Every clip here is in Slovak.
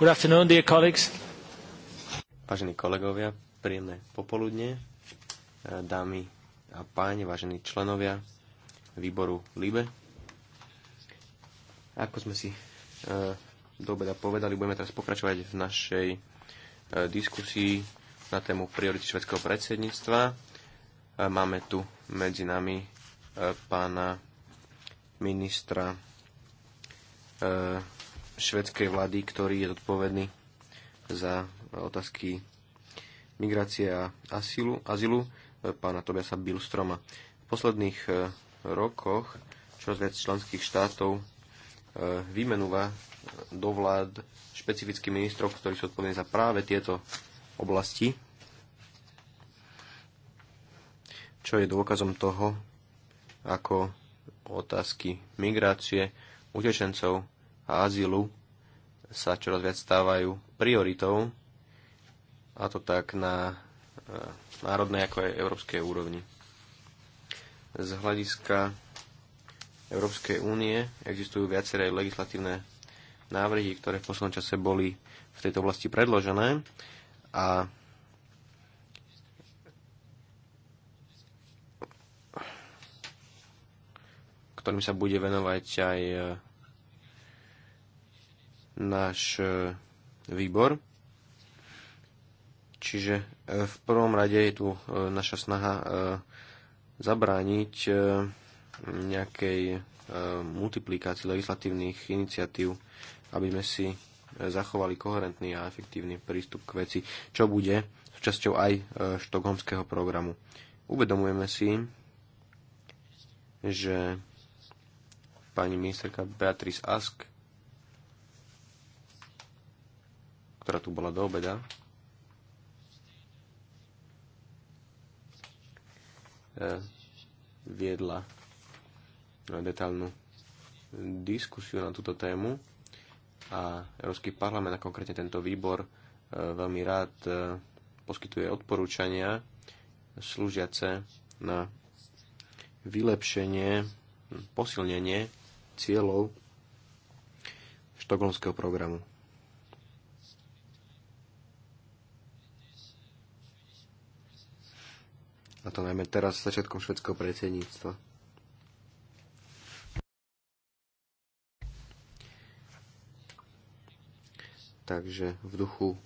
Good afternoon, dear colleagues. Vážení kolegovia, príjemné popoludne. E, dámy a páni, vážení členovia výboru LIBE. Ako sme si e, do obeda povedali, budeme teraz pokračovať v našej e, diskusii na tému priority švedského predsedníctva. Máme tu medzi nami pána ministra švedskej vlády, ktorý je zodpovedný za otázky migrácie a asilu, azilu, e, pána Tobiasa Bilstroma. V posledných e, rokoch čoraz viac členských štátov e, vymenúva do vlád špecifických ministrov, ktorí sú odpovední za práve tieto oblasti, čo je dôkazom toho, ako otázky migrácie, utečencov a azylu sa čoraz viac stávajú prioritou, a to tak na e, národnej ako aj európskej úrovni. Z hľadiska Európskej únie existujú viaceré legislatívne návrhy, ktoré v poslednom čase boli v tejto oblasti predložené a ktorým sa bude venovať aj náš e, výbor. Čiže e, v prvom rade je tu e, naša snaha zabrániť nejakej multiplikácii legislatívnych iniciatív, aby sme si zachovali koherentný a efektívny prístup k veci, čo bude súčasťou aj štokholmského programu. Uvedomujeme si, že pani ministerka Beatrice Ask ktorá tu bola do obeda, e, viedla detálnu diskusiu na túto tému a Európsky parlament a konkrétne tento výbor e, veľmi rád e, poskytuje odporúčania slúžiace na vylepšenie, posilnenie cieľov štokholmského programu. a to najmä teraz začiatkom švedského predsedníctva. Takže v duchu eh,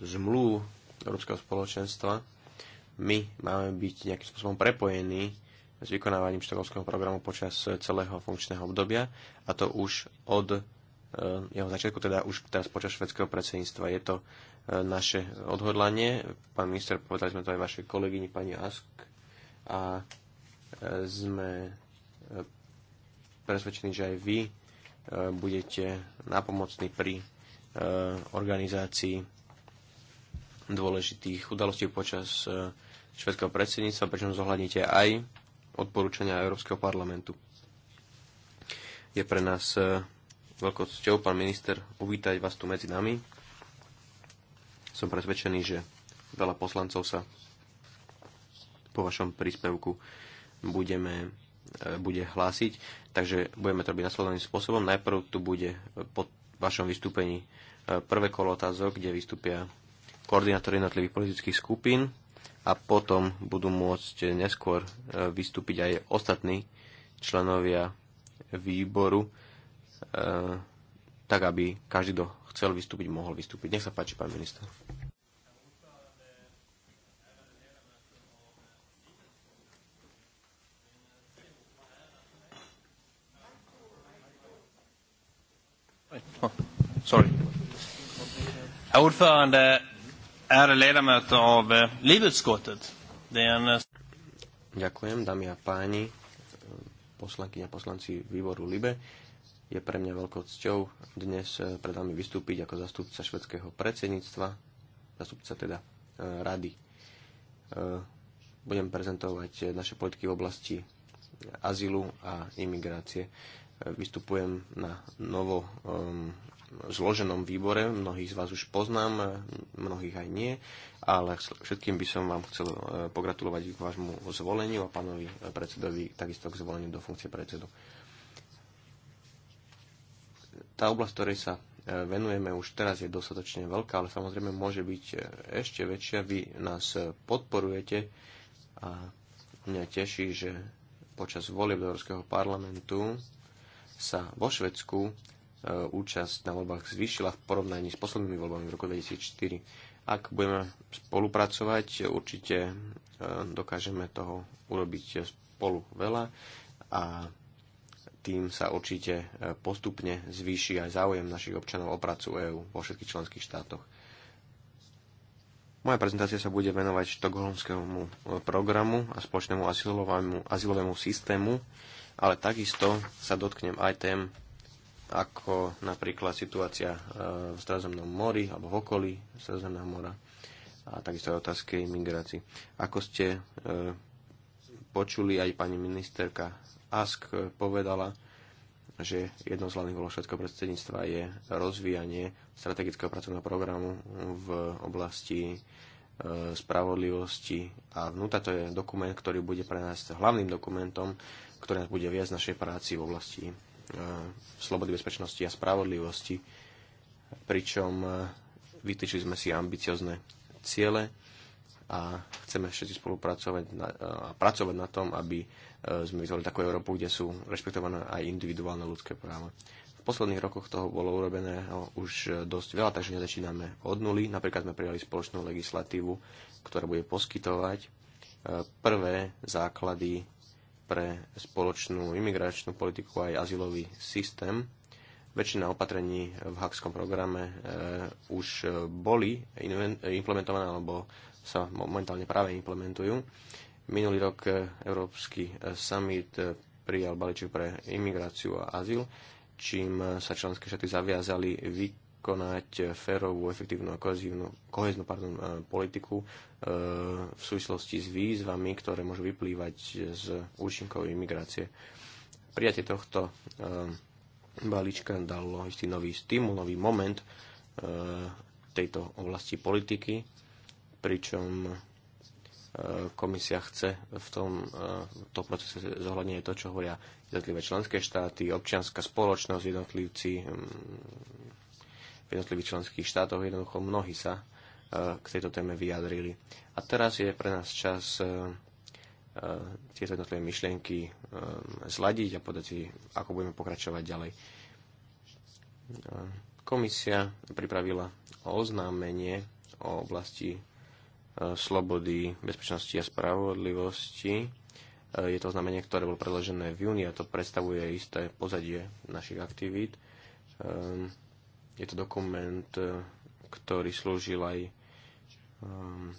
zmluv Európskeho spoločenstva my máme byť nejakým spôsobom prepojení s vykonávaním štokholmského programu počas celého funkčného obdobia a to už od eh, jeho začiatku, teda už teraz počas švedského predsedníctva. Je to E, naše odhodlanie. Pán minister, povedali sme to aj vašej kolegyni, pani Ask, a e, sme e, presvedčení, že aj vy budete napomocní pri organizácii dôležitých udalostí počas švedského predsedníctva, pričom zohľadnite aj odporúčania Európskeho parlamentu. Je pre nás veľkou cťou, pán minister, uvítať vás tu medzi nami som presvedčený, že veľa poslancov sa po vašom príspevku budeme, e, bude hlásiť. Takže budeme to robiť nasledovným spôsobom. Najprv tu bude e, po vašom vystúpení e, prvé kolo otázok, kde vystúpia koordinátori jednotlivých politických skupín a potom budú môcť neskôr vystúpiť aj ostatní členovia výboru, tak aby každý, kto chcel vystúpiť, mohol vystúpiť. Nech sa páči, pán minister. Ordförande, ärade ledamöter av eh, livutskottet. Det är en... Eh, Ďakujem, dámy a páni, eh, poslanky a poslanci výboru LIBE. Je pre mňa veľkou cťou dnes eh, pred vami vystúpiť ako zastupca švedského predsedníctva, zastupca teda eh, rady. Eh, budem prezentovať naše politiky v oblasti azylu a imigrácie. Vystupujem na novo e, zloženom výbore, mnohých z vás už poznám, mnohých aj nie, ale všetkým by som vám chcel pogratulovať k vášmu zvoleniu a pánovi predsedovi takisto k zvoleniu do funkcie predsedu. Tá oblasť, ktorej sa e, venujeme už teraz je dostatočne veľká, ale samozrejme môže byť e, ešte väčšia. Vy nás e, podporujete a mňa teší, že počas volieb Európskeho parlamentu sa vo Švedsku účasť na voľbách zvýšila v porovnaní s poslednými voľbami v roku 2004. Ak budeme spolupracovať, určite dokážeme toho urobiť spolu veľa a tým sa určite e, postupne zvýši aj záujem našich občanov o prácu EÚ vo všetkých členských štátoch. Moja prezentácia sa bude venovať štokholmskému e, programu a spoločnému azylovému, azylovému systému, ale takisto sa dotknem aj tém ako napríklad situácia e, v Stredozemnom mori alebo v okolí Stredozemného mora a takisto aj otázky imigrácii. Ako ste počuli, aj pani ministerka Ask povedala, že jednou z hlavných všetkého predsedníctva je rozvíjanie strategického pracovného programu v oblasti e, spravodlivosti a vnúta. To je dokument, ktorý bude pre nás hlavným dokumentom, ktorý nás bude viesť našej práci v oblasti e, slobody, bezpečnosti a spravodlivosti. Pričom e, vytýčili sme si ambiciozne ciele a chceme všetci spolupracovať a pracovať na tom, aby E, sme vytvorili takú Európu, kde sú rešpektované aj individuálne ľudské práva. V posledných rokoch toho bolo urobené no, už e, dosť veľa, takže nezačíname od nuly. Napríklad sme prijali spoločnú legislatívu, ktorá bude poskytovať e, prvé základy pre spoločnú imigračnú politiku aj azylový systém. Väčšina opatrení v hakskom programe už boli implementované alebo sa momentálne práve implementujú. Minulý rok e, Európsky e, summit e, prijal balíček pre imigráciu a azyl, čím sa členské štáty zaviazali vykonať férovú, efektívnu a kohezívnu, koheznú pardon, politiku v súvislosti s výzvami, ktoré môžu vyplývať z účinkov imigrácie. Prijatie tohto balíčka dalo istý nový stimul, nový moment tejto oblasti politiky, pričom E, komisia chce v tom, e, procese zohľadniť to, čo hovoria jednotlivé členské štáty, občianská spoločnosť, jednotlivci v jednotlivých členských štátoch, jednoducho mnohí sa e, k tejto téme vyjadrili. A teraz je pre nás čas tieto jednotlivé myšlienky zladiť a podať si, ako budeme pokračovať ďalej. Komisia pripravila oznámenie o oblasti Eh, slobody, bezpečnosti a spravodlivosti. Eh, je to znamenie, ktoré bolo predložené v júni a to predstavuje isté pozadie našich aktivít. Ehm, je to dokument, eh, ktorý slúžil aj ehm,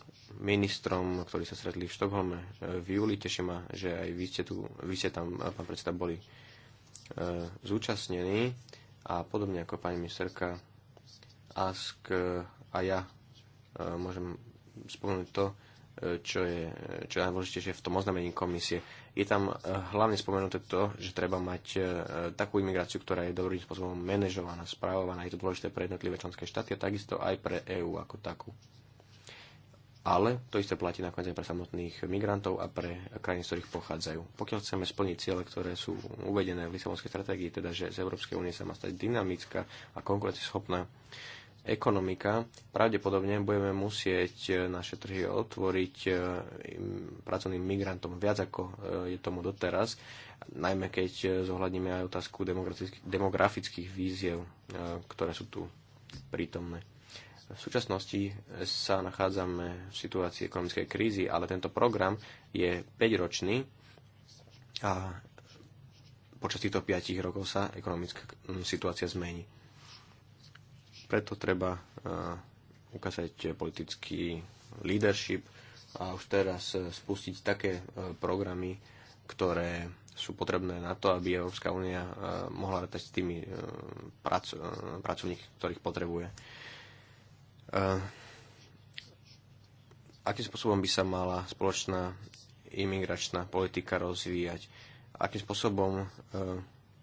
ministrom, ktorí sa stretli v Štokholme v júli. Teším ma, že aj vy ste, tu, vy ste tam, pán predseda, boli zúčastnení a podobne ako pani ministerka Ask a ja môžem spomenúť to, e, čo je, e, čo je najdôležitejšie v tom oznámení komisie. Je tam e, hlavne spomenuté to, že treba mať takú imigráciu, ktorá je dobrým spôsobom manažovaná, správovaná. Je to dôležité pre jednotlivé členské štáty a takisto aj pre EÚ ako takú. Ale to isté platí nakoniec aj pre samotných migrantov a pre krajiny, z ktorých pochádzajú. Pokiaľ chceme splniť ciele, ktoré sú uvedené v Lisabonskej stratégii, teda že z Európskej únie sa má stať dynamická a schopná ekonomika, pravdepodobne budeme musieť e, naše trhy otvoriť e, pracovným migrantom viac ako e, je tomu doteraz, najmä keď zohľadníme aj otázku demografických víziev, ktoré sú tu prítomné. V súčasnosti sa nachádzame v situácii ekonomickej krízy, ale tento program je 5-ročný a počas týchto 5 rokov sa ekonomická situácia zmení preto treba e, ukázať politický leadership a už teraz e, spustiť také e, programy, ktoré sú potrebné na to, aby Európska únia mohla rátať s tými prac, pracovníkmi, ktorých potrebuje. Akým spôsobom by sa mala spoločná imigračná politika rozvíjať? Akým spôsobom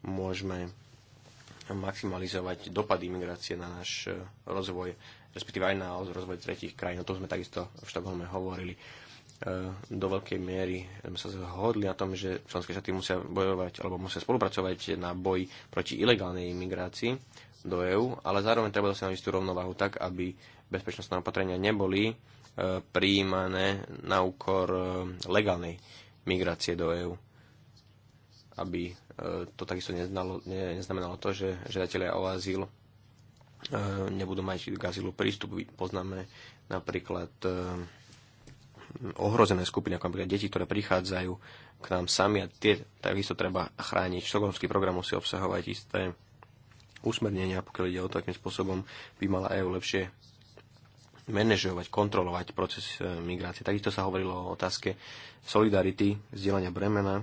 môžeme maximalizovať dopady imigrácie na náš e, rozvoj, respektíve aj na rozvoj tretich krajín. O tom sme takisto v Štokholme hovorili. E, do veľkej miery sme sa zhodli na tom, že členské štáty musia bojovať alebo musia spolupracovať na boji proti ilegálnej imigrácii do EÚ, ale zároveň treba dosiahnuť istú rovnováhu tak, aby bezpečnostné opatrenia neboli e, prijímané na úkor legálnej migrácie do EÚ, aby to takisto neznalo, ne, neznamenalo to, že žiadatelia o azyl e, nebudú mať k azylu prístup. Poznáme napríklad e, ohrozené skupiny, ako napríklad deti, ktoré prichádzajú k nám sami a tie takisto treba chrániť. Štokholmský program musí obsahovať isté usmernenia, pokiaľ ide o to, akým spôsobom by mala EU lepšie manažovať, kontrolovať proces e, migrácie. Takisto sa hovorilo o otázke solidarity, vzdielania bremena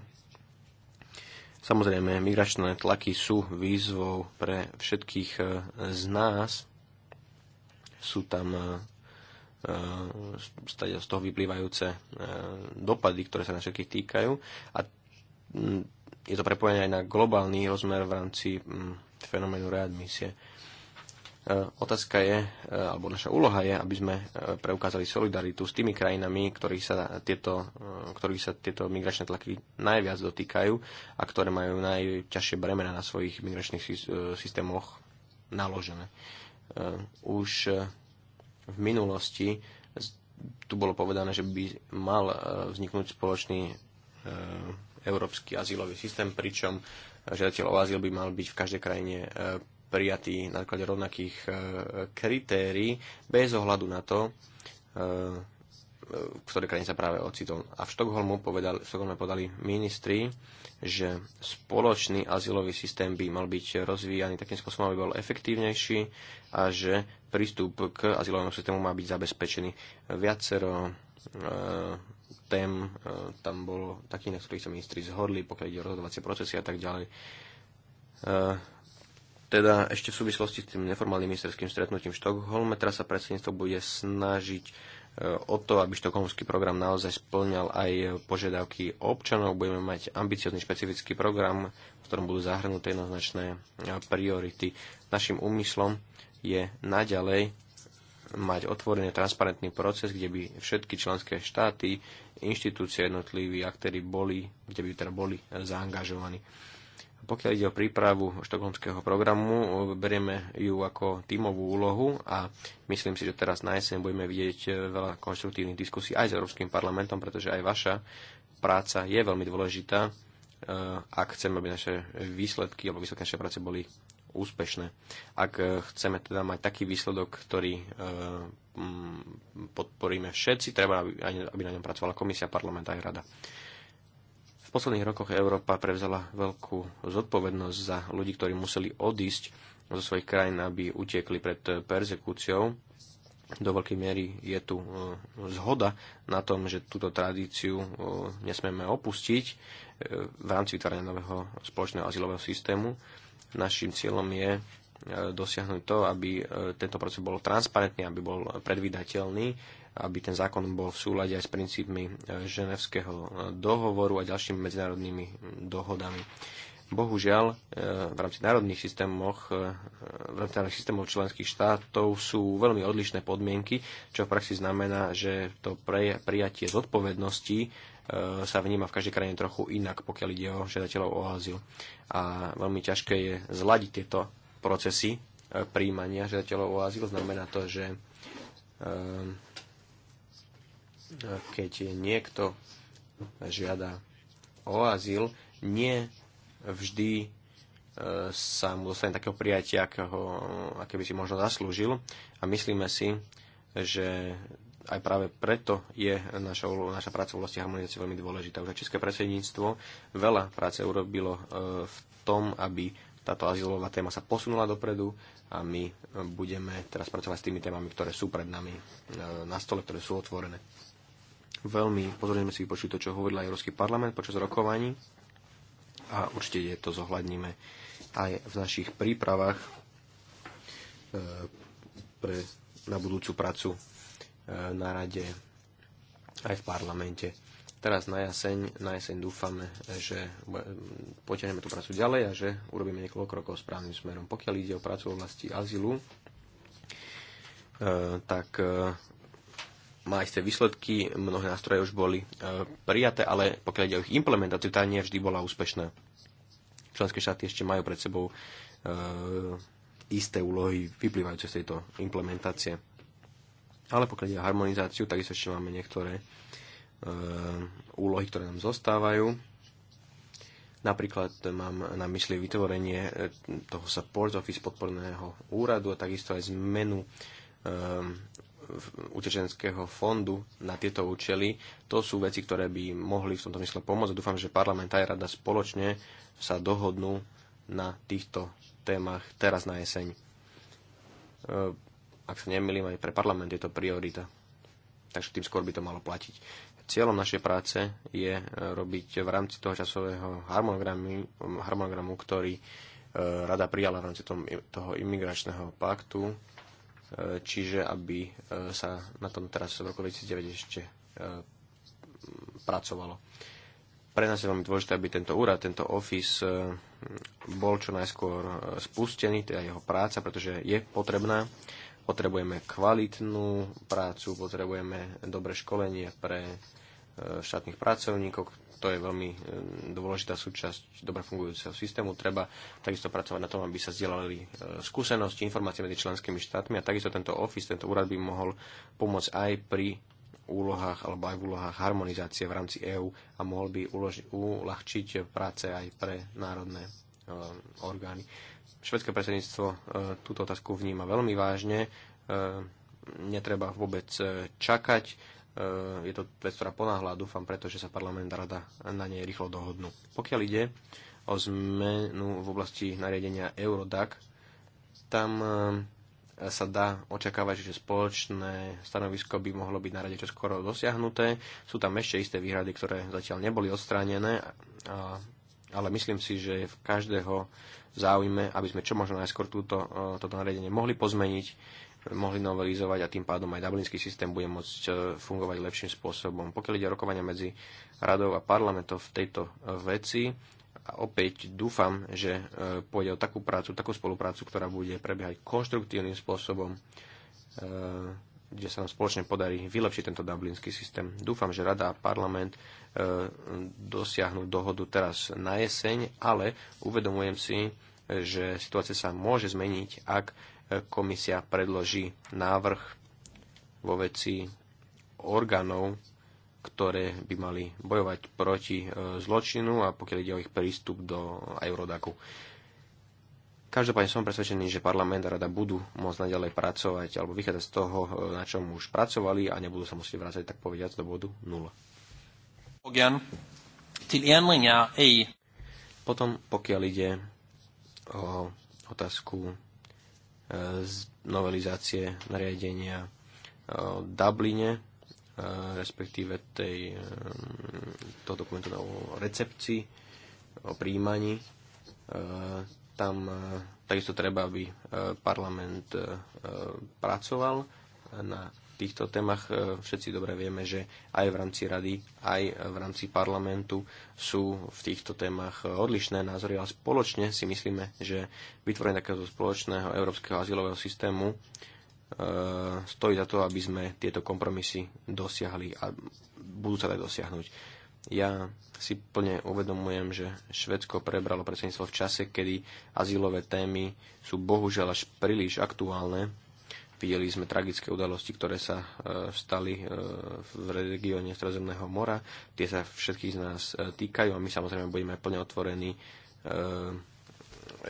Samozrejme, migračné tlaky sú výzvou pre všetkých e, z nás. Sú tam e, e, teda z toho vyplývajúce dopady, ktoré sa na všetkých týkajú. A je to prepojené aj na globálny rozmer v rámci fenoménu readmisie. E, otázka je, e, alebo naša úloha je, aby sme e, preukázali solidaritu s tými krajinami, ktorých sa tieto, ktorých sa tieto migračné tlaky najviac dotýkajú a ktoré majú najťažšie bremena na svojich migračných systémoch naložené. Už v minulosti tu bolo povedané, že by mal vzniknúť spoločný európsky azylový systém, pričom žiadateľ o azyl by mal byť v každej krajine prijatý na základe rovnakých e, kritérií, bez ohľadu na to, e, v ktorej krajine sa práve ocitol. A v Štokholmu povedali, v Štokholme podali ministri, že spoločný azylový systém by mal byť rozvíjaný takým spôsobom, aby bol efektívnejší a že prístup k azylovému systému má byť zabezpečený. Viacero e, tém e, tam bolo takých, na ktorých sa ministri zhodli, pokiaľ ide o rozhodovacie procesy a tak ďalej. E, teda ešte v súvislosti s tým neformálnym ministerským stretnutím v Štokholme, teraz sa predsedníctvo bude snažiť e, o to, aby štokholmský program naozaj splňal aj požiadavky občanov. Budeme mať ambiciozný špecifický program, v ktorom budú zahrnuté jednoznačné e, priority. Našim úmyslom je naďalej mať otvorený transparentný proces, kde by všetky členské štáty, inštitúcie, jednotliví aktéry boli, kde by teda boli zaangažovaní pokiaľ ide o prípravu štokholmského programu, berieme ju ako tímovú úlohu a myslím si, že teraz na jeseň budeme vidieť e, veľa konštruktívnych diskusí aj s Európskym parlamentom, pretože aj vaša práca je veľmi dôležitá, e, ak chceme, aby naše výsledky alebo výsledky našej práce boli úspešné. Ak e, chceme teda mať taký výsledok, ktorý podporíme všetci, treba, aby na ňom pracovala komisia, parlament aj rada. V posledných rokoch Európa prevzala veľkú zodpovednosť za ľudí, ktorí museli odísť zo svojich krajín, aby utiekli pred persekúciou. Do veľkej miery je tu e, zhoda na tom, že túto tradíciu e, nesmieme opustiť e, v rámci vytvárania nového spoločného azylového systému. Našim cieľom je dosiahnuť to, aby tento proces bol transparentný, aby bol predvydateľný aby ten zákon bol v súlade aj s princípmi e, Ženevského e, dohovoru a ďalšími medzinárodnými dohodami. Bohužiaľ, e, v rámci národných systémoch, v rámci národných systémov členských štátov sú veľmi odlišné podmienky, čo v praxi znamená, že to prijatie zodpovednosti sa vníma v každej krajine trochu inak, pokiaľ ide o žiadateľov o azyl. A veľmi ťažké je zladiť tieto procesy príjmania žiadateľov o azyl. Znamená to, že keď niekto žiada o azyl, nie vždy e, sa mu dostane takého prijatia, akého, aké by si možno zaslúžil. A myslíme si, že aj práve preto je naša, naša práca v oblasti harmonizácie veľmi dôležitá. Už České predsedníctvo veľa práce urobilo e, v tom, aby táto azylová téma sa posunula dopredu a my budeme teraz pracovať s tými témami, ktoré sú pred nami e, na stole, ktoré sú otvorené. Veľmi pozorne sme si vypočuli to, čo hovoril Európsky parlament počas rokovaní a určite je to zohľadníme aj v našich prípravách e, pre, na budúcu prácu e, na rade aj v parlamente. Teraz na jaseň na jaseň dúfame, že potiahneme tú prácu ďalej a že urobíme niekoľko krokov správnym smerom. Pokiaľ ide o prácu v oblasti azylu, e, tak má isté výsledky, mnohé nástroje už boli e, prijaté, ale pokiaľ ide o ich implementáciu, tá nie vždy bola úspešná. Členské štáty ešte majú pred sebou e, isté úlohy vyplývajúce z tejto implementácie. Ale pokiaľ ide o harmonizáciu, takisto ešte máme niektoré e, úlohy, ktoré nám zostávajú. Napríklad mám na mysli vytvorenie toho support office podporného úradu a takisto aj zmenu utečenského fondu na tieto účely. To sú veci, ktoré by mohli v tomto mysle pomôcť. Dúfam, že parlament aj rada spoločne sa dohodnú na týchto témach teraz na jeseň. E, ak sa nemýlim, aj pre parlament je to priorita. Takže tým skôr by to malo platiť. Cieľom našej práce je e, robiť v rámci toho časového harmonogramu, harmonogramu ktorý e, rada prijala v rámci toho imigračného paktu, E, čiže aby e, sa na tom teraz v roku 2009 ešte e, pracovalo. Pre nás je veľmi dôležité, aby tento úrad, tento office bol čo najskôr spustený, teda jeho práca, pretože je potrebná. Potrebujeme kvalitnú prácu, potrebujeme dobre školenie pre štátnych pracovníkov, to je veľmi e, dôležitá súčasť dobre fungujúceho systému. Treba takisto pracovať na tom, aby sa zdieľali e, skúsenosti, informácie medzi členskými štátmi a takisto tento office, tento úrad by mohol pomôcť aj pri úlohách alebo aj v úlohách harmonizácie v rámci EÚ a mohol by uloži- uľahčiť práce aj pre národné e, orgány. Švedské predsedníctvo túto otázku vníma veľmi vážne. netreba vôbec čakať Eh, je to vec, ktorá ponáhla, dúfam, pretože sa parlament rada na nej rýchlo dohodnú. Pokiaľ ide o zmenu v oblasti nariadenia Eurodac, tam eh, sa dá očakávať, že spoločné stanovisko by mohlo byť na rade čoskoro dosiahnuté. Sú tam ešte isté výhrady, ktoré zatiaľ neboli odstránené, ale myslím si, že je v každého záujme, aby sme čo možno najskôr túto, eh, toto nariadenie mohli pozmeniť mohli novelizovať a tým pádom aj dublinský systém bude môcť e, fungovať lepším spôsobom. Pokiaľ ide rokovania medzi radou a parlamentom v tejto e, veci, a opäť dúfam, že e, pôjde o takú prácu, takú spoluprácu, ktorá bude prebiehať konštruktívnym spôsobom, kde sa nám spoločne podarí vylepšiť tento dublinský systém. Dúfam, že Rada a parlament dosiahnu dohodu teraz na jeseň, ale uvedomujem si, že situácia sa môže zmeniť, ak komisia predloží návrh vo veci orgánov, ktoré by mali bojovať proti e, zločinu a pokiaľ ide o ich prístup do Eurodaku. Každopádne som presvedčený, že parlament a rada budú môcť naďalej pracovať alebo vychádzať z toho, e, na čom už pracovali a nebudú sa musieť vrácať, tak povediať, do bodu 0. Potom, pokiaľ ide o otázku z novelizácie nariadenia o Dubline, e, respektíve tej, e, toho dokumentu o recepcii, o príjmaní. E, tam takisto treba, aby parlament pracoval na týchto témach e, všetci dobre vieme, že aj v rámci rady, aj v rámci parlamentu sú v týchto témach e, odlišné názory, ale spoločne si myslíme, že vytvorenie takéhoto spoločného európskeho azylového systému e, stojí za to, aby sme tieto kompromisy dosiahli a budú sa tak dosiahnuť. Ja si plne uvedomujem, že Švedsko prebralo predsedníctvo v čase, kedy azylové témy sú bohužiaľ až príliš aktuálne Videli sme tragické udalosti, ktoré sa e, stali e, v regióne Stredozemného mora. Tie sa všetkých z nás e, týkajú a my samozrejme budeme plne otvorení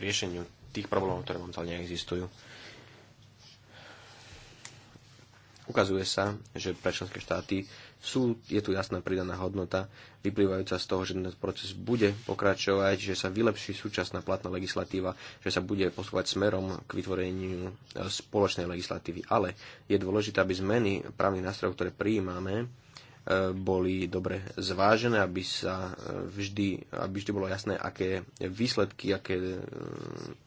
riešeniu tých problémov, ktoré momentálne existujú. Ukazuje sa, že pre členské štáty sú, je tu jasná pridaná hodnota, vyplývajúca z toho, že ten proces bude pokračovať, že sa vylepší súčasná platná legislatíva, že sa bude posúvať smerom k vytvoreniu e, spoločnej legislatívy. Ale je dôležité, aby zmeny právnych nástrojov, ktoré prijímame, e, boli dobre zvážené, aby sa e, vždy, aby vždy bolo jasné, aké výsledky, aké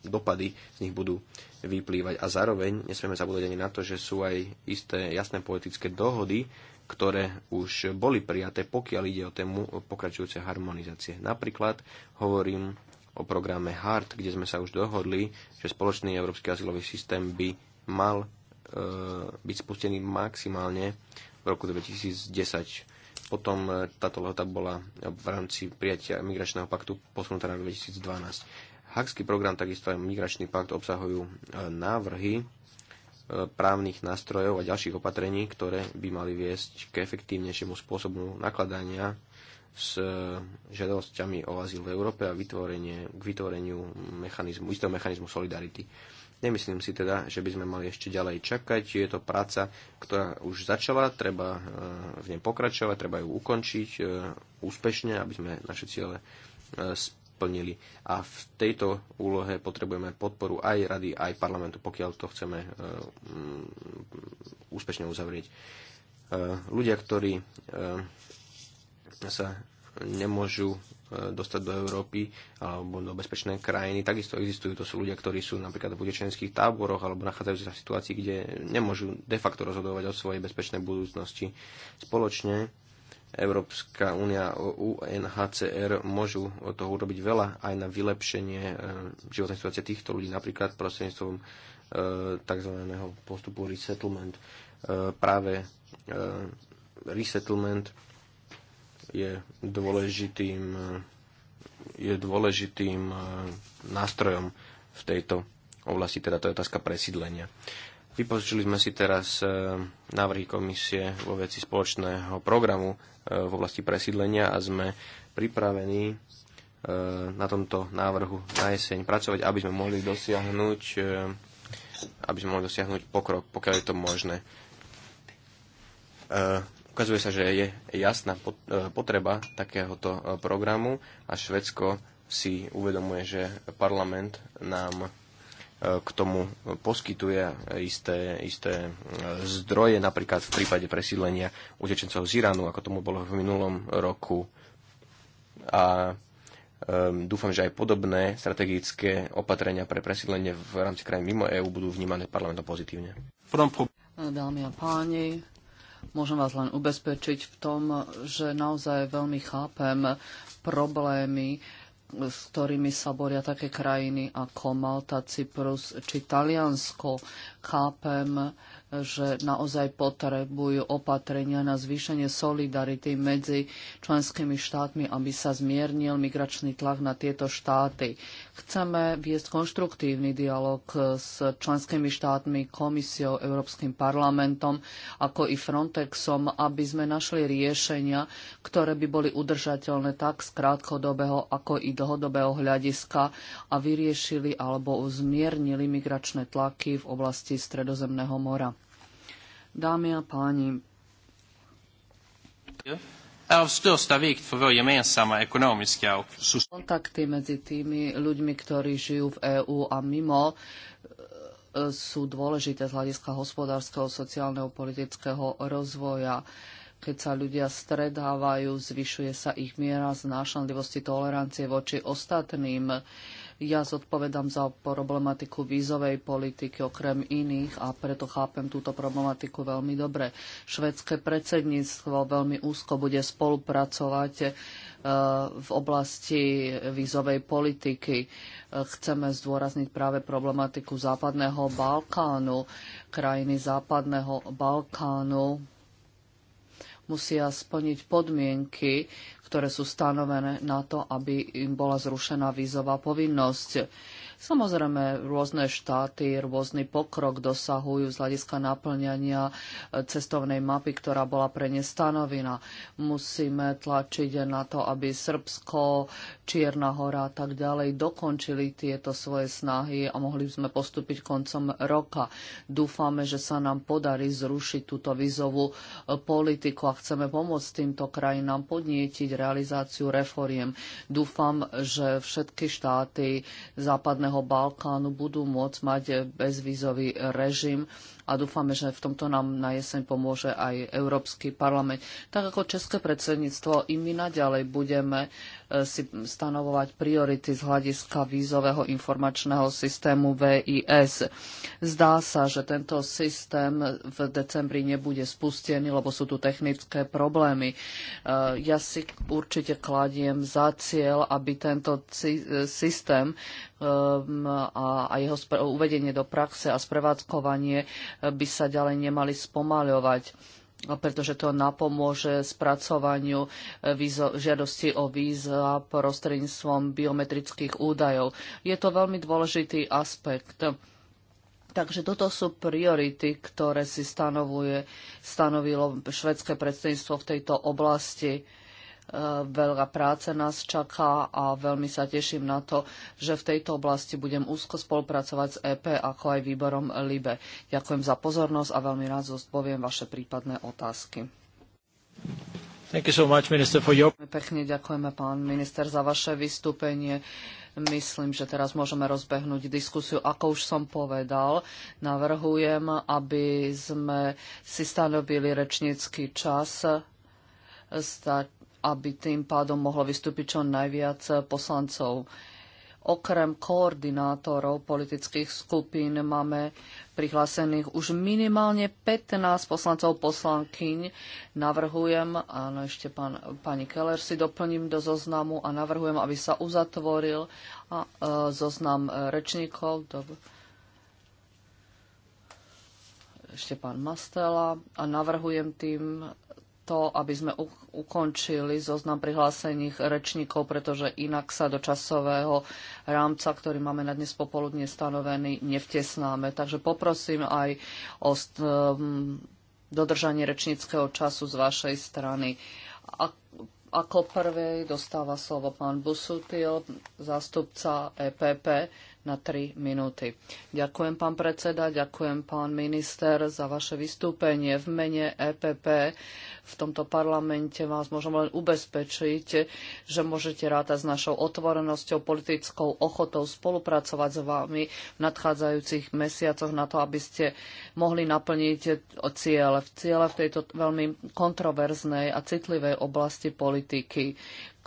dopady z nich budú vyplývať. A zároveň nesmieme zabúdať ani na to, že sú aj isté jasné politické dohody, ktoré už boli prijaté, pokiaľ ide o tému pokračujúce harmonizácie. Napríklad hovorím o programe HART, kde sme sa už dohodli, že spoločný európsky azylový systém by mal e, byť spustený maximálne v roku 2010. Potom e, táto lehota bola v rámci prijatia migračného paktu posunutá na 2012. Hakský program, takisto aj migračný pakt obsahujú e, návrhy, právnych nástrojov a ďalších opatrení, ktoré by mali viesť k efektívnejšiemu spôsobu nakladania s e, žiadosťami o azyl v Európe a vytvorenie, k vytvoreniu mechanizmu, istého mechanizmu solidarity. Nemyslím si teda, že by sme mali ešte ďalej čakať. Je to práca, ktorá už začala, treba e, v nej pokračovať, treba ju ukončiť e, úspešne, aby sme naše ciele plnili. A v tejto úlohe potrebujeme podporu aj rady, aj parlamentu, pokiaľ to chceme e, mm, úspešne uzavrieť. E, ľudia, ktorí e, sa nemôžu dostať do Európy alebo do bezpečnej krajiny. Takisto existujú, to sú ľudia, ktorí sú napríklad v utečenských táboroch alebo nachádzajú sa v situácii, kde nemôžu de facto rozhodovať o svojej bezpečnej budúcnosti. Spoločne Európska únia, UNHCR môžu od toho urobiť veľa aj na vylepšenie e, životnej situácie týchto ľudí, napríklad prostredníctvom e, tzv. postupu resettlement. E, práve resettlement je dôležitým, je dôležitým nástrojom v tejto oblasti, teda to je otázka presídlenia. Vypočuli sme si teraz návrhy komisie vo veci spoločného programu Eh, v oblasti presídlenia a sme pripravení eh, na tomto návrhu na jeseň pracovať, aby sme mohli dosiahnuť eh, aby sme mohli dosiahnuť pokrok, pokiaľ je to možné. Ukazuje sa, že je jasná potreba takéhoto programu a Švedsko si uvedomuje, že parlament nám k tomu poskytuje isté, isté e, zdroje, napríklad v prípade presídlenia utečencov z Iránu, ako tomu bolo v minulom roku. A e, dúfam, že aj podobné strategické opatrenia pre presídlenie v rámci krajín mimo EÚ budú vnímané parlamentom pozitívne. Dámy a páni, môžem vás len ubezpečiť v tom, že naozaj veľmi chápem problémy, s ktorými sa boria také krajiny ako Malta, Cyprus či Taliansko. Chápem, že naozaj potrebujú opatrenia na zvýšenie solidarity medzi členskými štátmi, aby sa zmiernil migračný tlak na tieto štáty. Chceme viesť konštruktívny dialog s členskými štátmi, komisiou, Európskym parlamentom, ako i Frontexom, aby sme našli riešenia, ktoré by boli udržateľné tak z krátkodobého, ako i dlhodobého hľadiska a vyriešili alebo zmiernili migračné tlaky v oblasti Stredozemného mora. Dámy a páni, Kontakty medzi tými ľuďmi, ktorí žijú v EÚ a mimo, e, sú dôležité z hľadiska hospodárskeho, sociálneho, politického rozvoja keď sa ľudia stredávajú, zvyšuje sa ich miera znášanlivosti, tolerancie voči ostatným. Ja zodpovedám za problematiku vízovej politiky okrem iných a preto chápem túto problematiku veľmi dobre. Švedské predsedníctvo veľmi úzko bude spolupracovať eh, v oblasti vízovej politiky. Eh, chceme zdôrazniť práve problematiku Západného Balkánu, krajiny Západného Balkánu musia splniť podmienky, ktoré sú stanovené na to, aby im bola zrušená vízová povinnosť. Samozrejme, rôzne štáty, rôzny pokrok dosahujú z hľadiska naplňania e, cestovnej mapy, ktorá bola pre ne stanovina. Musíme tlačiť na to, aby Srbsko, Čierna hora a tak ďalej dokončili tieto svoje snahy a mohli sme postúpiť koncom roka. Dúfame, že sa nám podarí zrušiť túto vizovú e, politiku a chceme pomôcť týmto krajinám podnietiť realizáciu reforiem. Dúfam, že všetky štáty západného Západného Balkánu budú môcť mať bezvízový režim a dúfame, že v tomto nám na jeseň pomôže aj Európsky parlament. Tak ako České predsedníctvo, i my naďalej budeme e, si stanovovať priority z hľadiska vízového informačného systému VIS. Zdá sa, že tento systém v decembri nebude spustený, lebo sú tu technické problémy. E, ja si určite kladiem za cieľ, aby tento systém e, a jeho uvedenie do praxe a sprevádzkovanie by sa ďalej nemali spomaľovať pretože to napomôže spracovaniu e, vízo, žiadosti o víza prostredníctvom biometrických údajov. Je to veľmi dôležitý aspekt. Takže toto sú priority, ktoré si stanovuje, stanovilo švedské predstavníctvo v tejto oblasti Veľa práce nás čaká a veľmi sa teším na to, že v tejto oblasti budem úzko spolupracovať s EP ako aj výborom LIBE. Ďakujem za pozornosť a veľmi rád zodpoviem vaše prípadné otázky. Thank you so much, minister, for your... Pekne ďakujeme, pán minister, za vaše vystúpenie. Myslím, že teraz môžeme rozbehnúť diskusiu. Ako už som povedal, navrhujem, aby sme si stanovili rečnícky čas. Stať aby tým pádom mohlo vystúpiť čo najviac poslancov. Okrem koordinátorov politických skupín máme prihlásených už minimálne 15 poslancov poslankyň. Navrhujem, áno, ešte pán, pani Keller si doplním do zoznamu a navrhujem, aby sa uzatvoril a, e, zoznam e, rečníkov. Do... ešte pán Mastela a navrhujem tým to, aby sme ukončili zoznam prihlásených rečníkov, pretože inak sa do časového rámca, ktorý máme na dnes popoludne stanovený, nevtesnáme. Takže poprosím aj o um, dodržanie rečníckého času z vašej strany. A ako prvej dostáva slovo pán Busutil, zástupca EPP na 3 minúty. Ďakujem, pán predseda, ďakujem, pán minister, za vaše vystúpenie v mene EPP. V tomto parlamente vás môžem len ubezpečiť, že môžete rátať s našou otvorenosťou, politickou ochotou spolupracovať s vami v nadchádzajúcich mesiacoch na to, aby ste mohli naplniť ciele. Ciele v tejto veľmi kontroverznej a citlivej oblasti politiky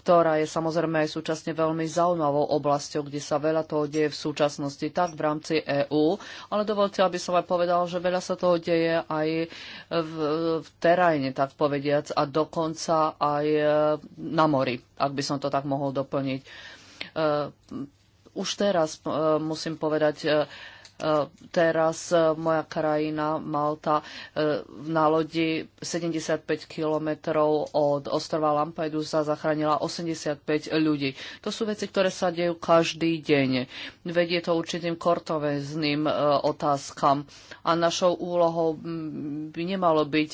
ktorá je samozrejme aj súčasne veľmi zaujímavou oblasťou, kde sa veľa toho deje v súčasnosti, tak v rámci EÚ. Ale dovolte, aby som aj povedal, že veľa sa toho deje aj v, v teréne, tak povediac, a dokonca aj e, na mori, ak by som to tak mohol doplniť e, už teraz e, musím povedať, E, teraz e, moja krajina Malta e, na lodi 75 kilometrov od ostrova Lampedusa zachránila 85 ľudí. To sú veci, ktoré sa dejú každý deň. Vedie to určitým kortovezným otázkam. A našou úlohou by nemalo byť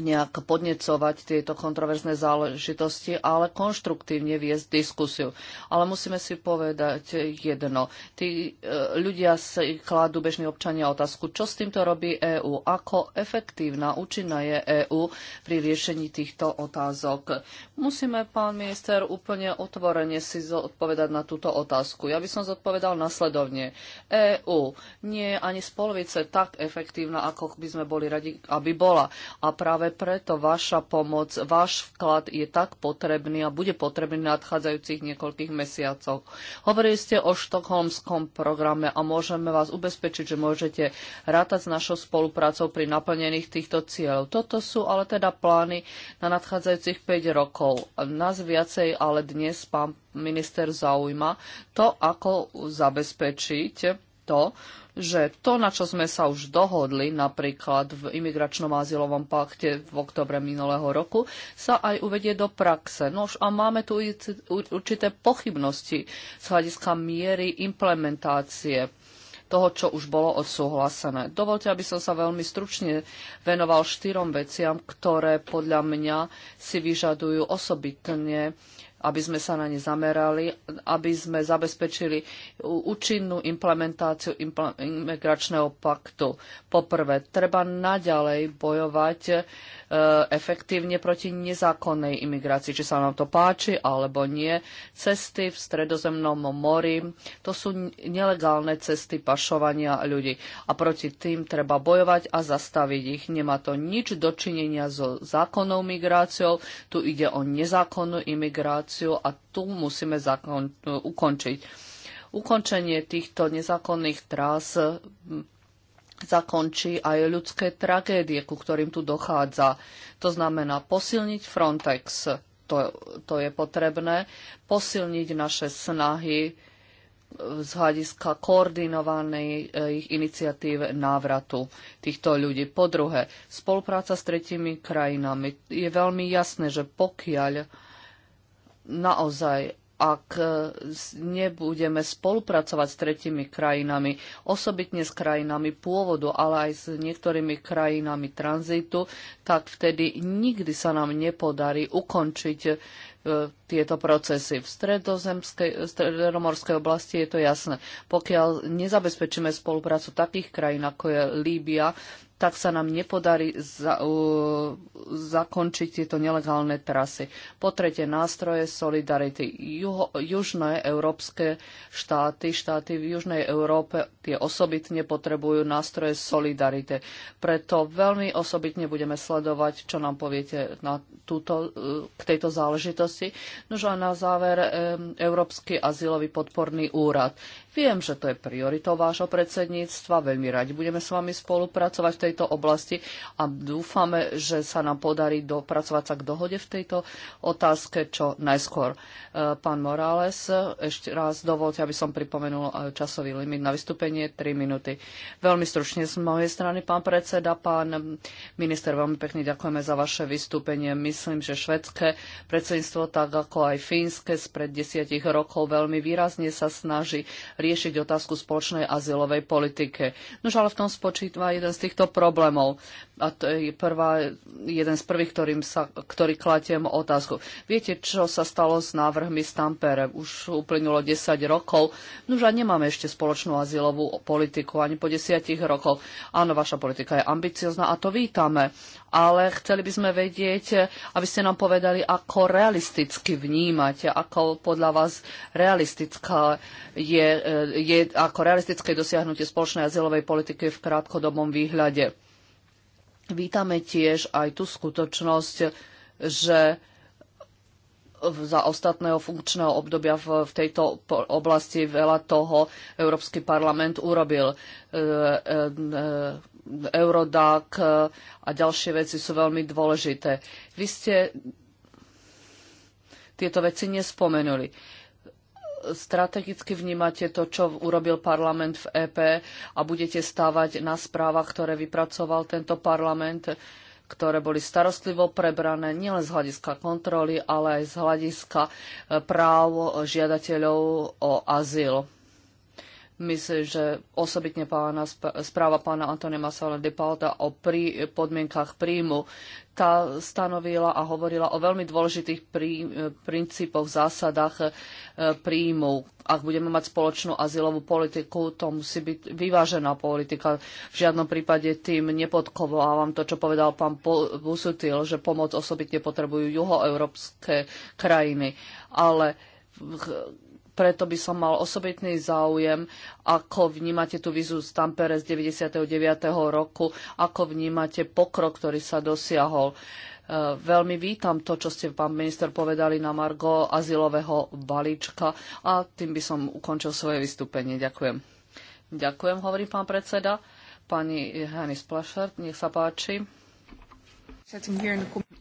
nejak podnecovať tieto kontroverzné záležitosti, ale konštruktívne viesť diskusiu. Ale musíme si povedať jedno. Tí e, ľudia si kladú bežní občania otázku, čo s týmto robí EÚ, ako efektívna, účinná je EÚ pri riešení týchto otázok. Musíme, pán minister, úplne otvorene si zodpovedať na túto otázku. Ja by som zodpovedal nasledovne. EÚ nie je ani z polovice tak efektívna, ako by sme boli radi, aby bola. A práve Práve preto vaša pomoc, váš vklad je tak potrebný a bude potrebný v nadchádzajúcich niekoľkých mesiacoch. Hovorili ste o štokholmskom programe a môžeme vás ubezpečiť, že môžete rátať s našou spoluprácou pri naplnených týchto cieľov. Toto sú ale teda plány na nadchádzajúcich 5 rokov. Nás viacej ale dnes pán minister zaujíma to, ako zabezpečiť to, že to, na čo sme sa už dohodli, napríklad v imigračnom azylovom pakte v oktobre minulého roku, sa aj uvedie do praxe. No a máme tu určité pochybnosti z hľadiska miery implementácie toho, čo už bolo odsúhlasené. Dovolte, aby som sa veľmi stručne venoval štyrom veciam, ktoré podľa mňa si vyžadujú osobitne aby sme sa na ne zamerali, aby sme zabezpečili účinnú implementáciu imigračného paktu. Poprvé, treba naďalej bojovať e, efektívne proti nezákonnej imigrácii, či sa nám to páči alebo nie. Cesty v stredozemnom mori, to sú nelegálne cesty pašovania ľudí a proti tým treba bojovať a zastaviť ich. Nemá to nič dočinenia so zákonnou migráciou, tu ide o nezákonnú imigráciu situáciu a tu musíme zakon- ukončiť. Ukončenie týchto nezákonných trás zakončí aj ľudské tragédie, ku ktorým tu dochádza. To znamená posilniť Frontex, to, to je potrebné, posilniť naše snahy e, z hľadiska koordinovaných e, iniciatív návratu týchto ľudí. Po druhé, spolupráca s tretími krajinami. Je veľmi jasné, že pokiaľ naozaj ak e, nebudeme spolupracovať s tretimi krajinami, osobitne s krajinami pôvodu, ale aj s niektorými krajinami tranzitu, tak vtedy nikdy sa nám nepodarí ukončiť e, tieto procesy. V stredozemskej, stredomorskej oblasti je to jasné. Pokiaľ nezabezpečíme spoluprácu takých krajín, ako je Líbia, tak sa nám nepodarí za, uh, zakončiť tieto nelegálne trasy. Po tretie, nástroje solidarity. Juho, južné európske štáty, štáty v južnej Európe, tie osobitne potrebujú nástroje solidarity. Preto veľmi osobitne budeme sledovať, čo nám poviete na túto, uh, k tejto záležitosti. Nož a na záver um, Európsky azylový podporný úrad. Viem, že to je prioritou vášho predsedníctva, veľmi radi budeme s vami spolupracovať v tejto oblasti a dúfame, že sa nám podarí dopracovať sa k dohode v tejto otázke čo najskôr. E, pán Morales, ešte raz dovolte, aby som pripomenul e, časový limit na vystúpenie 3 minúty. Veľmi stručne z mojej strany, pán predseda, pán minister, veľmi pekne ďakujeme za vaše vystúpenie. Myslím, že švedské predsedníctvo, tak ako aj fínske, spred desiatich rokov veľmi výrazne sa snaží riešiť otázku spoločnej azylovej politike. No ale v tom spočíva jeden z týchto problémov. A to je prvá, jeden z prvých, ktorým sa, ktorý kladiem otázku. Viete, čo sa stalo s návrhmi Stampere. Už uplynulo 10 rokov. No a nemáme ešte spoločnú azylovú politiku ani po 10 rokoch. Áno, vaša politika je ambiciozná a to vítame. Ale chceli by sme vedieť, aby ste nám povedali, ako realisticky vnímať, ako podľa vás realistická je e, je ako realistické dosiahnutie spoločnej azylovej politiky v krátkodobom výhľade. Vítame tiež aj tú skutočnosť, že za ostatného funkčného obdobia v, tejto oblasti veľa toho Európsky parlament urobil. E, e, e, Eurodac a ďalšie veci sú veľmi dôležité. Vy ste tieto veci nespomenuli strategicky vnímate to, čo urobil parlament v EP a budete stávať na správach, ktoré vypracoval tento parlament, ktoré boli starostlivo prebrané nielen z hľadiska kontroly, ale aj z hľadiska e, práv žiadateľov o azyl. Myslím, že osobitne pána, správa pána Antonia Masala de Palda o prí, podmienkach príjmu, tá stanovila a hovorila o veľmi dôležitých prí, princípoch, zásadách e, príjmu. Ak budeme mať spoločnú azylovú politiku, to musí byť vyvážená politika. V žiadnom prípade tým nepodkovávam to, čo povedal pán Busutil, že pomoc osobitne potrebujú juhoeurópske krajiny. Ale preto by som mal osobitný záujem, ako vnímate tú vizu z Tampere z 99. roku, ako vnímate pokrok, ktorý sa dosiahol. E, veľmi vítam to, čo ste, pán minister, povedali na Margo azylového balíčka a tým by som ukončil svoje vystúpenie. Ďakujem. Ďakujem, hovorí pán predseda. Pani Hanis Plašert, nech sa páči.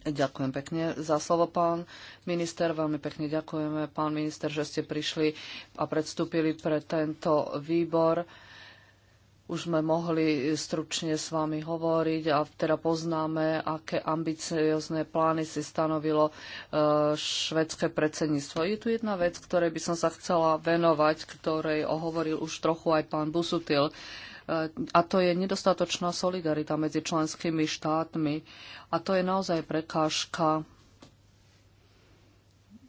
Ďakujem pekne za slovo, pán minister. Veľmi pekne ďakujeme, pán minister, že ste prišli a predstúpili pre tento výbor. Už sme mohli stručne s vami hovoriť a teda poznáme, aké ambiciozne plány si stanovilo e, švedské predsedníctvo. Je tu jedna vec, ktorej by som sa chcela venovať, ktorej hovoril už trochu aj pán Busutil. A to je nedostatočná solidarita medzi členskými štátmi. A to je naozaj prekážka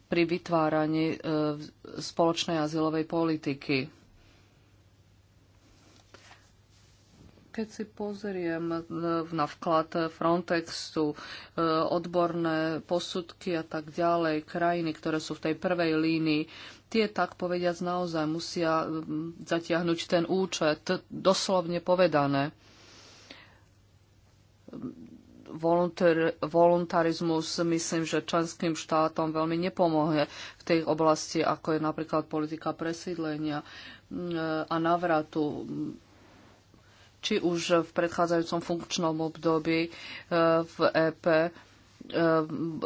pri vytváraní e, spoločnej azylovej politiky. keď si pozriem e, na vklad Frontextu, e, odborné posudky a tak ďalej, krajiny, ktoré sú v tej prvej línii, tie tak povediac naozaj musia mm, zatiahnuť ten účet, doslovne povedané. Voluntar, voluntarizmus myslím, že členským štátom veľmi nepomohne v tej oblasti, ako je napríklad politika presídlenia mm, a navratu či už v predchádzajúcom funkčnom období e, v EP E,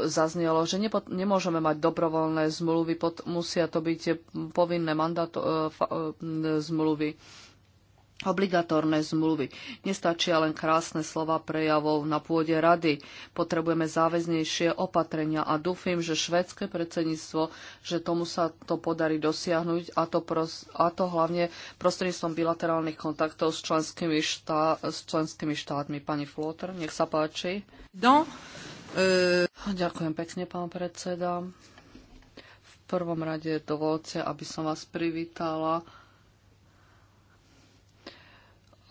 zaznelo, že nepo, nemôžeme mať dobrovoľné zmluvy, pod, musia to byť povinné mandato, e, e, zmluvy, obligatórne zmluvy. Nestačia len krásne slova prejavov na pôde rady. Potrebujeme záväznejšie opatrenia a dúfim, že švédske predsedníctvo, že tomu sa to podarí dosiahnuť a to, pros, a to hlavne prostredníctvom bilaterálnych kontaktov s členskými, štá, s členskými štátmi. Pani Flotter, nech sa páči. No. E, ďakujem pekne, pán predseda. V prvom rade dovolte, aby som vás privítala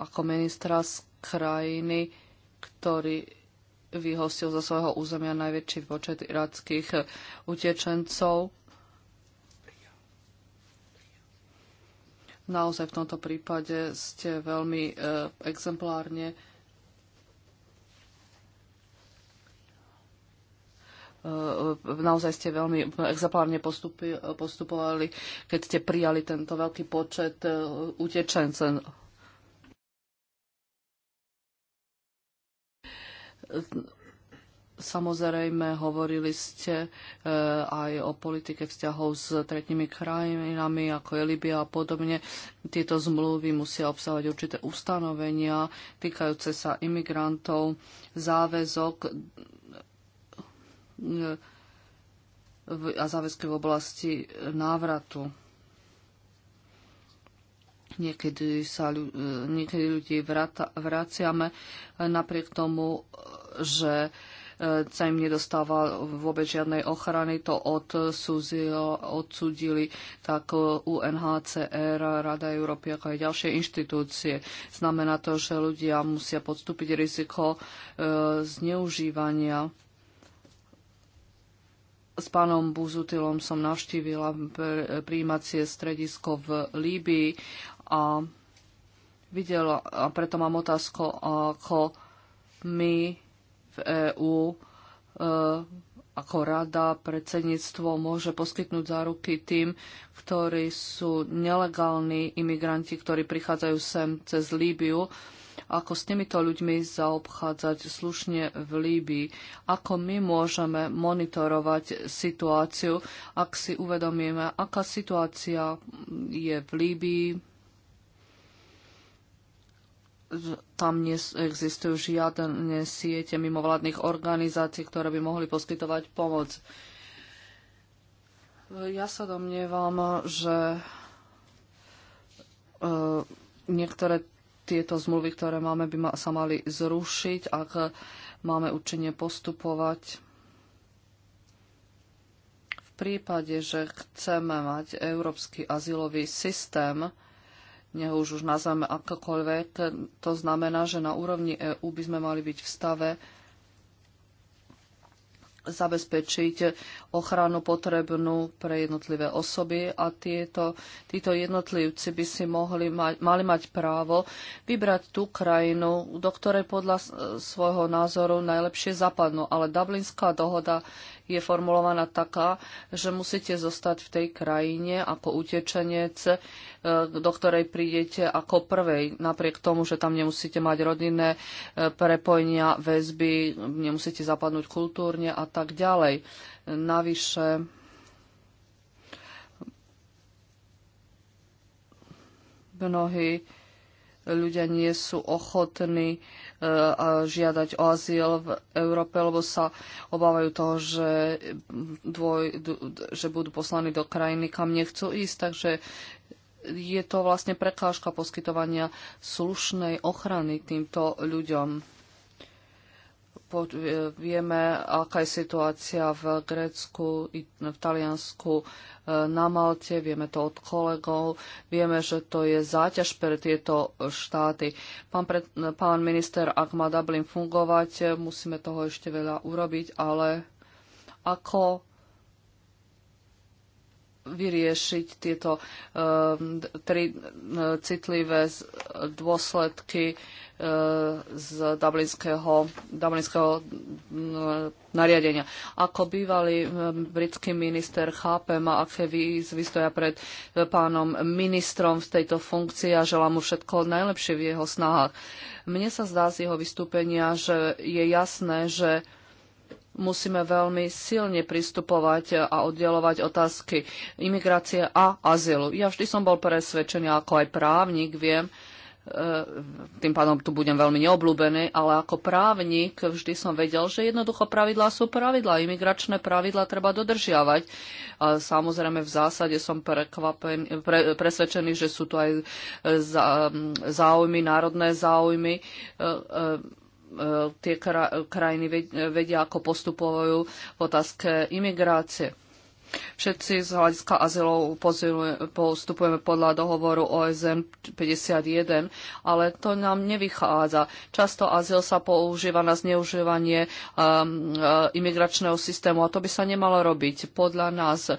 ako ministra z krajiny, ktorý vyhostil zo svojho územia najväčší počet irackých utečencov. Naozaj v tomto prípade ste veľmi e, exemplárne E, e, naozaj ste veľmi exemplárne postupovali, keď ste prijali tento veľký počet e, utečencov. Samozrejme, hovorili ste aj o politike vzťahov s tretími krajinami, ako je Libia a podobne. Tieto zmluvy musia obsahovať určité ustanovenia týkajúce sa imigrantov, záväzok a záväzky v oblasti návratu. Niekedy, sa, e, niekedy ľudí vrata, vraciame e, napriek tomu, že e, sa im nedostáva vôbec žiadnej ochrany. To odsúzilo, odsúdili tak UNHCR, Rada Európy, ako aj ďalšie inštitúcie. Znamená to, že ľudia musia podstúpiť riziko zneužívania s pánom Buzutilom som navštívila príjímacie stredisko v Líbii a videla, a preto mám otázku, ako my v EÚ e, ako rada, predsedníctvo môže poskytnúť záruky tým, ktorí sú nelegálni imigranti, ktorí prichádzajú sem cez Líbiu, ako s týmito ľuďmi zaobchádzať slušne v Líbii, ako my môžeme monitorovať situáciu, ak si uvedomíme, aká situácia je v Líbii, tam neexistujú žiadne siete mimovládnych organizácií, ktoré by mohli poskytovať pomoc. Ja sa domnievam, že e, niektoré tieto zmluvy, ktoré máme, by ma, sa mali zrušiť, ak máme účinne postupovať. V prípade, že chceme mať európsky azylový systém, neho už už nazveme akokoľvek, to znamená, že na úrovni EÚ by sme mali byť v stave zabezpečiť ochranu potrebnú pre jednotlivé osoby a tieto, títo jednotlivci by si mohli mať, mali mať právo vybrať tú krajinu, do ktorej podľa svojho názoru najlepšie zapadnú. Ale Dublinská dohoda je formulovaná taká, že musíte zostať v tej krajine ako utečenec, e, do ktorej prídete ako prvej, napriek tomu, že tam nemusíte mať rodinné e, prepojenia, väzby, nemusíte zapadnúť kultúrne a tak ďalej. Navyše, mnohí ľudia nie sú ochotní žiadať o azyl v Európe, lebo sa obávajú toho, že, dvoj, že budú poslaní do krajiny, kam nechcú ísť. Takže je to vlastne prekážka poskytovania slušnej ochrany týmto ľuďom. E, vieme, aká je situácia v Grécku, v Taliansku, e, na Malte, vieme to od kolegov, vieme, že to je záťaž pre tieto štáty. Pán, pred, pán minister, ak má Dublin fungovať, musíme toho ešte veľa urobiť, ale ako vyriešiť tieto ehm, tri e, citlivé dôsledky e, z dublinského, dublinského mm, nariadenia. Ako bývalý e, britský minister chápem, a aké výzvy stoja pred pánom ministrom v tejto funkcii a želám mu všetko najlepšie v jeho snahách. Mne sa zdá z jeho vystúpenia, že je jasné, že musíme veľmi silne pristupovať a oddelovať otázky imigrácie a azylu. Ja vždy som bol presvedčený, ako aj právnik viem, e, tým pádom tu budem veľmi neobľúbený, ale ako právnik vždy som vedel, že jednoducho pravidlá sú pravidlá. Imigračné pravidlá treba dodržiavať. A samozrejme v zásade som prekvapen, pre, presvedčený, že sú tu aj záujmy, národné záujmy e, e, E, tie krajiny vedia, ako postupujú v otázke imigrácie. Všetci z hľadiska azylov postupujeme podľa dohovoru OSM 51, ale to nám nevychádza. Často azyl sa používa na zneužívanie um, uh, imigračného systému a to by sa nemalo robiť. Podľa nás uh,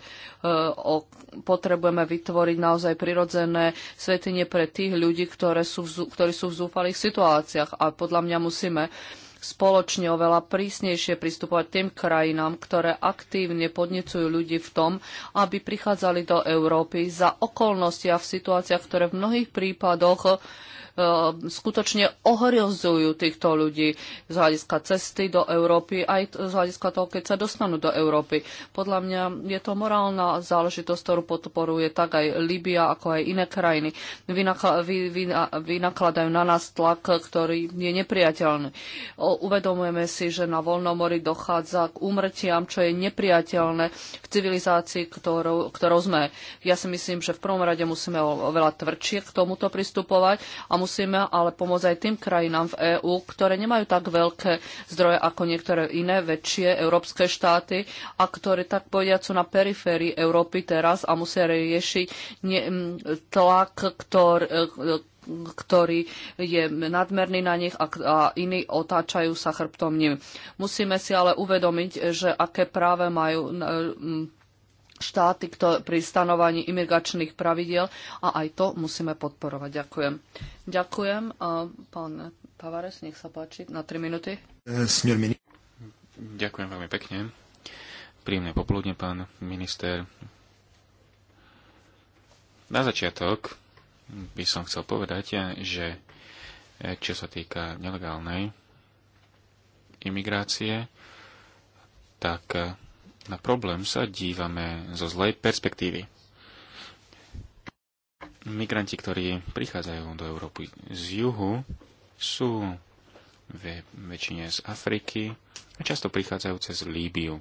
o, potrebujeme vytvoriť naozaj prirodzené svetenie pre tých ľudí, ktoré sú v, ktorí sú v zúfalých situáciách a podľa mňa musíme uh, spoločne oveľa prísnejšie pristupovať tým krajinám, ktoré aktívne podnecujú ľudí v tom, aby prichádzali do Európy za okolnosti a v situáciách, ktoré v mnohých prípadoch E, skutočne ohrozujú týchto ľudí z hľadiska cesty do Európy, aj z hľadiska toho, keď sa dostanú do Európy. Podľa mňa je to morálna záležitosť, ktorú podporuje tak aj Líbia, ako aj iné krajiny. Vynakladajú na nás tlak, ktorý je nepriateľný. Uvedomujeme si, že na voľnom mori dochádza k úmrtiam, čo je nepriateľné v civilizácii, ktorou, ktorou sme. Ja si myslím, že v prvom rade musíme oveľa tvrdšie k tomuto pristupovať a musíme ale pomôcť aj tým krajinám v EÚ, ktoré nemajú tak veľké zdroje ako niektoré iné väčšie európske štáty a ktoré tak povediať sú na periférii Európy teraz a musia riešiť tlak, ktorý, ktorý je nadmerný na nich a, a iní otáčajú sa chrbtom ním. Musíme si ale uvedomiť, že aké práve majú štáty pri stanovaní imigračných pravidiel a aj to musíme podporovať. Ďakujem. Ďakujem. A pán Tavares, nech sa páči, na 3 minúty. E, Ďakujem veľmi pekne. Príjemné popoludne, pán minister. Na začiatok by som chcel povedať, že e, čo sa týka nelegálnej imigrácie, tak e, na problém sa dívame zo zlej perspektívy. Migranti, ktorí prichádzajú do Európy z juhu, sú ve, väčšine z Afriky a často prichádzajú cez Líbiu.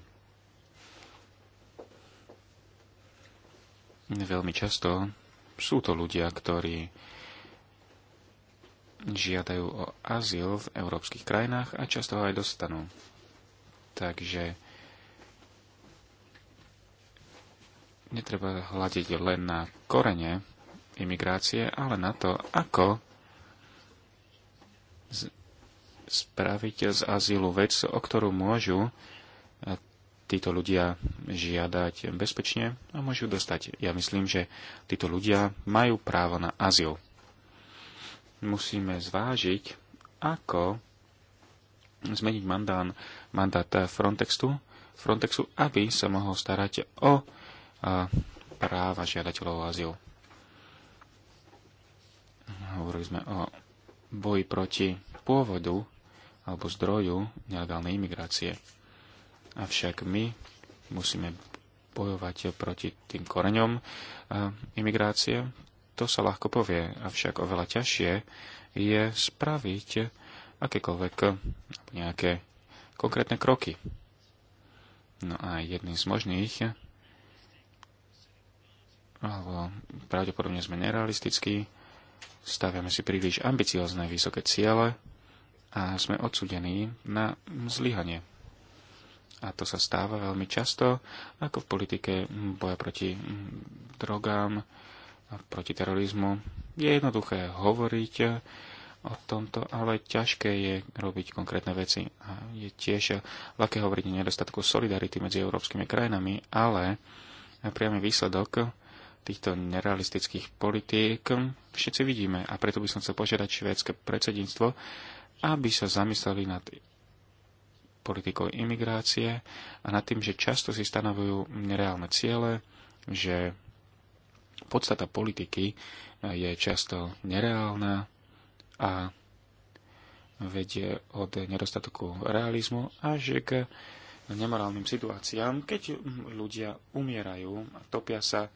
Veľmi často sú to ľudia, ktorí žiadajú o azyl v európskych krajinách a často ho aj dostanú. Takže netreba hľadiť len na korene imigrácie, ale na to, ako spraviť z azylu vec, o ktorú môžu eh, títo ľudia žiadať bezpečne a môžu dostať. Ja myslím, že títo ľudia majú právo na azyl. Musíme zvážiť, ako zmeniť mandán, mandát Frontextu, Frontexu, aby sa mohol starať o práva žiadateľov o azyl. Hovorili sme o boji proti pôvodu alebo zdroju nelegálnej imigrácie. Avšak my musíme bojovať proti tým koreňom eh, imigrácie. To sa ľahko povie, avšak oveľa ťažšie je spraviť akékoľvek nejaké konkrétne kroky. No a jedným z možných alebo pravdepodobne sme nerealistickí, staviame si príliš ambiciozne vysoké ciele a sme odsudení na zlyhanie. A to sa stáva veľmi často, ako v politike boja proti drogám, proti terorizmu. Je jednoduché hovoriť o tomto, ale ťažké je robiť konkrétne veci. A je tiež ľahké hovoriť o nedostatku solidarity medzi európskymi krajinami, ale priamy výsledok týchto nerealistických politík všetci vidíme. A preto by som chcel požiadať švédske predsedníctvo, aby sa zamysleli nad politikou imigrácie a nad tým, že často si stanovujú nereálne ciele, že podstata politiky je často nereálna a vedie od nedostatku realizmu až k nemorálnym situáciám, keď ľudia umierajú a topia sa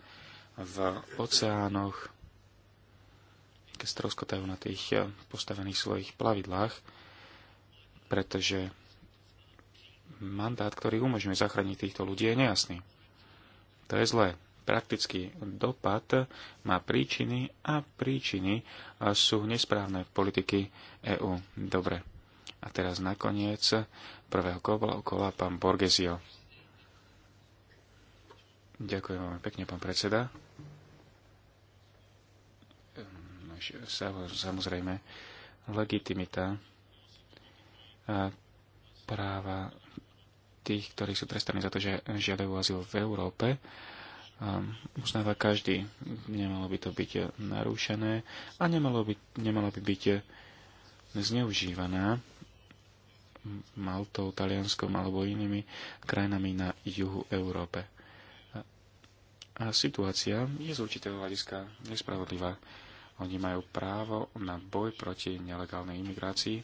v oceánoch, keď stroskotajú na tých eh, postavených svojich plavidlách, pretože mandát, ktorý umožňuje zachrániť týchto ľudí, je nejasný. To je zlé. Praktický dopad má príčiny a príčiny eh, sú nesprávne politiky EÚ. Dobre. A teraz nakoniec prvého kola, kola pán Borgesio. Ďakujem veľmi pekne, pán predseda. Ehm, samozrejme, legitimita a práva tých, ktorí sú trestaní za to, že žiadajú azyl v Európe, ehm, uznáva každý. Nemalo by to byť narušené a nemalo by, nemalo by byť zneužívaná Maltou, Talianskom alebo inými krajinami na juhu Európe. A situácia je z určitého hľadiska nespravodlivá. Oni majú právo na boj proti nelegálnej imigrácii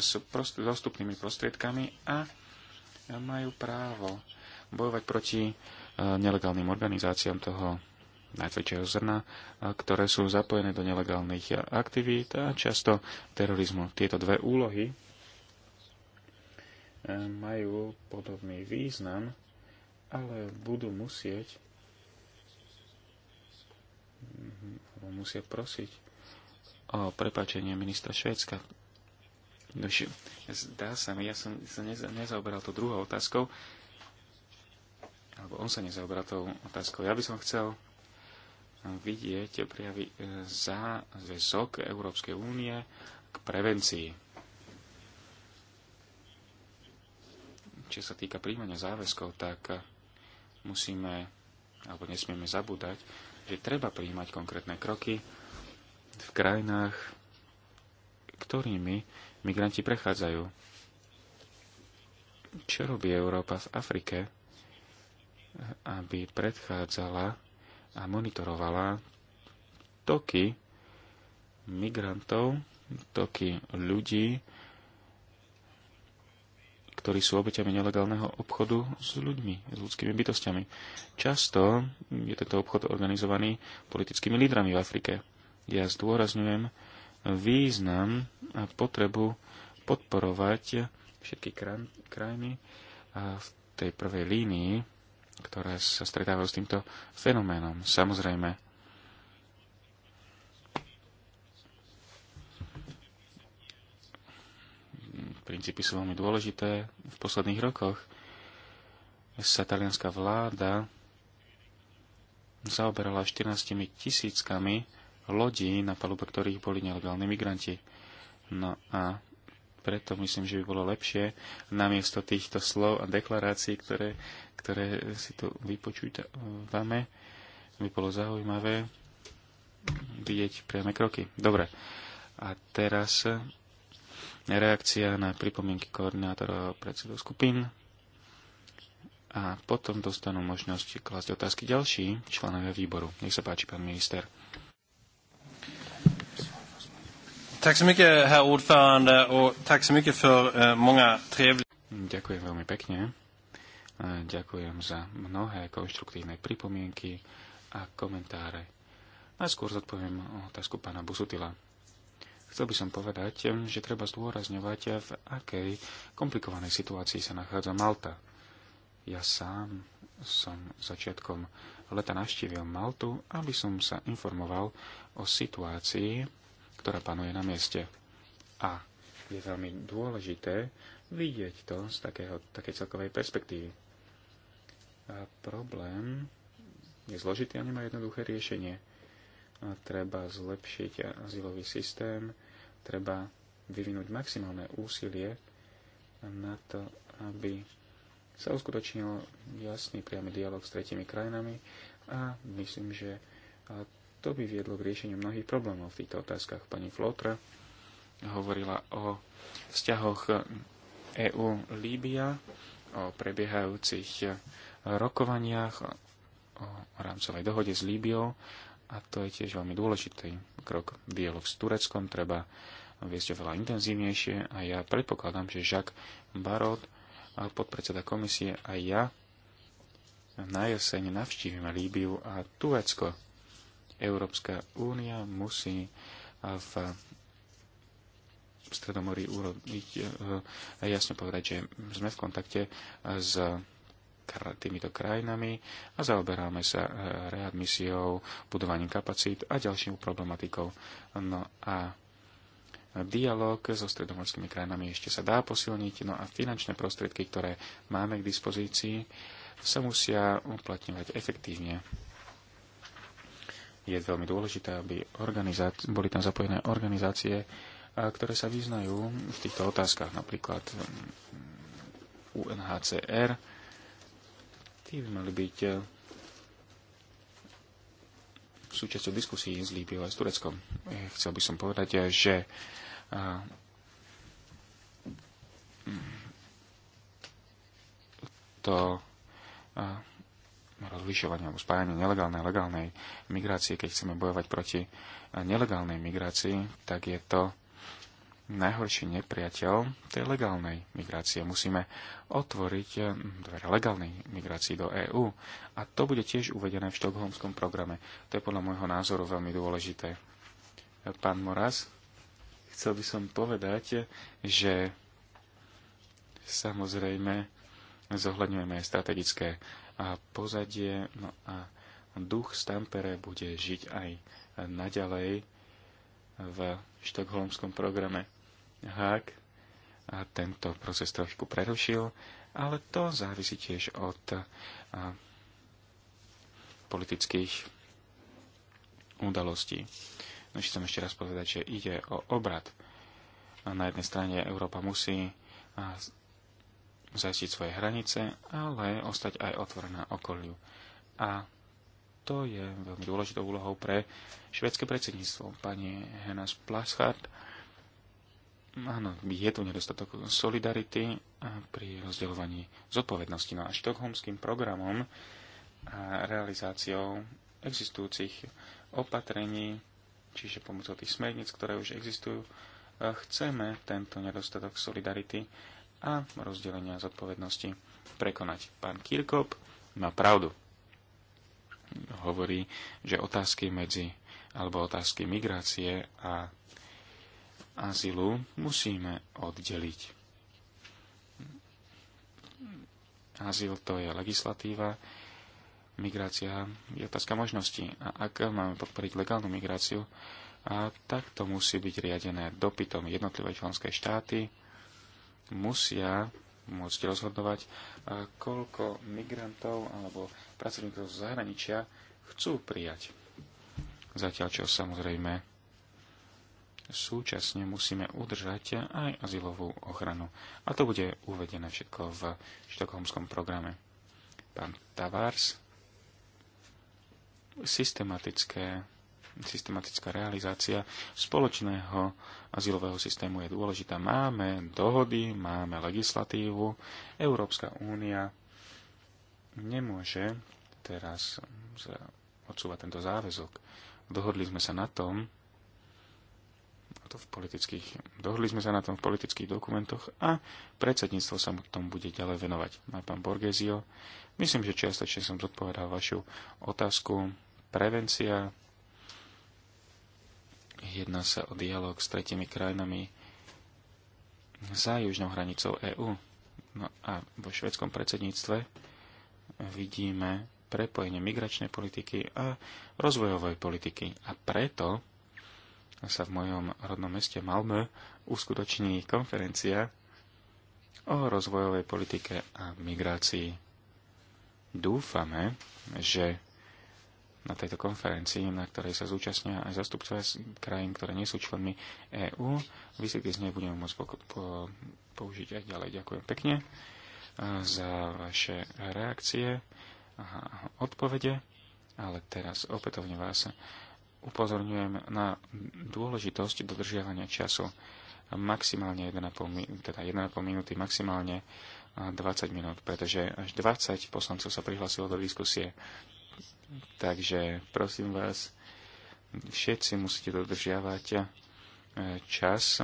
s prost- dostupnými prostriedkami a majú právo bojovať proti e, nelegálnym organizáciám toho najtvrdšieho zrna, e, ktoré sú zapojené do nelegálnych aktivít a často terorizmu. Tieto dve úlohy e, majú podobný význam, ale budú musieť Mhm, musia prosiť o prepačenie ministra Švédska. zdá sa mi, ja som sa nezaoberal tou druhou otázkou, alebo on sa nezaoberal tou otázkou. Ja by som chcel vidieť prijavy e, zväzok Európskej únie k prevencii. Čo sa týka príjmania záväzkov, tak musíme, alebo nesmieme zabúdať, že treba prijímať konkrétne kroky v krajinách, ktorými migranti prechádzajú. Čo robí Európa v Afrike, aby predchádzala a monitorovala toky migrantov, toky ľudí, ktorí sú obeťami nelegálneho obchodu s ľuďmi, s ľudskými bytostiami. Často je tento obchod organizovaný politickými lídrami v Afrike. Ja zdôrazňujem význam a potrebu podporovať všetky krajiny v tej prvej línii, ktoré sa stretávajú s týmto fenoménom. Samozrejme, princípy sú veľmi dôležité. V posledných rokoch sa talianská vláda zaoberala 14 tisíckami lodí, na palube ktorých boli nelegálni migranti. No a preto myslím, že by bolo lepšie namiesto týchto slov a deklarácií, ktoré, ktoré si tu vypočúvame, by bolo zaujímavé vidieť priame kroky. Dobre. A teraz reakcia na pripomienky koordinátorov a predsedov skupín. A potom dostanú možnosť klásť otázky ďalší členovia výboru. Nech sa páči, pán minister. herr ordförande, för eh, många Ďakujem veľmi pekne. Ďakujem za mnohé konštruktívne pripomienky a komentáre. Najskôr zodpoviem otázku pána Busutila. Chcel by som povedať, že treba zdôrazňovať, v akej komplikovanej situácii sa nachádza Malta. Ja sám som začiatkom leta navštívil Maltu, aby som sa informoval o situácii, ktorá panuje na mieste. A je veľmi dôležité vidieť to z takého, takej celkovej perspektívy. A problém je zložitý a nemá jednoduché riešenie treba zlepšiť azylový systém, treba vyvinúť maximálne úsilie na to, aby sa uskutočnil jasný priamy dialog s tretimi krajinami a myslím, že to by viedlo k riešeniu mnohých problémov v týchto otázkach. Pani Flotra hovorila o vzťahoch EU-Líbia, o prebiehajúcich rokovaniach, o rámcovej dohode s Líbiou a to je tiež veľmi dôležitý krok. Dialog s Tureckom treba viesť oveľa intenzívnejšie a ja predpokladám, že Jacques Barot, podpredseda komisie a ja na jeseň navštívime Líbiu a Turecko. Európska únia musí v Stredomorí urobiť eh, jasne povedať, že sme v kontakte s týmito krajinami a zaoberáme sa e, readmisiou, budovaním kapacít a ďalšou problematikou. No a dialog so stredomorskými krajinami ešte sa dá posilniť, no a finančné prostriedky, ktoré máme k dispozícii, sa musia uplatňovať efektívne. Je veľmi dôležité, aby boli tam zapojené organizácie, ktoré sa vyznajú v týchto otázkach, napríklad mm, UNHCR, Tí by mali byť eh, súčasťou diskusí s Líbiou a s Tureckom. Eh, chcel by som povedať, eh, že to rozlišovanie alebo spájanie nelegálnej a legálnej migrácie, keď chceme bojovať proti nelegálnej migrácii, tak je to najhorší nepriateľ tej legálnej migrácie. Musíme otvoriť eh, dvere legálnej migrácii do EÚ a to bude tiež uvedené v štokholmskom programe. To je podľa môjho názoru veľmi dôležité. Eh, pán Moraz, chcel by som povedať, eh, že samozrejme zohľadňujeme aj strategické pozadie no a duch Stampere bude žiť aj naďalej v štokholmskom programe hák a tento proces trošku prerušil, ale to závisí tiež od a, politických udalostí. No, chcem ešte raz povedať, že ide o obrad. A na jednej strane Európa musí a, zajistiť svoje hranice, ale ostať aj otvorená okoliu. A to je veľmi dôležitou úlohou pre švedské predsedníctvo. Pani Henas Plaschard áno, je tu nedostatok solidarity pri rozdeľovaní zodpovednosti. No a štokholmským programom a realizáciou existujúcich opatrení, čiže pomocou tých smerníc, ktoré už existujú, e, chceme tento nedostatok solidarity a rozdelenia zodpovednosti prekonať. Pán Kirkop má pravdu. Hovorí, že otázky medzi alebo otázky migrácie a azylu musíme oddeliť. Azyl to je legislatíva, migrácia je otázka možností. A ak máme podporiť legálnu migráciu, a tak to musí byť riadené dopytom. Jednotlivé členské štáty musia môcť rozhodovať, koľko migrantov alebo pracovníkov z zahraničia chcú prijať. Zatiaľ čo samozrejme súčasne musíme udržať aj azylovú ochranu. A to bude uvedené všetko v štokholmskom programe. Pán Tavars, systematické, systematická realizácia spoločného azylového systému je dôležitá. Máme dohody, máme legislatívu. Európska únia nemôže teraz odsúvať tento záväzok. Dohodli sme sa na tom, to v politických, dohodli sme sa na tom v politických dokumentoch a predsedníctvo sa tomu bude ďalej venovať. Má pán Borgesio, myslím, že čiastočne som zodpovedal vašu otázku. Prevencia, jedná sa o dialog s tretimi krajinami za južnou hranicou EÚ. No a vo švedskom predsedníctve vidíme prepojenie migračnej politiky a rozvojovej politiky. A preto sa v mojom rodnom meste Malmö uskutoční konferencia o rozvojovej politike a migrácii. Dúfame, že na tejto konferencii, na ktorej sa zúčastnia aj zastupcovia krajín, ktoré nie sú členmi EÚ. Výsledky z nej budeme môcť po, použiť aj ďalej. Ďakujem pekne za vaše reakcie a odpovede, ale teraz opätovne vás upozorňujem na dôležitosť dodržiavania času maximálne 1,5, teda 1,5 minúty, maximálne 20 minút, pretože až 20 poslancov sa prihlasilo do diskusie. Takže prosím vás, všetci musíte dodržiavať e, čas.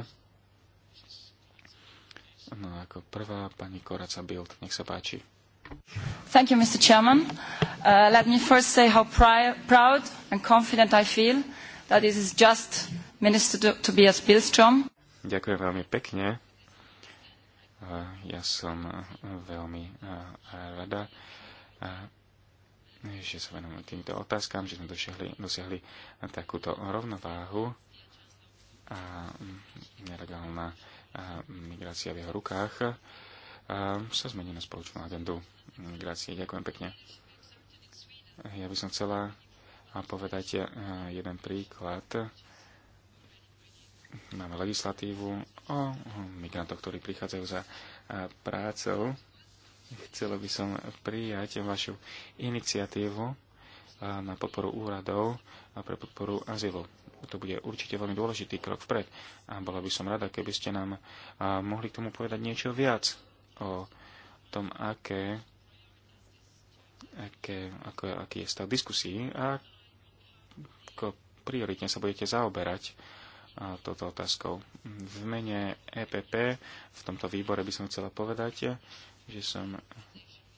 No ako prvá pani Koraca Bild, nech sa páči. Thank you, Mr. Chairman. Uh, let me first say how pri proud and confident I feel that this is just Minister Tobias Billström. Ďakujem veľmi pekne. Uh, ja som uh, veľmi uh, rada, že sa venujeme týmto otázkam, že sme dosiahli, dosiahli takúto rovnováhu a mm, nelegálna migrácia v jeho rukách sa zmení na spoločnú agendu migrácie. Ďakujem pekne ja by som chcela povedať eh, jeden príklad. Máme legislatívu o migrantoch, ktorí prichádzajú za eh, prácou. Chcela by som prijať vašu iniciatívu eh, na podporu úradov a pre podporu azylu. To bude určite veľmi dôležitý krok vpred a bola by som rada, keby ste nám mohli k tomu povedať niečo viac o tom, aké aké, ako, aký je stav diskusí a ako prioritne sa budete zaoberať touto otázkou. V mene EPP v tomto výbore by som chcela povedať, že som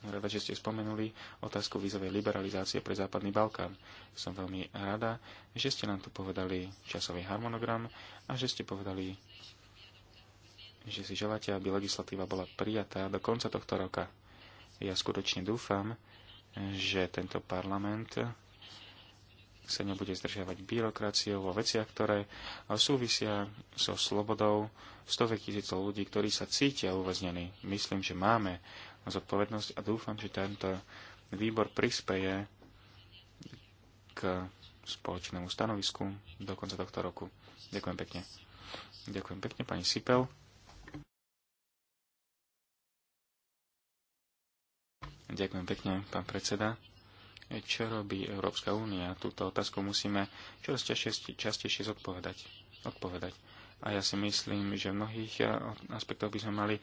rada, že ste spomenuli otázku vízovej liberalizácie pre Západný Balkán. Som veľmi rada, že ste nám tu povedali časový harmonogram a že ste povedali, že si želáte, aby legislatíva bola prijatá do konca tohto roka. Ja skutočne dúfam, že tento parlament sa nebude zdržiavať byrokraciou vo veciach, ktoré súvisia so slobodou stovek tisícov ľudí, ktorí sa cítia uväznení. Myslím, že máme zodpovednosť a dúfam, že tento výbor prispeje k spoločnému stanovisku do konca tohto roku. Ďakujem pekne. Ďakujem pekne, pani Sipel. Ďakujem pekne, pán predseda. Čo robí Európska únia? Túto otázku musíme čoraz častejšie, častejšie zodpovedať. Odpovedať. A ja si myslím, že v mnohých eh, aspektoch by sme mali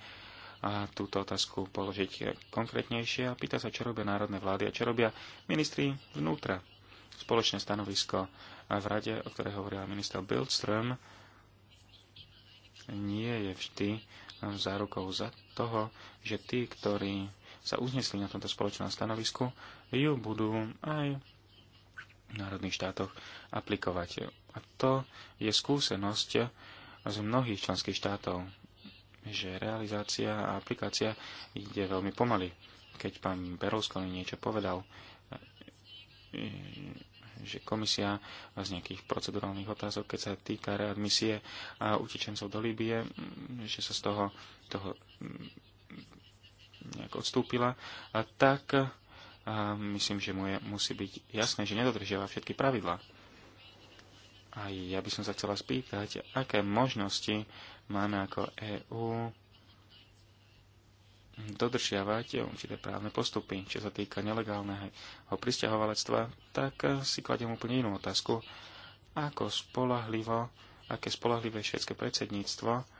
a eh, túto otázku položiť konkrétnejšie a pýta sa, čo robia národné vlády a čo robia ministri vnútra. Spoločné stanovisko eh, v rade, o ktorej hovorila minister Bildström, nie je vždy zárukou za toho, že tí, ktorí sa uznesli na tomto spoločnom stanovisku, ju budú aj v národných štátoch aplikovať. A to je skúsenosť z mnohých členských štátov, že realizácia a aplikácia ide veľmi pomaly. Keď pán Berlusconi niečo povedal, že komisia z nejakých procedurálnych otázok, keď sa týka readmisie a utečencov do Líbie, že sa z toho, toho nejak odstúpila, a tak a myslím, že mu je, musí byť jasné, že nedodržiava všetky pravidlá. A ja by som sa chcela spýtať, aké možnosti máme ako EÚ dodržiavať určité právne postupy. Čo sa týka nelegálneho pristahovalectva, tak si kladiem úplne inú otázku. Ako spolahlivo, aké spolahlivé švedské predsedníctvo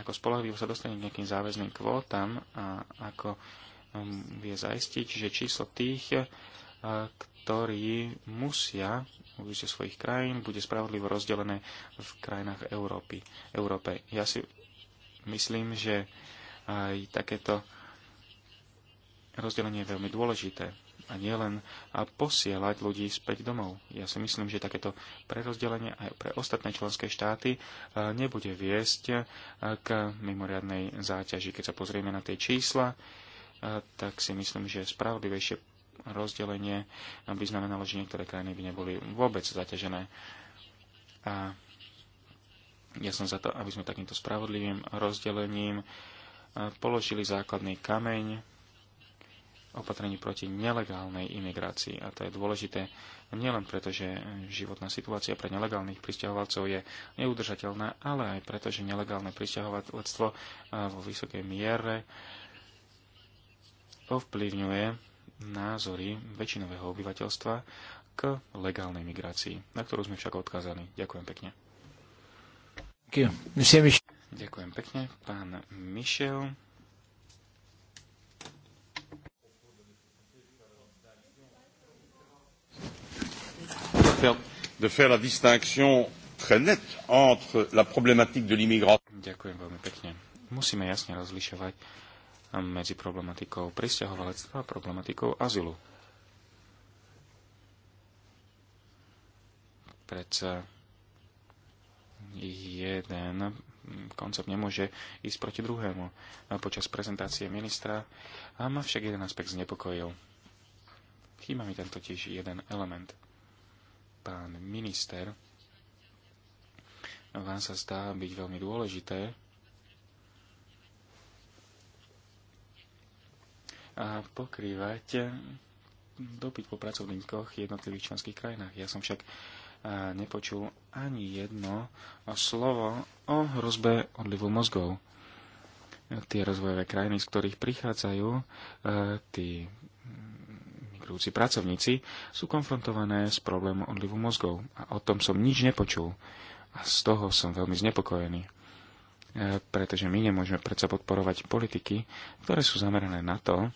ako spolahlivo sa dostane k nejakým záväzným kvótam a ako um, vie zaistiť, že číslo tých, uh, ktorí musia uvisť svojich krajín, bude spravodlivo rozdelené v krajinách Európy, Európe. Ja si myslím, že aj takéto rozdelenie je veľmi dôležité a nielen a posielať ľudí späť domov. Ja si myslím, že takéto prerozdelenie aj pre ostatné členské štáty e, nebude viesť e, k mimoriadnej záťaži. Keď sa pozrieme na tie čísla, e, tak si myslím, že spravodlivejšie rozdelenie by znamenalo, že niektoré krajiny by neboli vôbec zaťažené. A ja som za to, aby sme takýmto spravodlivým rozdelením položili základný kameň opatrení proti nelegálnej imigrácii. A to je dôležité nielen preto, že životná situácia pre nelegálnych pristahovalcov je neudržateľná, ale aj preto, že nelegálne pristahovalectvo eh, vo vysokej miere ovplyvňuje názory väčšinového obyvateľstva k legálnej migrácii, na ktorú sme však odkázali. Ďakujem pekne. Ďakujem pekne, pán Mišel. de faire la distinction très nette entre la problématique de l'immigration. Ďakujem veľmi pekne. Musíme jasne rozlišovať um, medzi problematikou pristahovalectva a problematikou azylu. Predsa jeden koncept nemôže ísť proti druhému. Počas prezentácie ministra a ma však jeden aspekt znepokojil. Chýba mi tam totiž jeden element pán minister, vám sa zdá byť veľmi dôležité a pokrývať dopyt po pracovníkoch jednotlivých členských krajinách. Ja som však nepočul ani jedno slovo o hrozbe odlivu mozgov. Tie rozvojové krajiny, z ktorých prichádzajú tí vedúci pracovníci sú konfrontované s problémom odlivu mozgov. A o tom som nič nepočul. A z toho som veľmi znepokojený. E, pretože my nemôžeme predsa podporovať politiky, ktoré sú zamerané na to,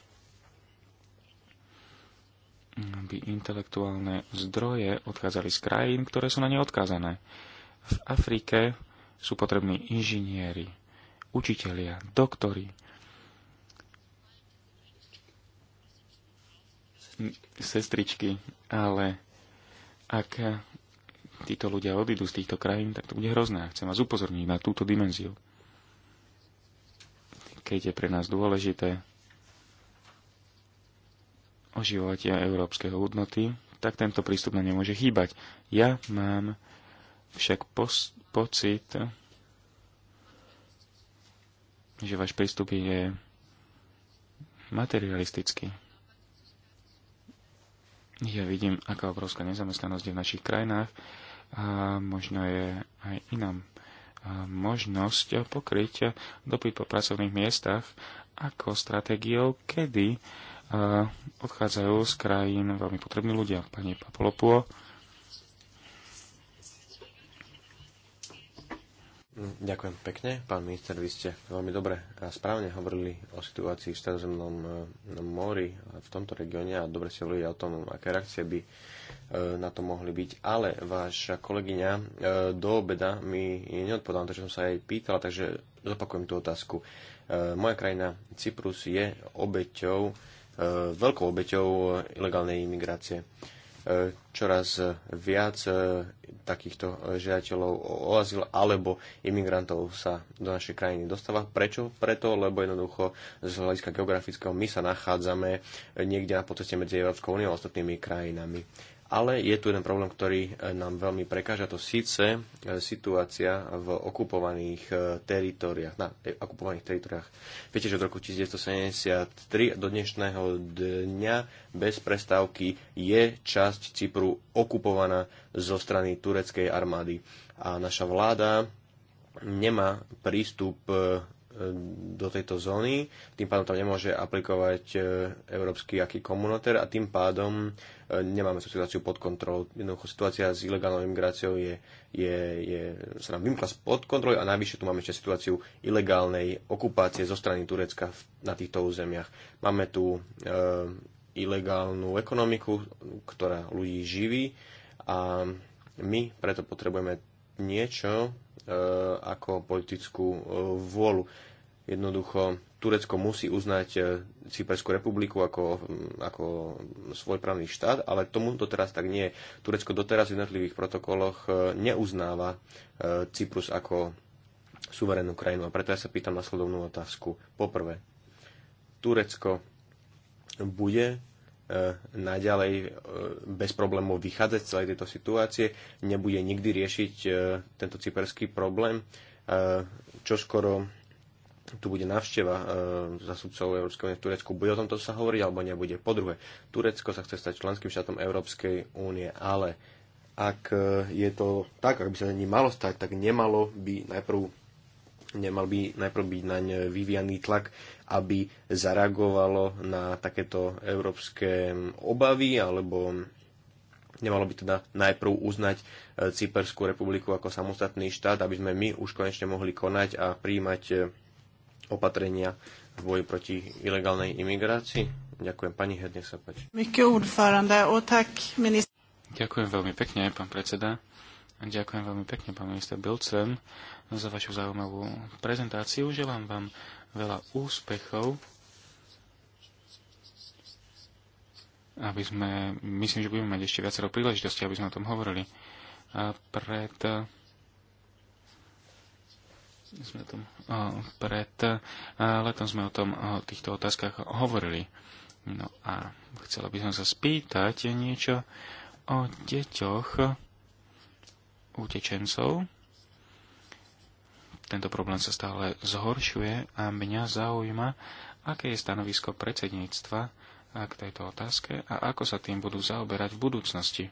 aby intelektuálne zdroje odchádzali z krajín, ktoré sú na ne odkázané. V Afrike sú potrební inžinieri, učitelia, doktory. sestričky, ale ak títo ľudia odídu z týchto krajín, tak to bude hrozné. Chcem vás upozorniť na túto dimenziu. Keď je pre nás dôležité oživovať európskeho hodnoty, tak tento prístup nám nemôže chýbať. Ja mám však pos- pocit, že váš prístup je materialistický. Ja vidím, aká obrovská nezamestnanosť je v našich krajinách a možno je aj iná možnosť pokryť dopyt po pracovných miestach ako stratégiou, kedy odchádzajú z krajín veľmi potrební ľudia. Pani Papolopuo, Hm, ďakujem pekne. Pán minister, vy ste veľmi dobre a správne hovorili o situácii v Stredozemnom eh, mori v tomto regióne a dobre ste hovorili o tom, aké reakcie by eh, na to mohli byť. Ale váša kolegyňa eh, do obeda mi neodpovedala takže som sa jej pýtala, takže zopakujem tú otázku. Moja krajina Cyprus je obeťou, veľkou obeťou ilegálnej imigrácie čoraz viac e, takýchto žiadateľov o azyl alebo imigrantov sa do našej krajiny dostáva. Prečo? Preto, lebo jednoducho z hľadiska geografického my sa nachádzame niekde na podstate medzi Európskou úniou a ostatnými krajinami. Ale je tu jeden problém, ktorý e, nám veľmi prekáža, to síce e, situácia v okupovaných e, teritoriách, na okupovaných teritoriách. Viete, že od roku 1973 do dnešného dňa bez prestávky je časť Cypru okupovaná zo strany tureckej armády. A naša vláda nemá prístup do tejto zóny, tým pádom tam nemôže aplikovať e, európsky aký komunotér a tým pádom e, nemáme tú situáciu pod kontrolou. Jednoducho situácia s ilegálnou imigráciou je, je, je, sa nám vymkla pod kontrolou a najvyššie tu máme ešte situáciu ilegálnej okupácie zo strany Turecka na týchto územiach. Máme tu e, ilegálnu ekonomiku, ktorá ľudí živí a my preto potrebujeme niečo e, ako politickú e, vôľu. Jednoducho Turecko musí uznať e, Cyperskú republiku ako, ako svoj právny štát, ale tomu doteraz tak nie Turecko doteraz v jednotlivých protokoloch e, neuznáva e, Cyprus ako suverénnu krajinu. A preto ja sa pýtam nasledovnú otázku. Poprvé, Turecko bude E, naďalej e, bez problémov vychádzať z celej tejto situácie, nebude nikdy riešiť e, tento cyperský problém, čo skoro tu bude návšteva e, zasudcov Európskej únie v Turecku. Bude o tomto sa hovoriť alebo nebude? Po druhé, Turecko sa chce stať členským štátom Európskej únie, ale ak je to tak, ak by sa ní malo stať, tak nemalo by najprv nemal by najprv byť naň vyvianý tlak, aby zareagovalo na takéto európske obavy, alebo nemalo by teda najprv uznať e, Cyperskú republiku ako samostatný štát, aby sme my už konečne mohli konať a príjmať e, opatrenia v boji proti ilegálnej imigrácii. Ďakujem pani Hed, nech sa páči. Ďakujem veľmi pekne, pán predseda. Ďakujem veľmi pekne, pán minister Bilcem, za vašu zaujímavú prezentáciu. Želám vám veľa úspechov, aby sme, myslím, že budeme mať ešte viacero príležitostí, aby sme o tom hovorili. A pred sme tom, o, pred letom sme o tom, o týchto otázkach hovorili. No a chcela by som sa spýtať niečo o deťoch, utečencov. Tento problém sa stále zhoršuje a mňa zaujíma, aké je stanovisko predsedníctva k tejto otázke a ako sa tým budú zaoberať v budúcnosti.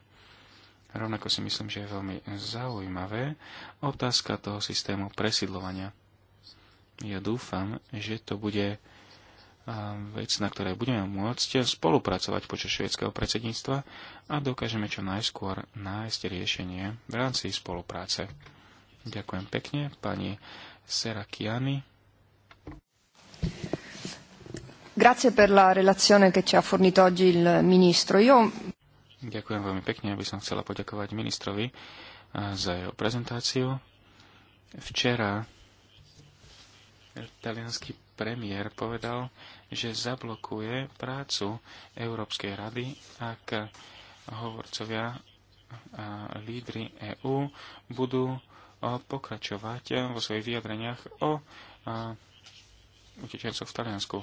Rovnako si myslím, že je veľmi zaujímavé otázka toho systému presidlovania. Ja dúfam, že to bude vec, na ktorej budeme môcť spolupracovať počas švedského predsedníctva a dokážeme čo najskôr nájsť riešenie v rámci spolupráce. Ďakujem pekne pani Serakiani. Grazie per la relazione che ci ha fornito oggi il ministro. Io... Ďakujem veľmi pekne, aby som chcela poďakovať ministrovi za jeho prezentáciu. Včera talianský premiér povedal, že zablokuje prácu Európskej rady, ak hovorcovia a lídry EÚ budú pokračovať vo svojich vyjadreniach o utečencoch v Taliansku.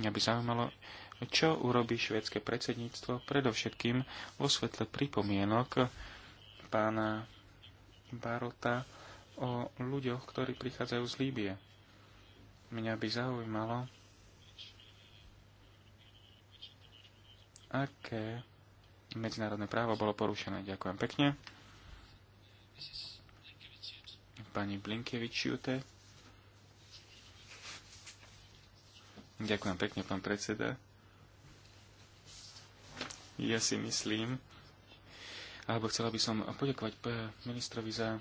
Mňa by zaujímalo, čo urobí švédske predsedníctvo, predovšetkým vo svetle pripomienok pána Barota o ľuďoch, ktorí prichádzajú z Líbie mňa by zaujímalo, aké medzinárodné právo bolo porušené. Ďakujem pekne. Pani Blinkevičiute. Ďakujem pekne, pán predseda. Ja si myslím, alebo chcela by som poďakovať ministrovi za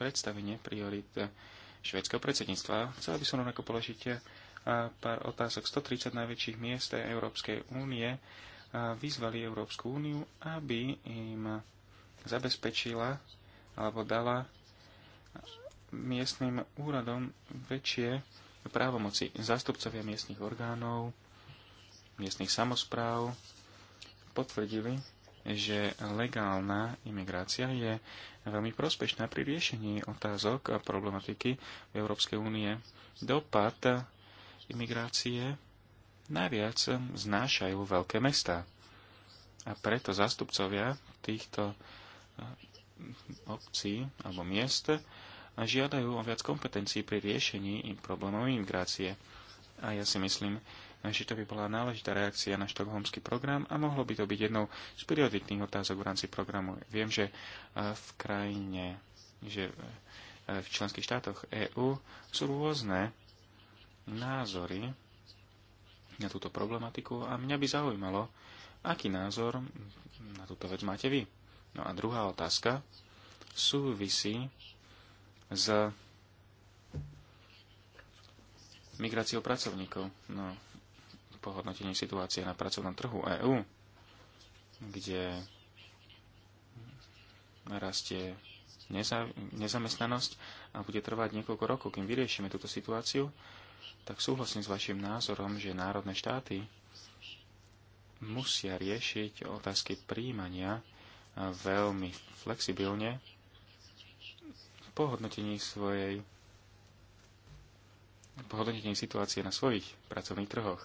predstavenie priorit švedského predsedníctva. Chcela by som rovnako položiť eh, pár otázok. 130 najväčších miest Európskej únie eh, vyzvali Európsku úniu, aby im zabezpečila alebo dala miestnym úradom väčšie právomoci. Zástupcovia miestnych orgánov, miestnych samozpráv potvrdili, že legálna imigrácia je veľmi prospešná pri riešení otázok a problematiky v Európskej únie. Dopad imigrácie najviac znášajú veľké mestá. A preto zástupcovia týchto eh, obcí alebo miest žiadajú o viac kompetencií pri riešení problémov imigrácie. A ja si myslím, že to by bola náležitá reakcia na štokholmský program a mohlo by to byť jednou z prioritných otázok v rámci programu. Viem, že e, v krajine, že e, e, v členských štátoch EÚ sú rôzne názory na túto problematiku a mňa by zaujímalo, aký názor na túto vec máte vy. No a druhá otázka súvisí s migráciou pracovníkov. No, po hodnotení situácie na pracovnom trhu EÚ, kde rastie neza, nezamestnanosť a bude trvať niekoľko rokov, kým vyriešime túto situáciu, tak súhlasím s vašim názorom, že národné štáty musia riešiť otázky príjmania veľmi flexibilne po hodnotení svojej po hodnotení situácie na svojich pracovných trhoch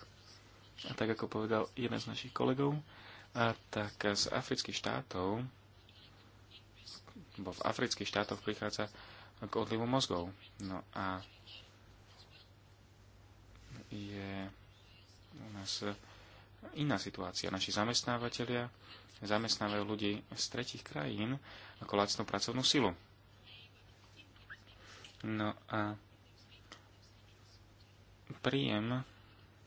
a tak ako povedal jeden z našich kolegov, a tak z afrických štátov, bo v afrických štátoch prichádza k odlivu mozgov. No a je u nás iná situácia. Naši zamestnávateľia zamestnávajú ľudí z tretich krajín ako lacnú pracovnú silu. No a príjem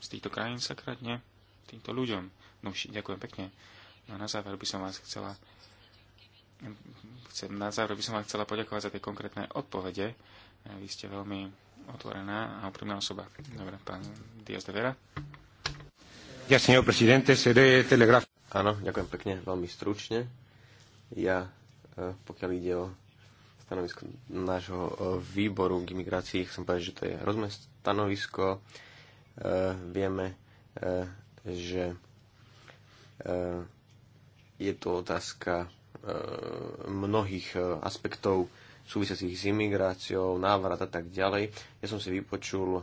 z týchto krajín sa kradne týmto ľuďom. No, ďakujem pekne. No na záver by som vás chcela chcem, na záver by som vás chcela poďakovať za tie konkrétne odpovede. Vy ste veľmi otvorená a úprimná osoba. Dobre, pán Diaz de Vera. Ja, señor presidente, seré telegraf. Áno, ďakujem pekne, veľmi stručne. Ja, e, pokiaľ ide o stanovisko nášho e, výboru k imigrácii, chcem povedať, že to je rozumné stanovisko. Eh, vieme, eh, že eh, je to otázka mnohých aspektov súvisiacich s imigráciou, návrat a tak ďalej. Ja som si vypočul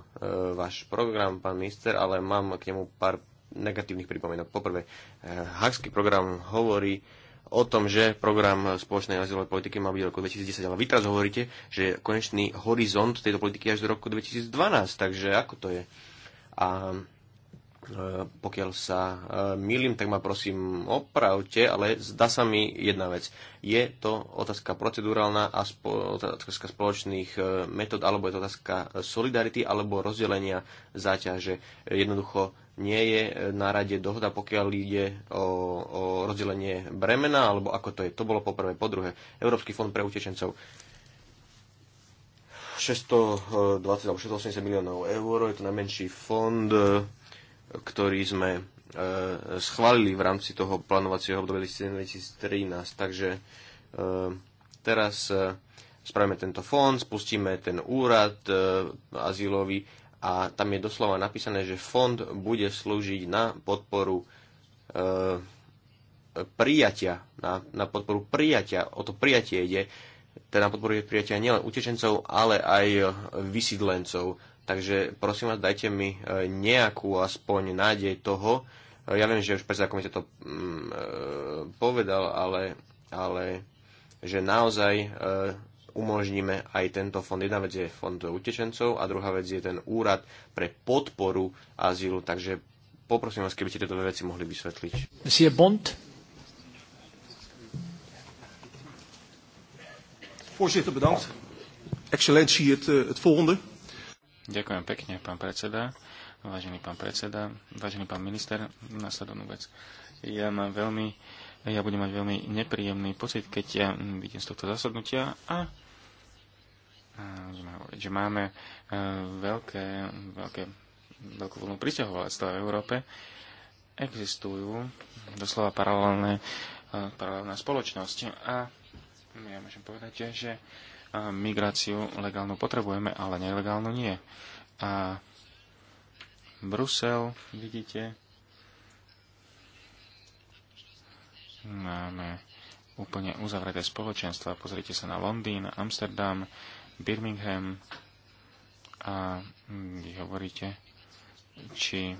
váš program, pán minister, ale mám k nemu pár negatívnych pripomienok. Poprvé, e, Hakský program hovorí o tom, že program spoločnej azylovej politiky má byť do roku 2010, ale vy teraz hovoríte, že konečný horizont tejto politiky až do roku 2012, takže ako to je? a e, pokiaľ sa e, milím, tak ma prosím opravte, ale zdá sa mi jedna vec. Je to otázka procedurálna a spo, otázka spoločných e, metód, alebo je to otázka solidarity, alebo rozdelenia záťaže. Jednoducho nie je na rade dohoda, pokiaľ ide o, o rozdelenie bremena, alebo ako to je. To bolo poprvé. Po druhé, Európsky fond pre utečencov 620 alebo 680 miliónov eur, je to najmenší fond, e, ktorý sme e, schválili v rámci toho plánovacieho obdobia 2013. Takže e, teraz spravíme tento fond, spustíme ten úrad azylový a tam je doslova napísané, že fond bude slúžiť na podporu prijatia, na, na podporu prijatia, o to prijatie ide teda podporuje prijatia nielen utečencov, ale aj vysídlencov. Takže prosím vás, dajte mi e, nejakú aspoň nádej toho. E, ja viem, že už predseda komisia to mm, e, povedal, ale, ale že naozaj umožníme aj tento fond. Jedna vec je fond utečencov a druhá vec je ten úrad pre podporu azylu. Takže poprosím vás, keby ste tieto veci mohli vysvetliť. Monsieur Bond. Voorzitter, bedankt. Excellentie, het, eh, het volgende. Ďakujem pekne, pán predseda. Vážený pán predseda, vážený pán minister, nasledovnú vec. Ja mám veľmi, ja budem mať veľmi nepríjemný pocit, keď ja hm, vidím z tohto zasadnutia a že máme eh, veľké, veľké, veľkú voľnú priťahovalectva v Európe. Existujú doslova paralelné, eh, paralelná spoločnosť a ja môžem povedať, že migráciu legálnu potrebujeme, ale nelegálnu nie. A Brusel, vidíte, máme úplne uzavreté spoločenstva. Pozrite sa na Londýn, Amsterdam, Birmingham a vy hovoríte, či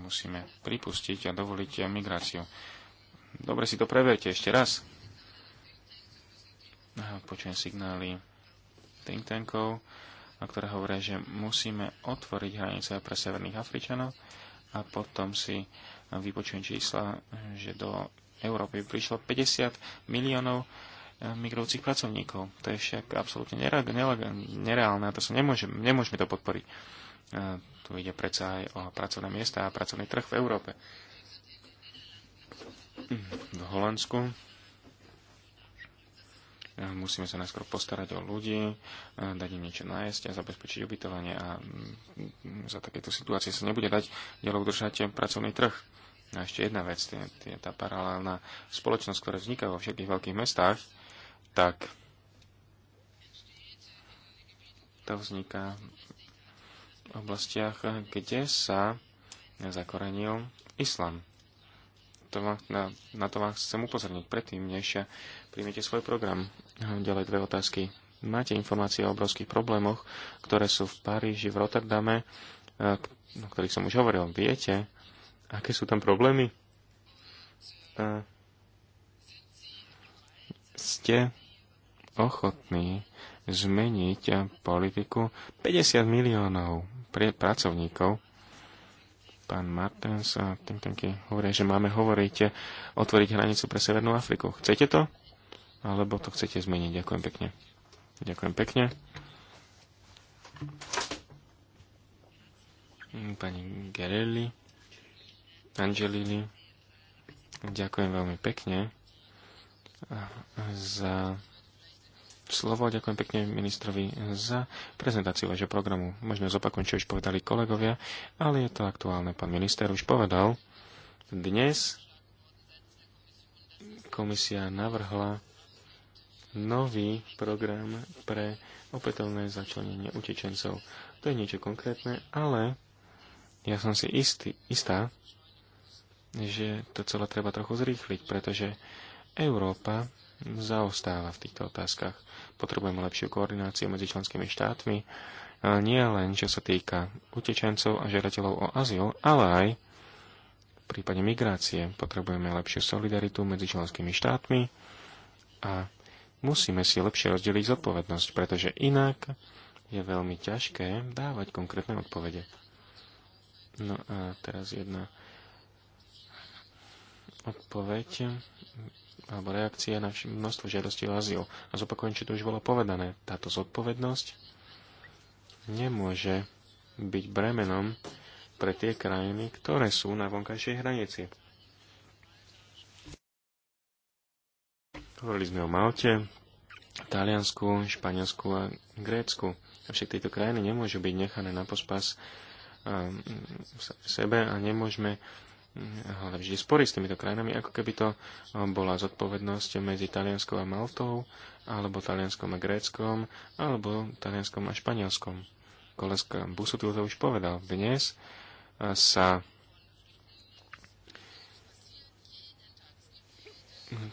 musíme pripustiť a dovoliť migráciu. Dobre si to preverte ešte raz počujem signály think tankov, ktoré hovoria, že musíme otvoriť hranice pre severných Afričanov a potom si vypočujem čísla, že do Európy prišlo 50 miliónov eh, migrujúcich pracovníkov. To je však absolútne nereálne a to sa nemôžeme, nemôžeme to podporiť. Eh, tu ide predsa aj o pracovné miesta a pracovný trh v Európe. Hm, v Holandsku Eh, musíme sa najskôr postarať o ľudí, eh, dať im niečo nájsť a zabezpečiť ubytovanie a mm, mm, za takéto situácie sa nebude dať ďalej udržať pracovný trh. A ešte jedna vec, je, tý, tá paralelná spoločnosť, ktorá vzniká vo všetkých veľkých mestách, tak to vzniká v oblastiach, kde sa zakorenil islam. To vám, na, na to vás chcem upozorniť predtým, než Príjmite svoj program. Ďalej dve otázky. Máte informácie o obrovských problémoch, ktoré sú v Paríži, v Rotterdame, e, o ktorých som už hovoril. Viete, aké sú tam problémy? E, ste ochotní zmeniť politiku 50 miliónov pre pracovníkov. Pán Martens a tým hovoria, že máme hovoriť, otvoriť hranicu pre Severnú Afriku. Chcete to? alebo to chcete zmeniť. Ďakujem pekne. Ďakujem pekne. Pani Gerelli, Angelili, ďakujem veľmi pekne eh, za slovo. Ďakujem pekne ministrovi za prezentáciu vášho programu. Možno zopakujem, čo už povedali kolegovia, ale je to aktuálne. Pán minister už povedal, dnes komisia navrhla nový program pre opätovné začlenenie utečencov. To je niečo konkrétne, ale ja som si istý, istá, že to celé treba trochu zrýchliť, pretože Európa zaostáva v týchto otázkach. Potrebujeme lepšiu koordináciu medzi členskými štátmi, nie len čo sa týka utečencov a žiadateľov o azyl, ale aj v prípade migrácie. Potrebujeme lepšiu solidaritu medzi členskými štátmi a musíme si lepšie rozdeliť zodpovednosť, pretože inak je veľmi ťažké dávať konkrétne odpovede. No a teraz jedna odpoveď alebo reakcia na množstvo žiadostí o azyl. A zopakujem, či to už bolo povedané. Táto zodpovednosť nemôže byť bremenom pre tie krajiny, ktoré sú na vonkajšej hranici. Hovorili sme o Malte, Taliansku, Španielsku a Grécku. Avšak tieto krajiny nemôžu byť nechané na pospas ehm, sebe a nemôžeme hm, ale vždy sporiť s týmito krajinami, ako keby to eh, bola zodpovednosť medzi Talianskou a Maltou, alebo Talianskom a Gréckom, alebo Talianskom a Španielskom. Koleska Busutil to už povedal. Dnes eh, sa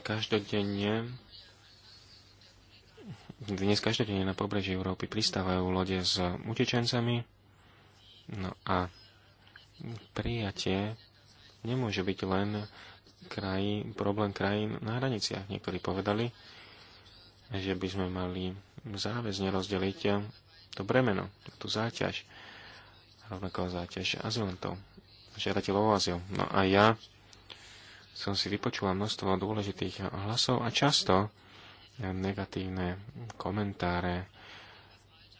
každodenne dnes každodenne na pobreží Európy pristávajú lode s utečencami no a prijatie nemôže byť len kraj, problém krajín na hraniciach. Niektorí povedali, že by sme mali záväzne rozdeliť to bremeno, tú záťaž, rovnako záťaž azylantov, žiadateľov o azyl. No a ja som si vypočula množstvo dôležitých hlasov a často negatívne komentáre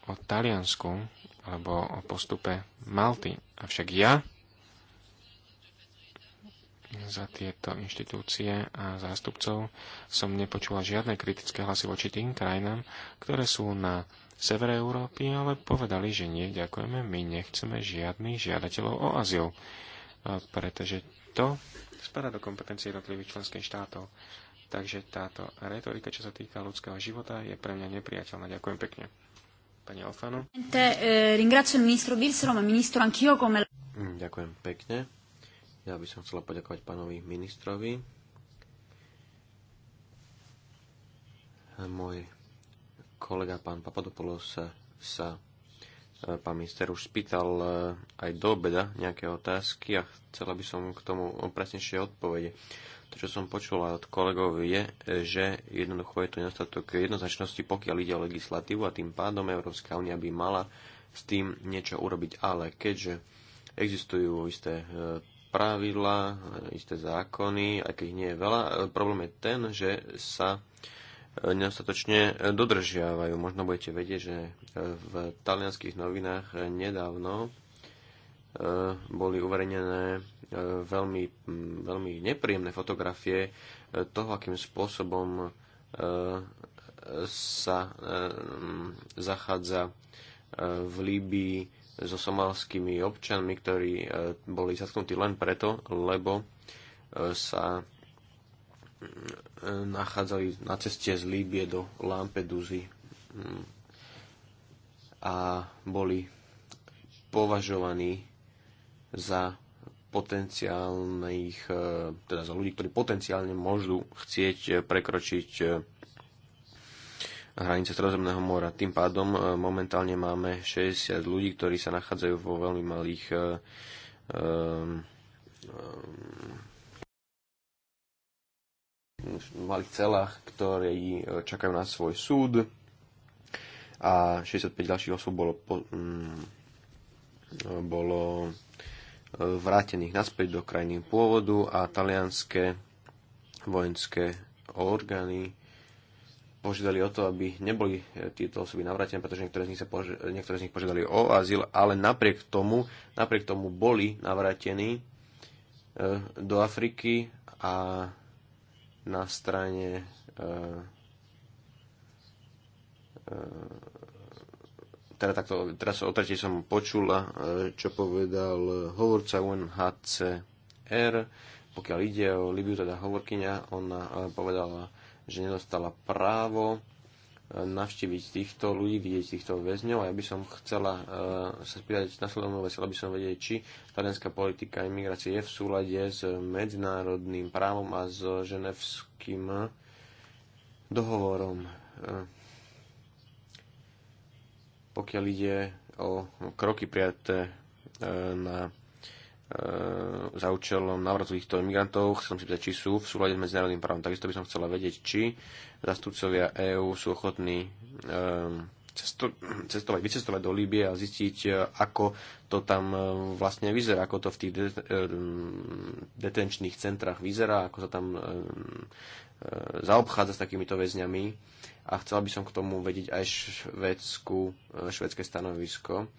o Taliansku alebo o postupe Malty. Avšak ja za tieto inštitúcie a zástupcov som nepočula žiadne kritické hlasy voči tým krajinám, ktoré sú na severe Európy, ale povedali, že nie, ďakujeme, my nechceme žiadnych žiadateľov o azyl, pretože to spada do kompetencie jednotlivých členských štátov. Takže táto retorika, čo sa týka ľudského života, je pre mňa nepriateľná. Ďakujem pekne. Pani Alfano. Eh, mm, ďakujem pekne. Ja by som chcela poďakovať pánovi ministrovi. Môj kolega pán Papadopoulos sa, sa pán minister už spýtal e, aj do obeda nejaké otázky a chcela by som k tomu presnejšie odpovede. To, čo som počula od kolegov, je, že jednoducho je to nedostatok jednoznačnosti, pokiaľ ide o legislatívu a tým pádom Európska únia by mala s tým niečo urobiť. Ale keďže existujú isté e, pravidlá, e, isté zákony, aj keď nie je veľa, problém je ten, že sa nedostatočne dodržiavajú. Možno budete vedieť, že v talianských novinách nedávno e, boli uverejnené e, veľmi, veľmi nepríjemné fotografie e, toho, akým spôsobom sa zachádza v Líbii so somalskými občanmi, ktorí boli zatknutí len preto, lebo sa nachádzali na ceste z Líbie do Lampedusy mm, a boli považovaní za potenciálnych, e, teda za ľudí, ktorí potenciálne môžu chcieť e, prekročiť e, hranice Stredozemného mora. Tým pádom momentálne máme 60 ľudí, ktorí sa nachádzajú vo veľmi malých um, um, malých celách, ktorí e, čakajú na svoj súd a 65 ďalších osôb bolo, po, mm, bolo e, vrátených naspäť do krajiny pôvodu a talianské vojenské orgány požiadali o to, aby neboli e, tieto osoby navrátené, pretože niektoré z nich, sa pož- niektoré z nich požiadali o azyl, ale napriek tomu, napriek tomu boli navrátení e, do Afriky a na strane e, e, teda takto, teraz o tretej som počula, e, čo povedal hovorca UNHCR, pokiaľ ide o Libiu, teda hovorkyňa, ona povedala, že nedostala právo navštíviť týchto ľudí, vidieť týchto väzňov a ja by som chcela uh, sa spýtať nasledovnú vec, aby som vedieť, či talianská politika imigrácie je v súlade s medzinárodným právom a s ženevským dohovorom. Uh, pokiaľ ide o kroky prijaté uh, na E, za účelom návratu týchto imigrantov. Chcem si pýtať, či sú v súlade s medzinárodným právom. Takisto by som chcela vedieť, či zastupcovia EÚ sú ochotní e, cesto- cestovať, vycestovať do Líbie a zistiť, e, ako to tam e, vlastne vyzerá, ako to v tých de- detenčných centrách vyzerá, ako sa tam e, zaobchádza s takýmito väzňami. A chcela by som k tomu vedieť aj švédsku, švédske stanovisko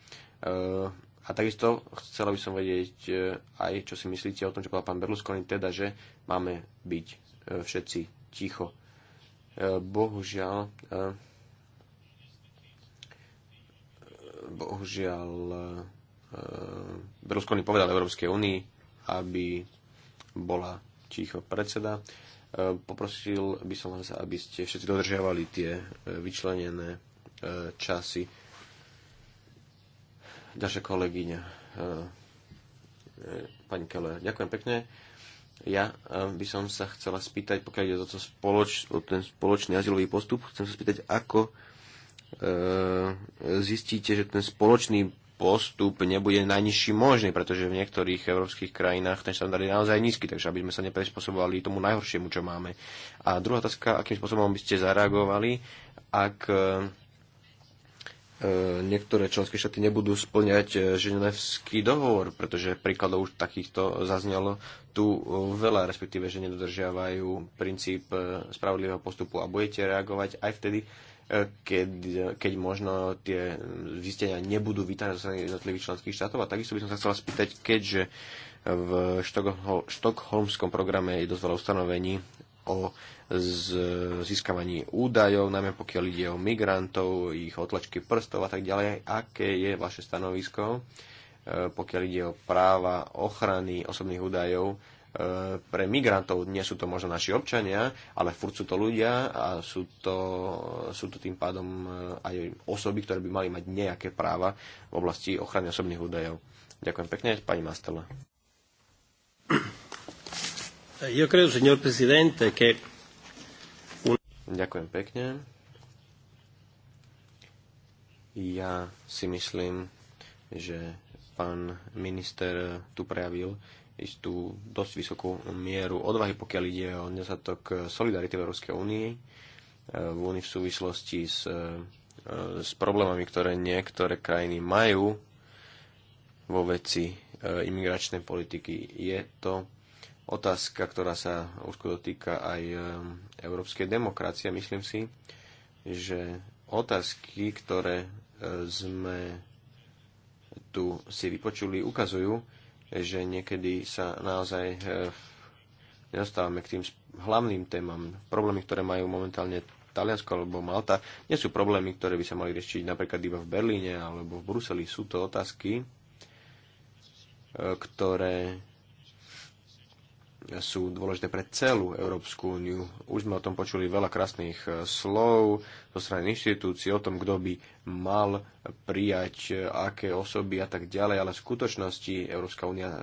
a takisto chcela by som vedieť e, aj, čo si myslíte o tom, čo povedal pán Berlusconi, teda, že máme byť e, všetci ticho. E, bohužiaľ, bohužiaľ Berlusconi povedal Európskej únii, aby bola ticho predseda. Poprosil by som vás, aby ste všetci dodržiavali tie vyčlenené časy Ďalšia kolegyňa, e, e, pani Keller, ďakujem pekne. Ja e, by som sa chcela spýtať, pokiaľ ide o, to spoloč, o ten spoločný azylový postup, chcem sa spýtať, ako zistíte, že ten spoločný postup nebude najnižší možný, pretože v niektorých európskych krajinách ten štandard je naozaj nízky, takže aby sme sa neprespôsobovali tomu najhoršiemu, čo máme. A druhá otázka, akým spôsobom by ste zareagovali, ak E, niektoré členské štáty nebudú splňať e, ženevský dohovor, pretože príkladov už takýchto zaznelo tu e, veľa, respektíve, že nedodržiavajú princíp spravodlivého postupu a budete reagovať aj vtedy, keď, keď možno tie zistenia nebudú vítané zo jednotlivých členských štátov. A takisto by som sa chcela spýtať, keďže v štokholmskom programe je dosť veľa ustanovení o z získavaní údajov, najmä pokiaľ ide o migrantov, ich otlačky prstov a tak ďalej. Aké je vaše stanovisko, e, pokiaľ ide o práva ochrany osobných údajov e, pre migrantov? Nie sú to možno naši občania, ale furt sú to ľudia a sú to, sú to tým pádom e, aj osoby, ktoré by mali mať nejaké práva v oblasti ochrany osobných údajov. Ďakujem pekne, pani Mastela. Io credo, signor Presidente, che Ďakujem pekne. Ja si myslím, že pán minister tu prejavil istú dosť vysokú mieru odvahy, pokiaľ ide o nezatok solidarity v Európskej únii, eh, v únii v súvislosti s, eh, s problémami, ktoré niektoré krajiny majú vo veci eh, imigračnej politiky. Je to otázka, ktorá sa úzko dotýka aj e, európskej demokracie. Myslím si, že otázky, ktoré e, sme tu si vypočuli, ukazujú, že niekedy sa naozaj e, nedostávame k tým hlavným témam. Problémy, ktoré majú momentálne Taliansko alebo Malta, nie sú problémy, ktoré by sa mali riešiť napríklad iba v Berlíne alebo v Bruseli. Sú to otázky, ktoré sú dôležité pre celú Európsku úniu. Už sme o tom počuli veľa krásnych eh, slov zo strany inštitúcií o tom, kto by mal prijať eh, aké osoby a tak ďalej, ale v skutočnosti Európska únia eh,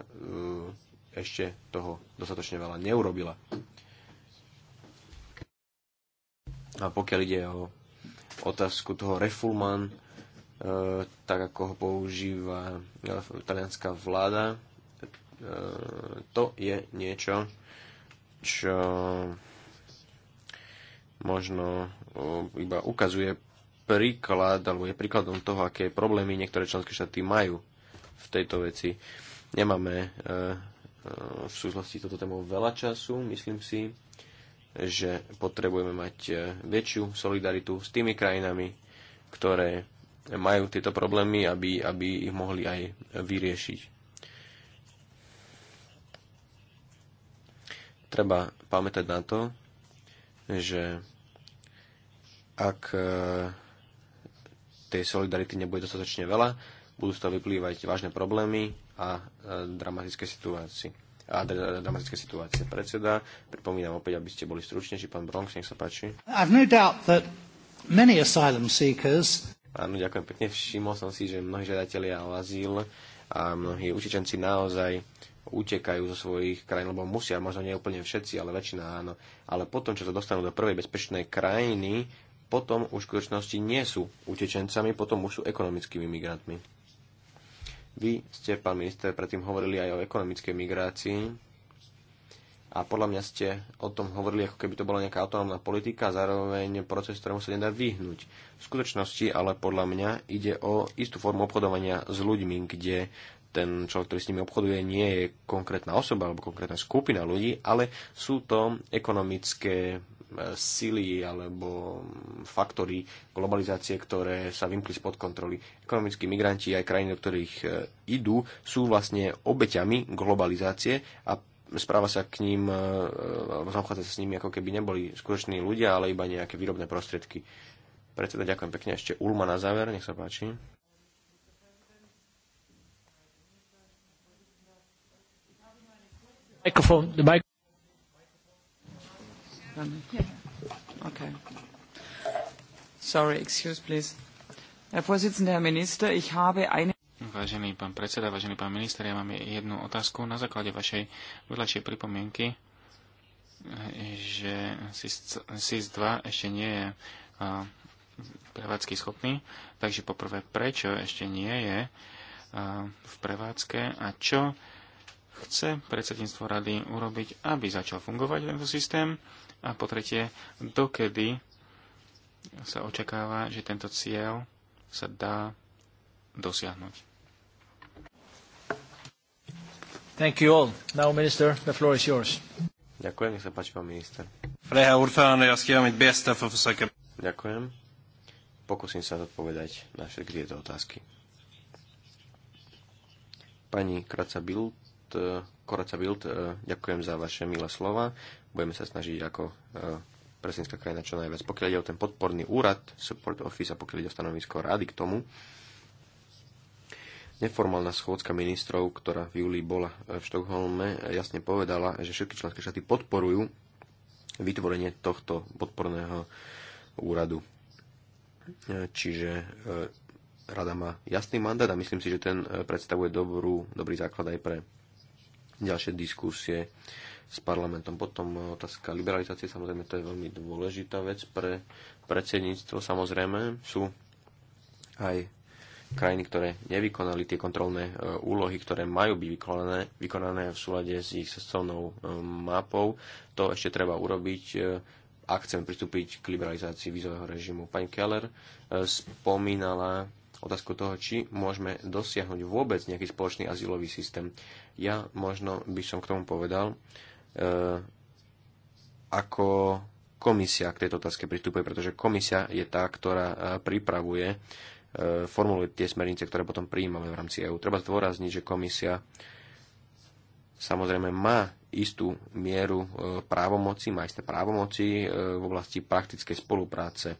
ešte toho dostatočne veľa neurobila. A pokiaľ ide o otázku toho refulman, tak ako ho používa talianská vláda, to je niečo, čo možno iba ukazuje príklad, alebo je príkladom toho, aké problémy niektoré členské štáty majú v tejto veci. Nemáme e, e, v súvislosti toto tému veľa času, myslím si, že potrebujeme mať e, väčšiu solidaritu s tými krajinami, ktoré majú tieto problémy, aby, aby ich mohli aj vyriešiť. treba pamätať na to, že ak e, tej solidarity nebude dostatočne veľa, budú z toho vyplývať vážne problémy a e, dramatické situácie. A e, dramatické situácie. Predseda, pripomínam opäť, aby ste boli stručnejší. Pán Bronx, nech sa páči. I've no doubt that many asylum seekers... Áno, ďakujem pekne. Všimol som si, že mnohí žiadatelia o azyl a mnohí učičenci naozaj utekajú zo svojich krajín, lebo musia, možno nie úplne všetci, ale väčšina áno. Ale potom, čo sa dostanú do prvej bezpečnej krajiny, potom už v skutočnosti nie sú utečencami, potom už sú ekonomickými migrantmi. Vy ste, pán minister, predtým hovorili aj o ekonomickej migrácii a podľa mňa ste o tom hovorili, ako keby to bola nejaká autonómna politika a zároveň proces, ktorému sa nedá vyhnúť. V skutočnosti ale podľa mňa ide o istú formu obchodovania s ľuďmi, kde ten človek, ktorý s nimi obchoduje, nie je konkrétna osoba alebo konkrétna skupina ľudí, ale sú to ekonomické e, sily alebo faktory globalizácie, ktoré sa vymkli spod kontroly. Ekonomickí migranti aj krajiny, do ktorých e, idú, sú vlastne obeťami globalizácie a správa sa k ním, e, alebo zaobchádza sa s nimi, ako keby neboli skutoční ľudia, ale iba nejaké výrobné prostriedky. Predseda, ďakujem pekne. Ešte Ulma na záver, nech sa páči. Microphone, the mic okay. Sorry, excuse please. Herr Herr Minister, ich habe eine... Vážený pán predseda, vážený pán minister, ja mám jednu otázku na základe vašej vedľajšej pripomienky, že SIS-2 ešte nie je prevádzky schopný. Takže poprvé, prečo ešte nie je v prevádzke a čo chce predsedníctvo rady urobiť, aby začal fungovať tento systém? A po tretie, dokedy sa očakáva, že tento cieľ sa dá dosiahnuť? Thank you all. Now, Minister, the floor is yours. Ďakujem, nech sa páči, pán minister. Ďakujem. Pokúsim sa odpovedať na všetky tieto otázky. Pani Kraca Bild Eh, Koraca Wild, eh, ďakujem za vaše milé slova. Budeme sa snažiť ako eh, presenská krajina čo najviac. Pokiaľ ide o ten podporný úrad, support office a pokiaľ ide o stanovisko rady k tomu, Neformálna schôdzka ministrov, ktorá v júli bola v Štokholme, jasne povedala, že všetky členské štáty podporujú vytvorenie tohto podporného úradu. Čiže rada má jasný mandát a myslím si, že ten predstavuje dobrú, dobrý základ aj pre ďalšie diskusie s parlamentom. Potom otázka liberalizácie, samozrejme, to je veľmi dôležitá vec pre predsedníctvo. Samozrejme, sú aj krajiny, ktoré nevykonali tie kontrolné e, úlohy, ktoré majú byť vykonané, vykonané v súlade s ich cestovnou e, mapou. To ešte treba urobiť, e, ak chceme pristúpiť k liberalizácii vízového režimu. Pani Keller spomínala otázku toho, či môžeme dosiahnuť vôbec nejaký spoločný azylový systém. Ja možno by som k tomu povedal, e, ako komisia k tejto otázke pristupuje, pretože komisia je tá, ktorá e, pripravuje, e, formuluje tie smernice, ktoré potom prijímame v rámci EÚ. Treba zdôrazniť, že komisia samozrejme má istú mieru právomoci, má isté právomoci v oblasti praktickej spolupráce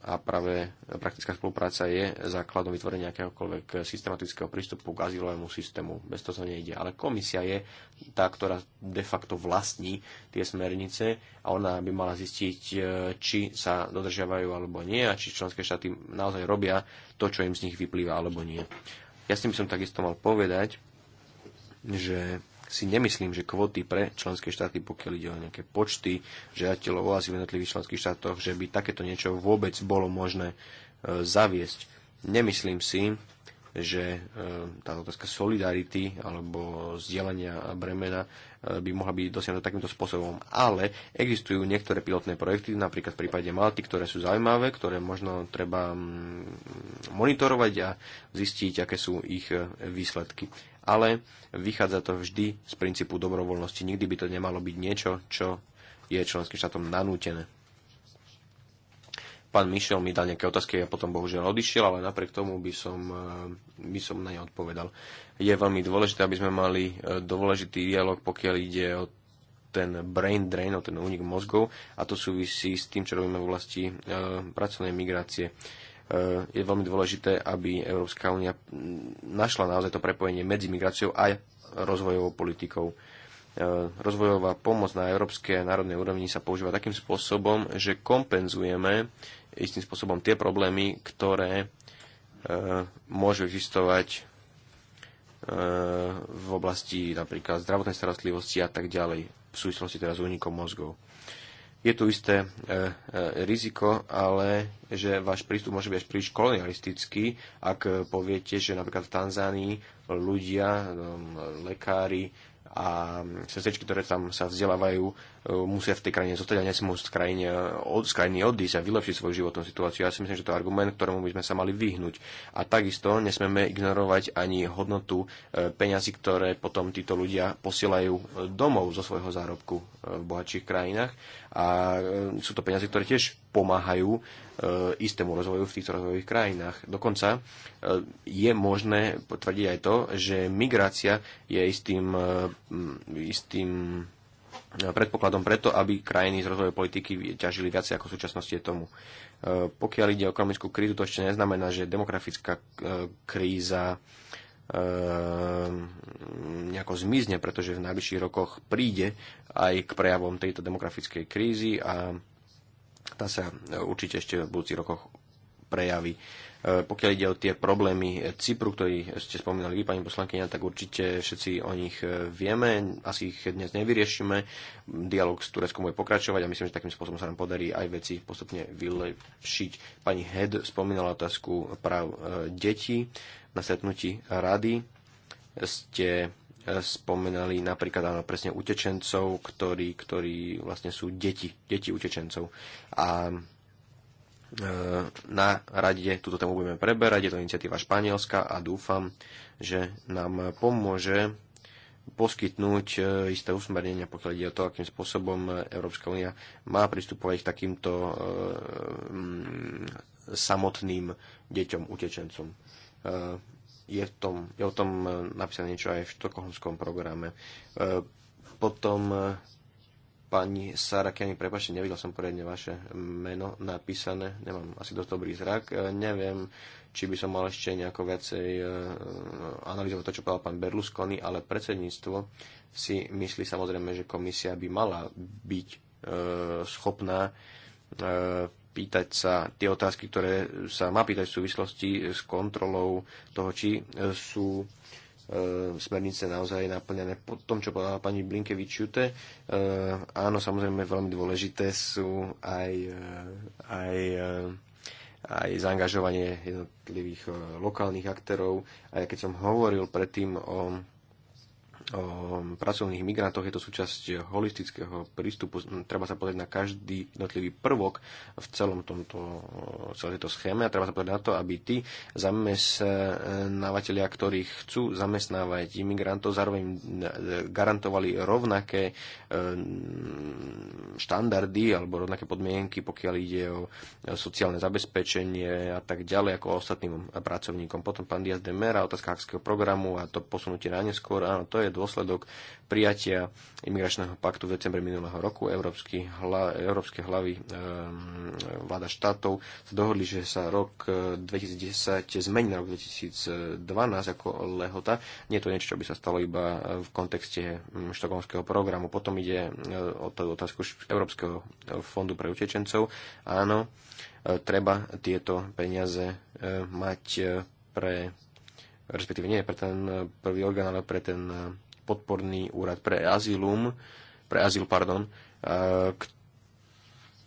a práve praktická spolupráca je základom vytvorenia akéhokoľvek systematického prístupu k azylovému systému. Bez toho sa nejde. Ale komisia je tá, ktorá de facto vlastní tie smernice a ona by mala zistiť, e, či sa dodržiavajú alebo nie a či členské štáty naozaj robia to, čo im z nich vyplýva alebo nie. Ja s tým som takisto mal povedať, že si nemyslím, že kvóty pre členské štáty, pokiaľ ide o nejaké počty žiadateľov o azyl v jednotlivých členských štátoch, že by takéto niečo vôbec bolo možné e, zaviesť. Nemyslím si, že e, tá otázka solidarity alebo zdieľania bremena e, by mohla byť dosiahnutá takýmto spôsobom. Ale existujú niektoré pilotné projekty, napríklad v prípade Malty, ktoré sú zaujímavé, ktoré možno treba mm, monitorovať a zistiť, aké sú ich výsledky ale vychádza to vždy z princípu dobrovoľnosti. Nikdy by to nemalo byť niečo, čo je členským štátom nanútené. Pán Mišel mi dal nejaké otázky ja potom bohužiaľ odišiel, ale napriek tomu by som, eh, by som na ne odpovedal. Je veľmi dôležité, aby sme mali eh, dôležitý dialog, pokiaľ ide o ten brain drain, o ten únik mozgov a to súvisí s tým, čo robíme v oblasti e, pracovnej migrácie. E, Eh, je veľmi dôležité, aby Európska únia našla naozaj to prepojenie medzi migráciou a rozvojovou politikou. Eh, rozvojová pomoc na európskej a národnej úrovni sa používa takým spôsobom, že kompenzujeme istým spôsobom tie problémy, ktoré eh, môžu existovať v oblasti napríklad zdravotnej starostlivosti a tak ďalej v súvislosti teraz s únikom mozgov je tu isté e, e, riziko, ale že váš prístup môže byť až príliš kolonialistický, ak e, poviete, že napríklad v Tanzánii ľudia, e, lekári a sestričky, ktoré tam sa vzdelávajú, E, musia v tej krajine zostať a nesmú z, krajiny, od, z krajiny odísť a vylepšiť svoju životnú situáciu. Ja si myslím, že to je argument, ktorému by sme sa mali vyhnúť. A takisto nesmeme ignorovať ani hodnotu e, peňazí, ktoré potom títo ľudia posielajú e, domov zo svojho zárobku v bohatších krajinách. A sú to peniaze, ktoré tiež pomáhajú istému rozvoju v týchto rozvojových krajinách. Dokonca je možné potvrdiť aj to, že migrácia je istým, istým predpokladom preto, aby krajiny z rozvojovej politiky ťažili viacej ako v súčasnosti je tomu. E, pokiaľ ide o ekonomickú krízu, to ešte neznamená, že demografická e, kríza e, nejako zmizne, pretože v najbližších rokoch príde aj k prejavom tejto demografickej krízy a tá sa určite ešte v budúcich rokoch prejaví. E, pokiaľ ide o tie problémy Cypru, ktorý ste spomínali vy, pani poslankyňa, tak určite všetci o nich e, vieme, asi ich dnes nevyriešime. Dialóg s Tureckom bude pokračovať a myslím, že takým spôsobom sa nám podarí aj veci postupne vylepšiť. Pani Head spomínala otázku práv e, detí na setnutí rady. Ste spomenali napríklad áno, presne utečencov, ktorí, ktorí vlastne sú deti, deti utečencov. A E, na rade túto tému budeme preberať, je to iniciatíva Španielska a dúfam, že nám pomôže poskytnúť e, isté usmernenia, pokiaľ ide o to, akým spôsobom Európska únia má pristupovať k takýmto e, mm, samotným deťom, utečencom. Je, v tom, je o tom napísané niečo aj v štokholmskom programe. Potom Pani Sara Kiani, prepačte, nevidel som poriadne vaše meno napísané, nemám asi dosť dobrý zrak. E, neviem, či by som mal ešte nejako viacej e, analyzovať to, čo povedal pán Berlusconi, ale predsedníctvo si myslí samozrejme, že komisia by mala byť e, schopná pýtať sa tie otázky, ktoré sa má pýtať v súvislosti s kontrolou toho, či sú E, smernice naozaj naplňané po tom, čo povedala pani Blinkevič Jute. E, áno, samozrejme veľmi dôležité sú aj, e, aj aj zaangažovanie jednotlivých lokálnych aktérov. A ja keď som hovoril predtým o o ehm, pracovných migrantoch, je to súčasť holistického prístupu. Hm, treba sa pozrieť na každý jednotlivý prvok v celom tomto, eh, celé tejto schéme a treba sa pozrieť na to, aby tí zamestnávateľia, ktorí chcú zamestnávať imigrantov, zároveň eh, garantovali rovnaké ehm, štandardy alebo rovnaké podmienky, pokiaľ ide o eh, sociálne zabezpečenie a tak ďalej ako ostatným pracovníkom. Potom pán Diaz de Mera, otázka akského programu a to posunutie na neskôr, áno, to je dôsledok prijatia imigračného paktu v decembri minulého roku. Európsky hla, európske hlavy e, vláda štátov sa dohodli, že sa rok 2010 e, zmení na rok 2012 ako lehota. Nie je to niečo, čo by sa stalo iba v kontexte štokholmského programu. Potom ide e, o tú otázku Európskeho e, fondu pre utečencov. Áno, treba tieto peniaze mať pre respektíve nie pre ten prvý orgán, ale pre ten podporný úrad pre azylum, pre azyl, pardon, eh,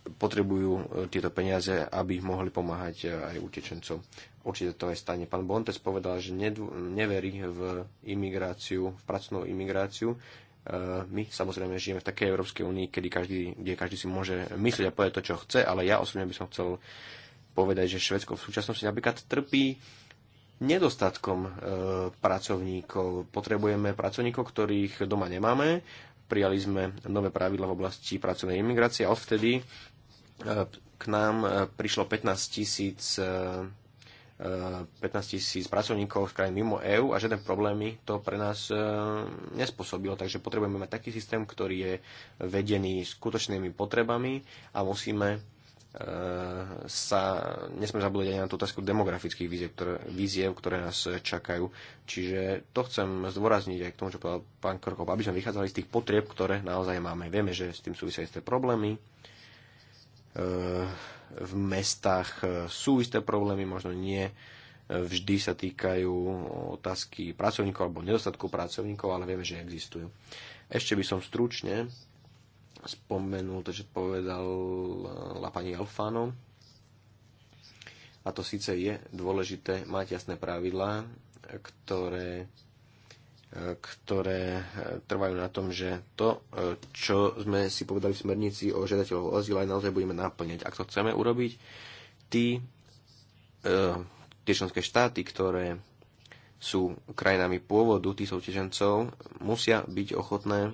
potrebujú eh, tieto peniaze, aby mohli pomáhať eh, aj utečencom. Určite to aj stane. Pán Bontes povedal, že neverí v imigráciu, v pracovnú imigráciu. My samozrejme žijeme v takej Európskej únii, kedy každý, kde každý si môže myslieť a povedať to, čo chce, ale ja osobne by som chcel povedať, že Švedsko v súčasnosti napríklad trpí nedostatkom e, pracovníkov. Potrebujeme pracovníkov, ktorých doma nemáme. Prijali sme nové pravidla v oblasti pracovnej imigrácie a odvtedy e, k nám e, prišlo 15 tisíc 15 tisíc pracovníkov z krajín mimo EÚ a žiadne problémy to pre nás nespôsobilo. Takže potrebujeme mať taký systém, ktorý je vedený skutočnými potrebami a musíme Eh, sa nesme zabúdať aj na tú otázku demografických víziev ktoré, víziev, ktoré nás eh, čakajú. Čiže to chcem zdôrazniť aj k tomu, čo povedal pán krokov, aby sme vychádzali z tých potrieb, ktoré naozaj máme. Vieme, že s tým súvisia isté problémy. Eh, v mestách sú isté problémy, možno nie vždy sa týkajú otázky pracovníkov alebo nedostatku pracovníkov, ale vieme, že existujú. Ešte by som stručne spomenul to, čo eh, la pani Alfano. A to síce je dôležité mať jasné pravidlá, ktoré, eh, ktoré eh, trvajú na tom, že to, čo sme si povedali v smernici o žiadateľov o azyl, aj naozaj budeme naplňať. Ak to chceme urobiť, tí, tie členské štáty, ktoré sú krajinami pôvodu tých súťažencov, musia byť ochotné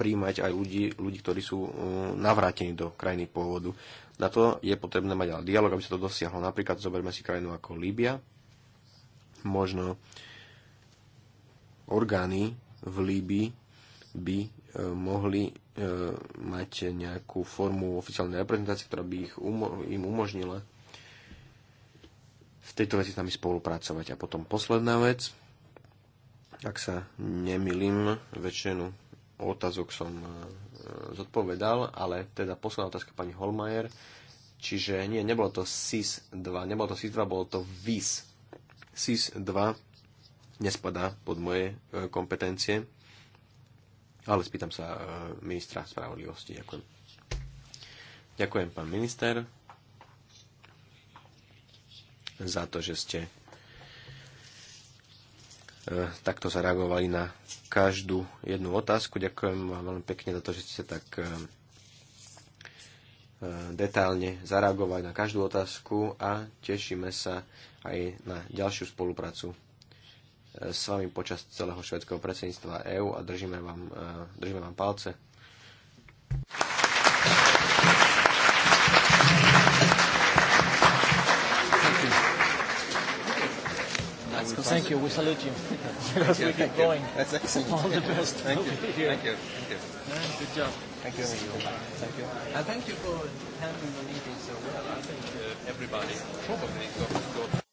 príjmať aj ľudí, ľudí ktorí sú uh, navrátení do krajiny pôvodu. Na to je potrebné mať ale dialog, aby sa to dosiahlo. Napríklad zoberme si krajinu ako Líbia. Možno orgány v Líbii by uh, mohli uh, mať nejakú formu oficiálnej reprezentácie, ktorá by ich umo- im umožnila v tejto veci s nami spolupracovať. A potom posledná vec, ak sa nemilím, väčšinu otázok som e, zodpovedal, ale teda posledná otázka pani Holmajer. Čiže nie, nebolo to SIS-2, nebolo to SIS-2, bolo to VIS. SIS-2 nespadá pod moje e, kompetencie, ale spýtam sa e, ministra spravodlivosti. Ďakujem. Ďakujem, pán minister, za to, že ste E, takto zareagovali na každú jednu otázku. Ďakujem vám veľmi pekne za to, že ste tak e, e, detálne zareagovali na každú otázku a tešíme sa aj na ďalšiu spoluprácu s vami počas celého švedského predsedníctva EÚ a držíme vám, držíme vám palce. Thank, you. thank you. We salute you. because we keep going. That's excellent. All the best. Thank you. Thank you. Thank you. Good job. Thank you. Thank you. And uh, thank you for handling the meeting so well. I think uh, everybody probably got, got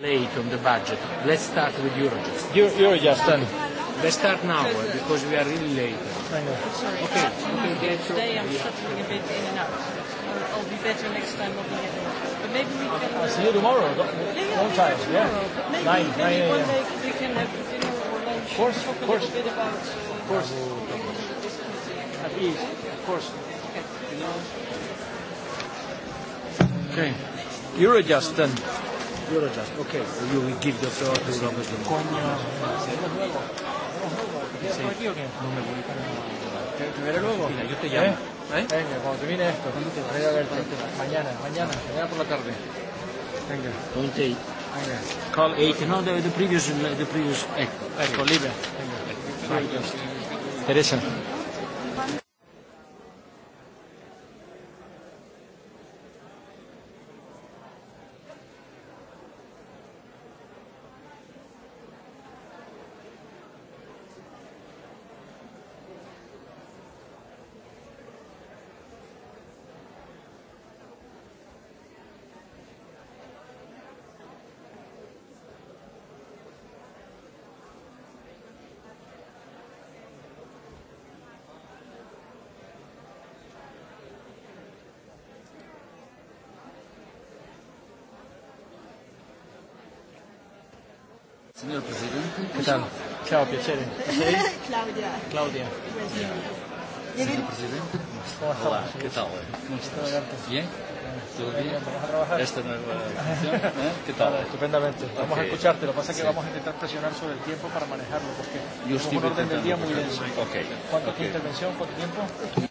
late on the budget. Let's start with Eurojust. Eurojust, um, then. Let's start now uh, because we are really late. I know. Sorry. Okay. okay. okay. Today I'm shuttling a bit in and out. I'll, I'll be better next time looking at it. But maybe we can. Uh, I'll see you tomorrow. Yeah, yeah, Long time. Tomorrow, yeah. But maybe, nine, maybe nine, one yeah. day we can have dinner or lunch. Of course, talk of course. A little bit about. Uh, of course. At ease. Of course. Okay. You know. Okay. Eurojust then. Eurojust. Okay, you will give the floor to López de Coño. No ¿Eh? ¿Eh? Venga, cuando termine esto. ¿Cuándo Mañana, mañana, ah. mañana por la tarde. Venga. Ponte Call 8. No, the, the previous, the previous. eh. Echo, Venga. Teresa. ciao, piacere. Sei? Claudia. Claudia. Presidente, hola, ¿qué tal? Bien. ¿Todo bien? Vamos a trabajar. Esta nueva función, ¿eh? ¿Qué tal? estupendamente. Vamos a escucharte. Lo que pasa es que vamos a intentar presionar sobre el tiempo para manejarlo, porque Yo un orden del día muy denso. ¿Cuánto intervención? ¿Cuánto tiempo?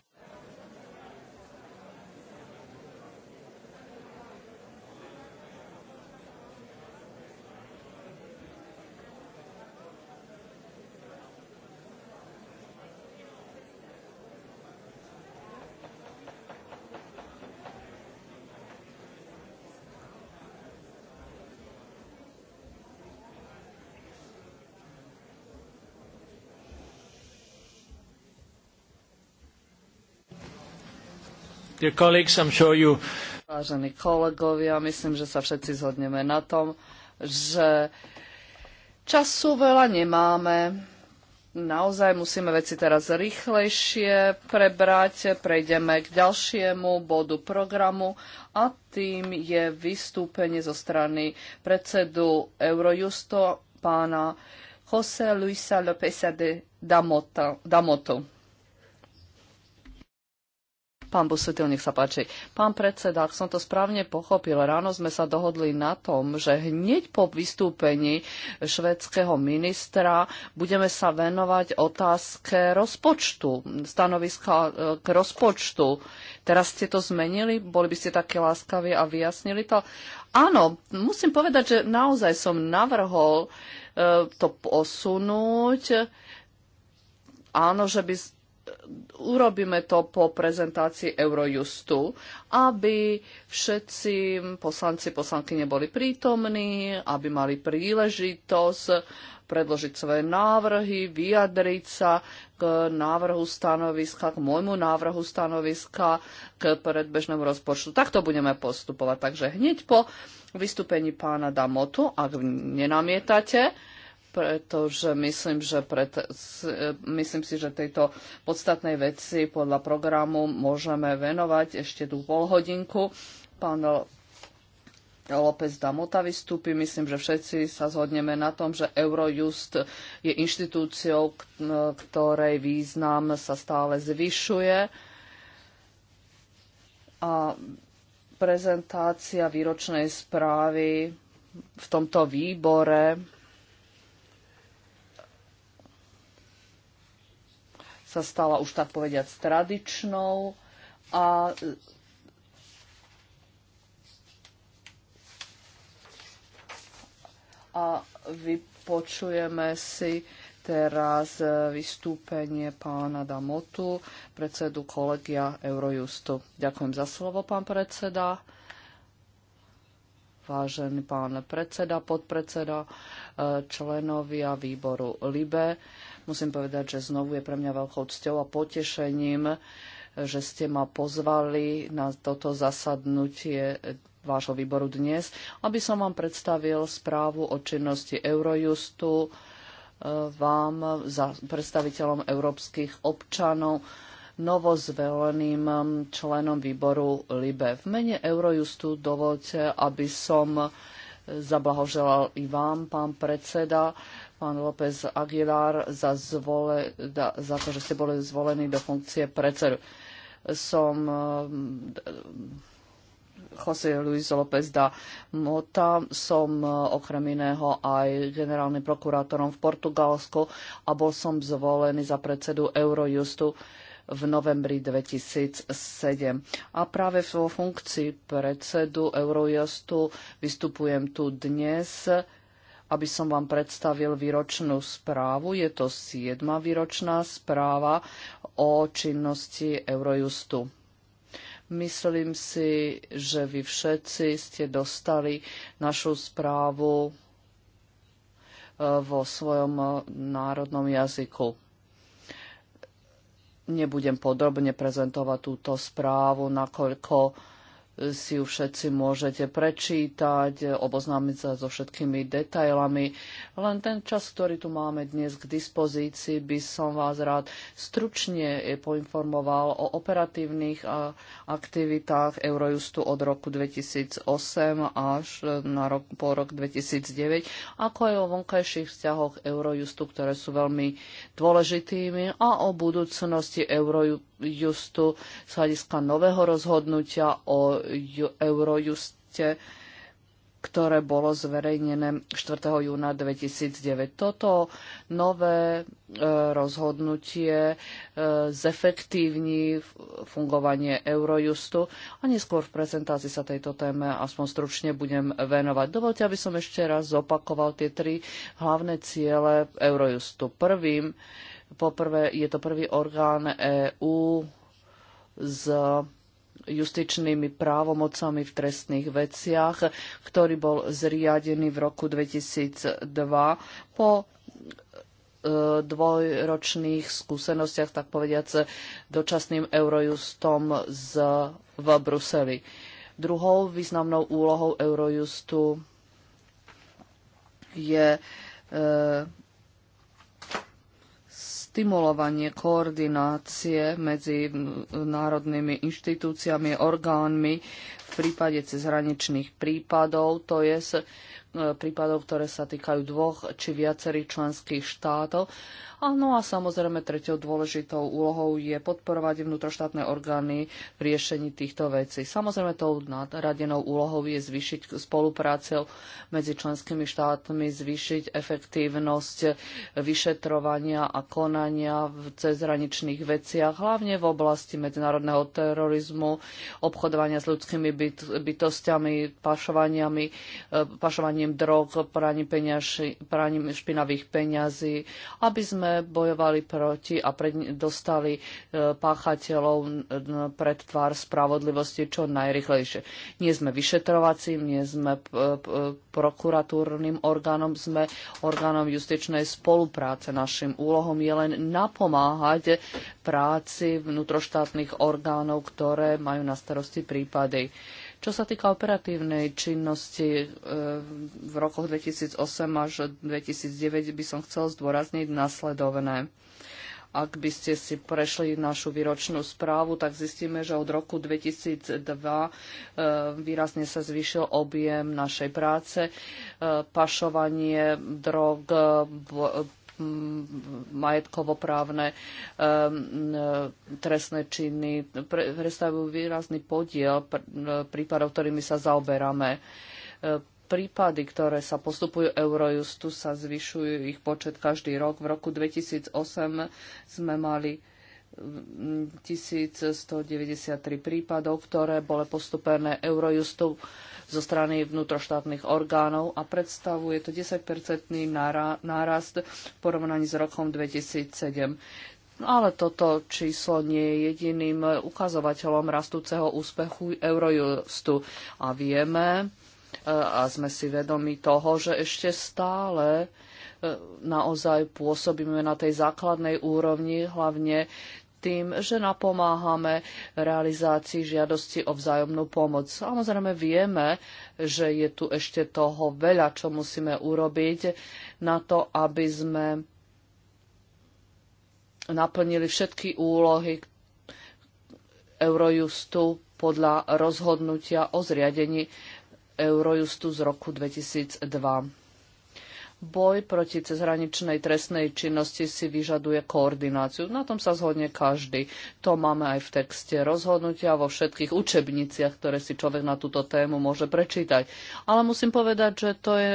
Dear colleagues, I'm sure you... Vážení kolegovia, myslím, že sa všetci zhodneme na tom, že času veľa nemáme. Naozaj musíme veci teraz rýchlejšie prebrať. Prejdeme k ďalšiemu bodu programu a tým je vystúpenie zo strany predsedu Eurojusto pána Jose Luisa Lopesa de Damoto. Pán Busutil, nech sa páči. Pán predseda, ak som to správne pochopil, ráno sme sa dohodli na tom, že hneď po vystúpení švedského ministra budeme sa venovať otázke rozpočtu, stanoviska e, k rozpočtu. Teraz ste to zmenili, boli by ste také láskaví a vyjasnili to. Áno, musím povedať, že naozaj som navrhol e, to posunúť. Áno, že by urobíme to po prezentácii Eurojustu, aby všetci poslanci, poslanky neboli prítomní, aby mali príležitosť predložiť svoje návrhy, vyjadriť sa k návrhu stanoviska, k môjmu návrhu stanoviska, k predbežnému rozpočtu. Takto budeme postupovať. Takže hneď po vystúpení pána Damotu, ak nenamietate, pretože myslím, že pred, myslím si, že tejto podstatnej veci podľa programu môžeme venovať ešte tú polhodinku. Pán López Damota vystúpi. Myslím, že všetci sa zhodneme na tom, že Eurojust je inštitúciou, ktorej význam sa stále zvyšuje. A prezentácia výročnej správy v tomto výbore sa stala už tak povediať tradičnou a a vypočujeme si teraz vystúpenie pána Damotu, predsedu kolegia Eurojustu. Ďakujem za slovo, pán predseda. Vážený pán predseda, podpredseda, eh, členovia výboru LIBE. Musím povedať, že znovu je pre mňa veľkou cťou a potešením, že ste ma pozvali na toto zasadnutie vášho výboru dnes, aby som vám predstavil správu o činnosti Eurojustu e, vám, za predstaviteľom európskych občanov, novozveleným členom výboru LIBE. V mene Eurojustu dovolte, aby som zablahoželal i vám, pán predseda, pán López Aguilar, za, zvole, za to, že ste boli zvolení do funkcie predsedu. Som eh, José Luis López da Mota. Som eh, okrem iného aj generálnym prokurátorom v Portugalsku a bol som zvolený za predsedu Eurojustu v novembri 2007. A práve vo funkcii predsedu Eurojustu vystupujem tu dnes aby som vám predstavil výročnú správu. Je to 7. výročná správa o činnosti Eurojustu. Myslím si, že vy všetci ste dostali našu správu e, vo svojom národnom jazyku. Nebudem podrobne prezentovať túto správu, nakoľko si ju všetci môžete prečítať, oboznámiť sa so všetkými detailami. Len ten čas, ktorý tu máme dnes k dispozícii, by som vás rád stručne poinformoval o operatívnych aktivitách Eurojustu od roku 2008 až na rok, po rok 2009, ako aj o vonkajších vzťahoch Eurojustu, ktoré sú veľmi dôležitými, a o budúcnosti Eurojustu Eurojustu z hľadiska nového rozhodnutia o Eurojuste, ktoré bolo zverejnené 4. júna 2009. Toto nové e, rozhodnutie e, zefektívni fungovanie Eurojustu a neskôr v prezentácii sa tejto téme aspoň stručne budem venovať. Dovolte, aby som ešte raz zopakoval tie tri hlavné ciele Eurojustu. Prvým Poprvé, je to prvý orgán EÚ s justičnými právomocami v trestných veciach, ktorý bol zriadený v roku 2002 po e, dvojročných skúsenostiach, tak povediac, dočasným Eurojustom z, v Bruseli. Druhou významnou úlohou Eurojustu je e, stimulovanie koordinácie medzi národnými inštitúciami, orgánmi v prípade cezhraničných prípadov, to je e, prípadov, ktoré sa týkajú dvoch či viacerých členských štátov Áno a samozrejme tretou dôležitou úlohou je podporovať vnútroštátne orgány v riešení týchto vecí. Samozrejme tou nadradenou úlohou je zvýšiť spoluprácu medzi členskými štátmi, zvýšiť efektívnosť vyšetrovania a konania v cezhraničných veciach, hlavne v oblasti medzinárodného terorizmu, obchodovania s ľudskými byt- bytostiami, pašovaniami, eh, pašovaním drog, praním, praním špinavých peňazí, aby sme bojovali proti a pred, dostali e, páchateľov pred tvár spravodlivosti čo najrychlejšie. Nie sme vyšetrovacím, nie sme prokuratúrnym orgánom, sme orgánom justičnej spolupráce. Našim úlohom je len napomáhať práci vnútroštátnych orgánov, ktoré majú na starosti prípady. Čo sa týka operatívnej činnosti e, v rokoch 2008 až 2009 by som chcel zdôrazniť nasledovné. Ak by ste si prešli našu výročnú správu, tak zistíme, že od roku 2002 e, výrazne sa zvýšil objem našej práce, e, pašovanie drog, Mm, majetkovoprávne ehm, e, trestné činy predstavujú výrazný podiel e, prípadov, ktorými sa zaoberáme. E, prípady, ktoré sa postupujú Eurojustu, sa zvyšujú ich počet každý rok. V roku 2008 sme mali 1193 prípadov, ktoré boli postupené Eurojustu zo strany vnútroštátnych orgánov a predstavuje to 10-percentný nárast v porovnaní s rokom 2007. No ale toto číslo nie je jediným ukazovateľom rastúceho úspechu Eurojustu. A vieme, e, a sme si vedomi toho, že ešte stále e, naozaj pôsobíme na tej základnej úrovni, hlavne tým, že napomáhame realizácii žiadosti o vzájomnú pomoc. Samozrejme vieme, že je tu ešte toho veľa, čo musíme urobiť na to, aby sme naplnili všetky úlohy Eurojustu podľa rozhodnutia o zriadení Eurojustu z roku 2002 Boj proti cezhraničnej trestnej činnosti si vyžaduje koordináciu. Na tom sa zhodne každý. To máme aj v texte rozhodnutia vo všetkých učebniciach, ktoré si človek na túto tému môže prečítať. Ale musím povedať, že to je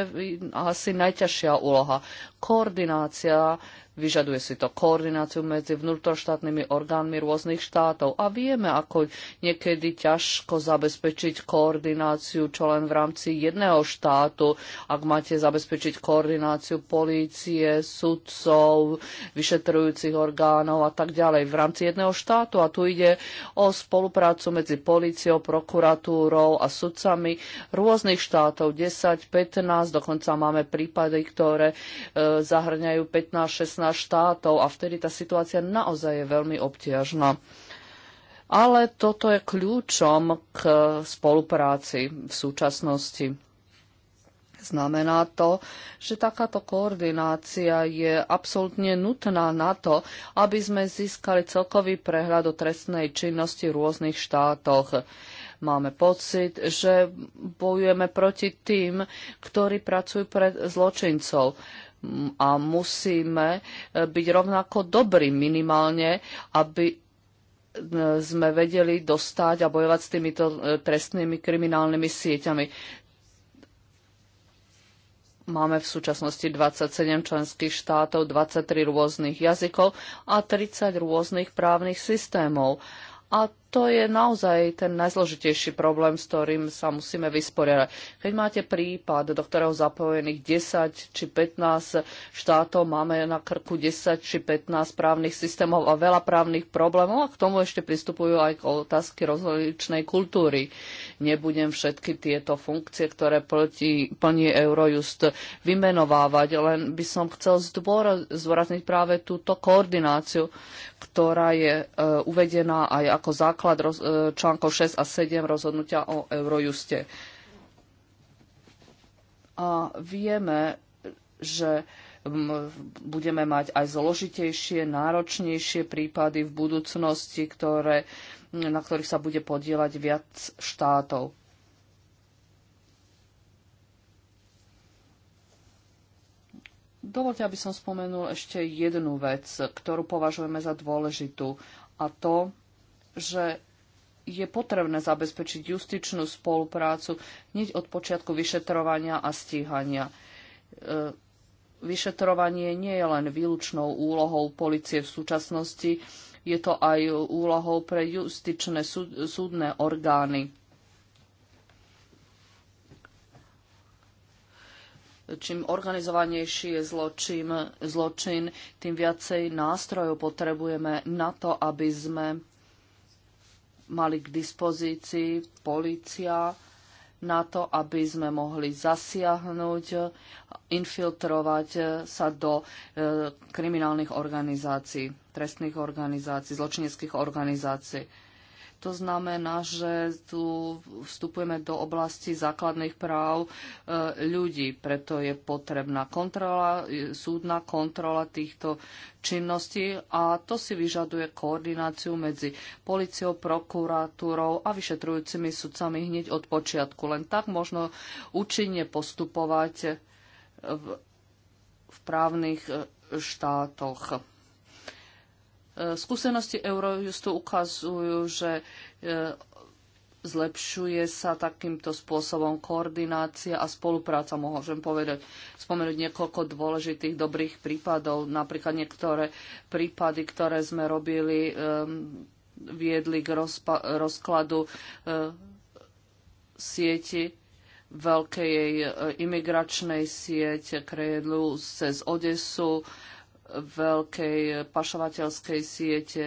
asi najťažšia úloha koordinácia, vyžaduje si to koordináciu medzi vnútroštátnymi orgánmi rôznych štátov a vieme, ako niekedy ťažko zabezpečiť koordináciu čo len v rámci jedného štátu, ak máte zabezpečiť koordináciu polície, sudcov, vyšetrujúcich orgánov a tak ďalej v rámci jedného štátu a tu ide o spoluprácu medzi políciou, prokuratúrou a sudcami rôznych štátov, 10, 15, dokonca máme prípady, ktoré e, zahrňajú 15-16 štátov a vtedy tá situácia naozaj je veľmi obťažná. Ale toto je kľúčom k spolupráci v súčasnosti. Znamená to, že takáto koordinácia je absolútne nutná na to, aby sme získali celkový prehľad o trestnej činnosti v rôznych štátoch. Máme pocit, že bojujeme proti tým, ktorí pracujú pre zločincov a musíme e, byť rovnako dobrí minimálne, aby e, sme vedeli dostať a bojovať s týmito e, trestnými kriminálnymi sieťami. Máme v súčasnosti 27 členských štátov, 23 rôznych jazykov a 30 rôznych právnych systémov. A to je naozaj ten najzložitejší problém, s ktorým sa musíme vysporiadať. Keď máte prípad, do ktorého zapojených 10 či 15 štátov, máme na krku 10 či 15 právnych systémov a veľa právnych problémov a k tomu ešte pristupujú aj k otázky rozličnej kultúry. Nebudem všetky tieto funkcie, ktoré plní, plní Eurojust, vymenovávať, len by som chcel zdôrazniť práve túto koordináciu, ktorá je e, uvedená aj ako základná základ e, článkov 6 a 7 rozhodnutia o Eurojuste. A vieme, že budeme mať aj zložitejšie, náročnejšie prípady v budúcnosti, ktoré, na ktorých sa bude podielať viac štátov. Dovolte, aby som spomenul ešte jednu vec, ktorú považujeme za dôležitú, a to že je potrebné zabezpečiť justičnú spoluprácu hneď od počiatku vyšetrovania a stíhania. E, vyšetrovanie nie je len výlučnou úlohou policie v súčasnosti, je to aj úlohou pre justičné súdne orgány. Čím organizovanejší je zločin, zločin, tým viacej nástrojov potrebujeme na to, aby sme mali k dispozícii policia na to, aby sme mohli zasiahnuť, infiltrovať sa do e, kriminálnych organizácií, trestných organizácií, zločineckých organizácií to znamená, že tu vstupujeme do oblasti základných práv e, ľudí, preto je potrebná kontrola, e, súdna kontrola týchto činností a to si vyžaduje koordináciu medzi policiou, prokuratúrou a vyšetrujúcimi sudcami hneď od počiatku. Len tak možno účinne postupovať v, v právnych e, štátoch Skúsenosti Eurojustu ukazujú, že e, zlepšuje sa takýmto spôsobom koordinácia a spolupráca. Môžem povedať, spomenúť niekoľko dôležitých dobrých prípadov, napríklad niektoré prípady, ktoré sme robili, viedli k rozkladu e, sieti veľkej e, imigračnej siete, kredlu cez Odesu, veľkej pašovateľskej siete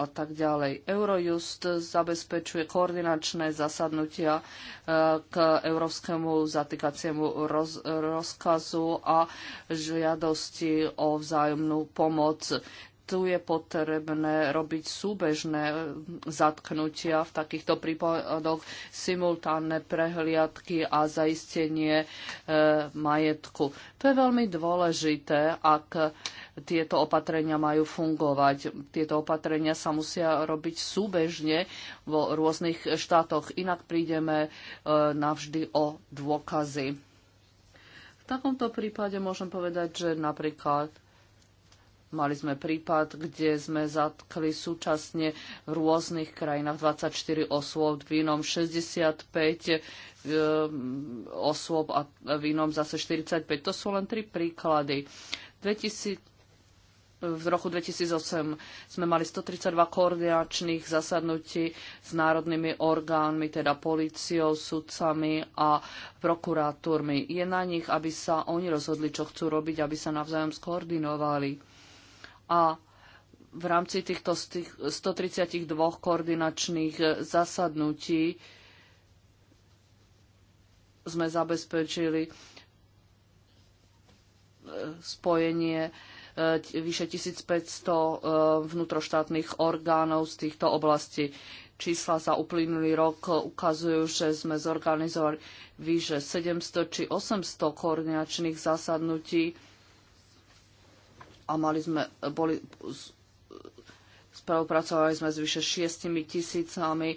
a tak ďalej. Eurojust zabezpečuje koordinačné zasadnutia e, k európskemu zatýkaciemu roz, rozkazu a žiadosti o vzájomnú pomoc tu je potrebné robiť súbežné e, zatknutia v takýchto prípadoch, simultánne prehliadky a zaistenie e, majetku. To je veľmi dôležité, ak tieto opatrenia majú fungovať. Tieto opatrenia sa musia robiť súbežne vo rôznych štátoch, inak prídeme e, navždy o dôkazy. V takomto prípade môžem povedať, že napríklad Mali sme prípad, kde sme zatkli súčasne v rôznych krajinách 24 osôb, v inom 65 e, osôb a v inom zase 45. To sú len tri príklady. 2000, v roku 2008 sme mali 132 koordinačných zasadnutí s národnými orgánmi, teda políciou, sudcami a prokurátormi. Je na nich, aby sa oni rozhodli, čo chcú robiť, aby sa navzájom skoordinovali a v rámci týchto 132 koordinačných eh, zasadnutí sme zabezpečili eh, spojenie eh, vyše 1500 vnútroštátnych orgánov z týchto oblastí. Čísla za uplynulý rok ukazujú, že sme zorganizovali vyše 700 či 800 koordinačných zasadnutí a mali sme, boli, spolupracovali sme s vyše šiestimi tisícami e,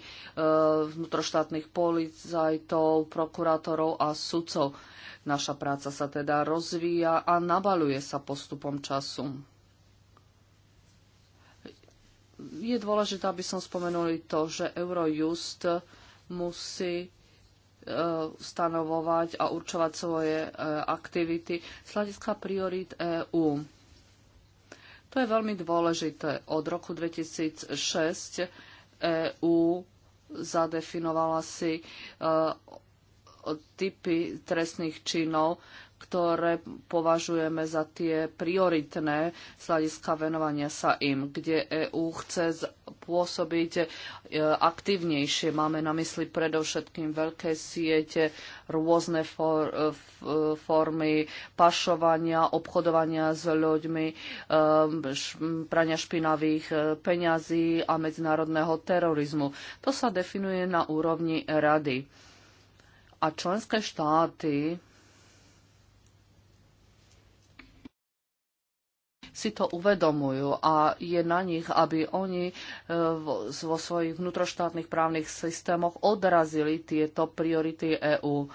vnútroštátnych policajtov, prokurátorov a sudcov. Naša práca sa teda rozvíja a nabaluje sa postupom času. Je dôležité, aby som spomenuli to, že Eurojust musí e, stanovovať a určovať svoje e, aktivity z hľadiska priorít EÚ to je veľmi dôležité. Od roku 2006 EU zadefinovala si e, typy trestných činov, ktoré považujeme za tie prioritné z hľadiska venovania sa im, kde EÚ chce pôsobiť e, aktívnejšie. Máme na mysli predovšetkým veľké siete, rôzne for, e, e, formy pašovania, obchodovania s ľuďmi, prania špinavých peňazí a medzinárodného terorizmu. To sa definuje na úrovni rady. A členské štáty si to uvedomujú a je na nich, aby oni e, vo svojich vnútroštátnych právnych systémoch odrazili tieto priority EÚ.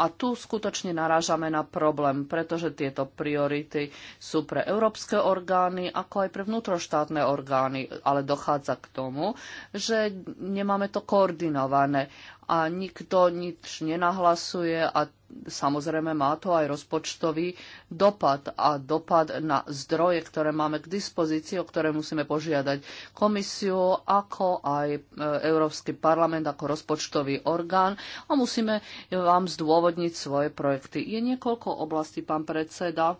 A tu skutočne narážame na problém, pretože tieto priority sú pre európske orgány, ako aj pre vnútroštátne orgány, ale dochádza k tomu, že nemáme to koordinované a nikto nič nenahlasuje a samozrejme má to aj rozpočtový dopad a dopad na zdroje, ktoré máme k dispozícii, o ktoré musíme požiadať komisiu, ako aj e, Európsky parlament ako rozpočtový orgán a musíme vám zdôvodniť svoje projekty. Je niekoľko oblastí, pán predseda,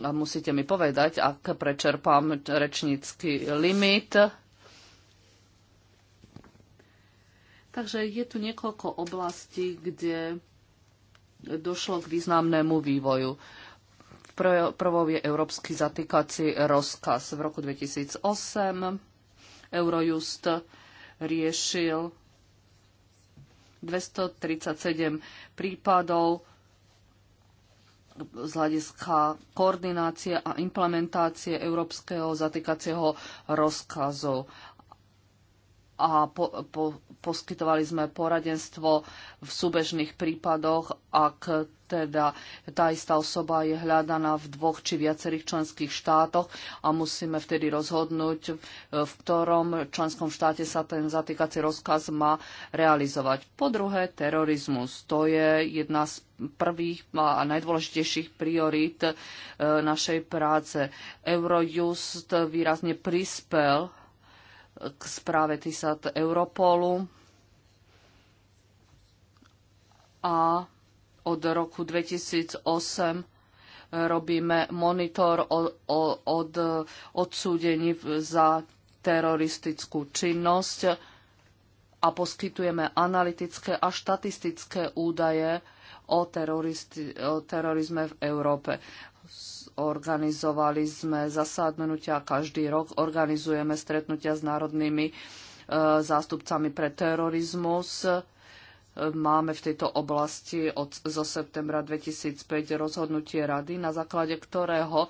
a musíte mi povedať, ak prečerpám rečnícky limit. Takže je tu niekoľko oblastí, kde došlo k významnému vývoju. Prvou je Európsky zatýkací rozkaz. V roku 2008 Eurojust riešil 237 prípadov z hľadiska koordinácie a implementácie európskeho zatýkacieho rozkazu a po, po, poskytovali sme poradenstvo v súbežných prípadoch, ak teda tá istá osoba je hľadaná v dvoch či viacerých členských štátoch a musíme vtedy rozhodnúť, e, v ktorom členskom štáte sa ten zatýkací rozkaz má realizovať. Po druhé, terorizmus. To je jedna z prvých a najdôležitejších priorít e, našej práce. Eurojust výrazne prispel k správe TISAT Europolu a od roku 2008 robíme monitor od odsúdení za teroristickú činnosť a poskytujeme analytické a štatistické údaje o, o terorizme v Európe. Organizovali sme zasadnutia, každý rok organizujeme stretnutia s národnými e, zástupcami pre terorizmus máme v tejto oblasti od, zo septembra 2005 rozhodnutie rady, na základe ktorého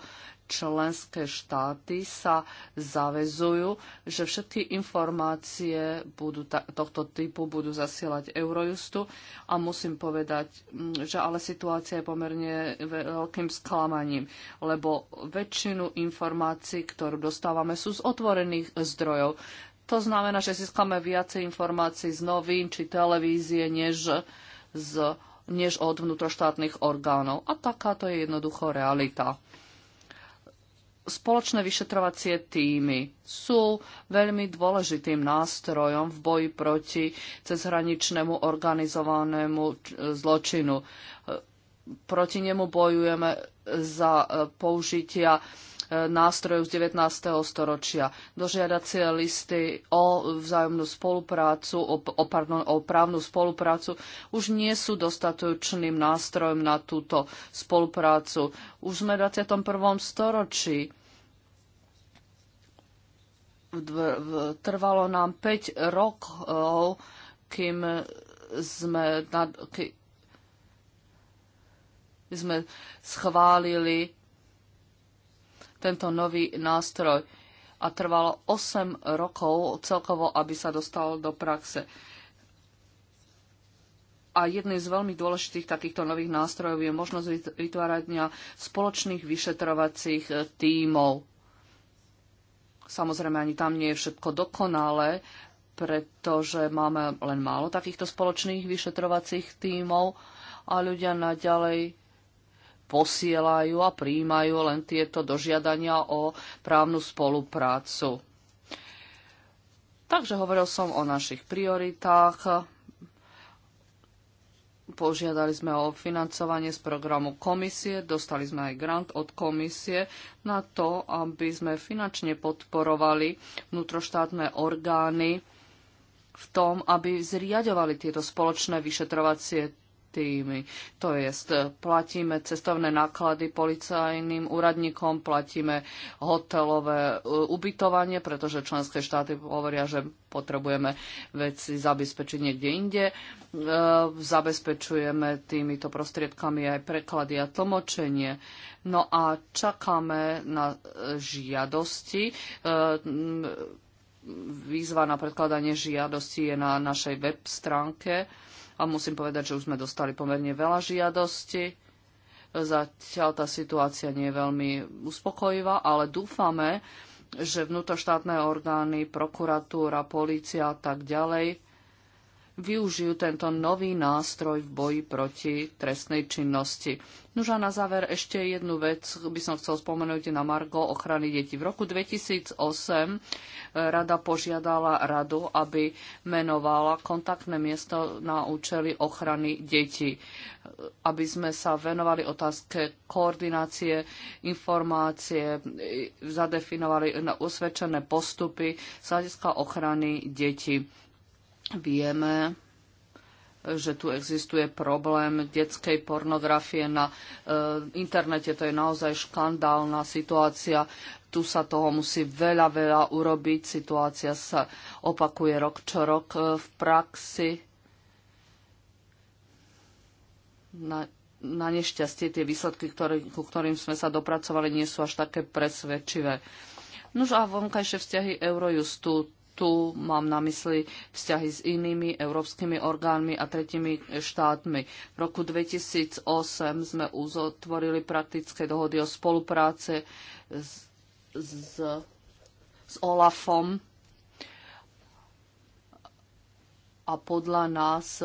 členské štáty sa zavezujú, že všetky informácie budú ta, tohto typu budú zasielať Eurojustu a musím povedať, mm, že ale situácia je pomerne veľkým sklamaním, lebo väčšinu informácií, ktorú dostávame, sú z otvorených zdrojov. To znamená, že získame viacej informácií z novín či televízie, než, z, než od vnútroštátnych orgánov. A takáto je jednoducho realita. Spoločné vyšetrovacie týmy sú veľmi dôležitým nástrojom v boji proti cezhraničnému organizovanému zločinu. Proti nemu bojujeme za použitia nástrojov z 19. storočia. Dožiadacie listy o vzájomnú spoluprácu, o, o, pardon, o právnu spoluprácu už nie sú dostatočným nástrojom na túto spoluprácu. Už sme v 21. storočí trvalo nám 5 rokov, kým sme, nad, kým sme schválili tento nový nástroj. A trvalo 8 rokov celkovo, aby sa dostal do praxe. A jedným z veľmi dôležitých takýchto nových nástrojov je možnosť vytvárania spoločných vyšetrovacích e, tímov. Samozrejme, ani tam nie je všetko dokonalé, pretože máme len málo takýchto spoločných vyšetrovacích tímov a ľudia naďalej posielajú a príjmajú len tieto dožiadania o právnu spoluprácu. Takže hovoril som o našich prioritách. Požiadali sme o financovanie z programu komisie, dostali sme aj grant od komisie na to, aby sme finančne podporovali vnútroštátne orgány v tom, aby zriadovali tieto spoločné vyšetrovacie tými. To jest, platíme cestovné náklady policajným úradníkom, platíme hotelové e, ubytovanie, pretože členské štáty hovoria, že potrebujeme veci zabezpečiť niekde inde. E, zabezpečujeme týmito prostriedkami aj preklady a tlmočenie. No a čakáme na e, žiadosti výzva na predkladanie žiadosti je na našej web stránke a musím povedať, že už sme dostali pomerne veľa žiadosti. Zatiaľ tá situácia nie je veľmi uspokojivá, ale dúfame, že vnútoštátne orgány, prokuratúra, polícia a tak ďalej využijú tento nový nástroj v boji proti trestnej činnosti. Nož a na záver ešte jednu vec by som chcel spomenúť na Margo ochrany detí. V roku 2008 e, rada požiadala radu, aby menovala kontaktné miesto na účely ochrany detí, e, aby sme sa venovali otázke koordinácie, informácie, e, zadefinovali usvedčené postupy z hľadiska ochrany detí. Vieme, že tu existuje problém detskej pornografie na e, internete. To je naozaj škandálna situácia. Tu sa toho musí veľa, veľa urobiť. Situácia sa opakuje rok čo rok e, v praxi. Na, na nešťastie tie výsledky, ktorý, ku ktorým sme sa dopracovali, nie sú až také presvedčivé. Nož a vonkajšie vzťahy Eurojustu tu mám na mysli vzťahy s inými európskymi orgánmi a tretimi štátmi. V roku 2008 sme uzotvorili praktické dohody o spolupráce s, s, s OLAFom a podľa nás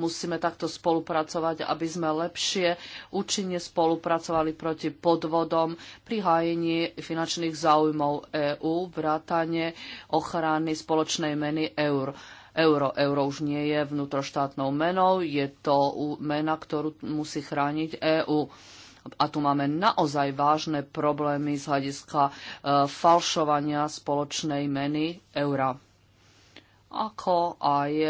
Musíme takto spolupracovať, aby sme lepšie účinne spolupracovali proti podvodom pri hájení finančných záujmov EÚ, vrátane ochrany spoločnej meny eur. Euro. Euro už nie je vnútroštátnou menou, je to mena, ktorú musí chrániť EÚ a tu máme naozaj vážne problémy z hľadiska e, falšovania spoločnej meny eura ako aj e,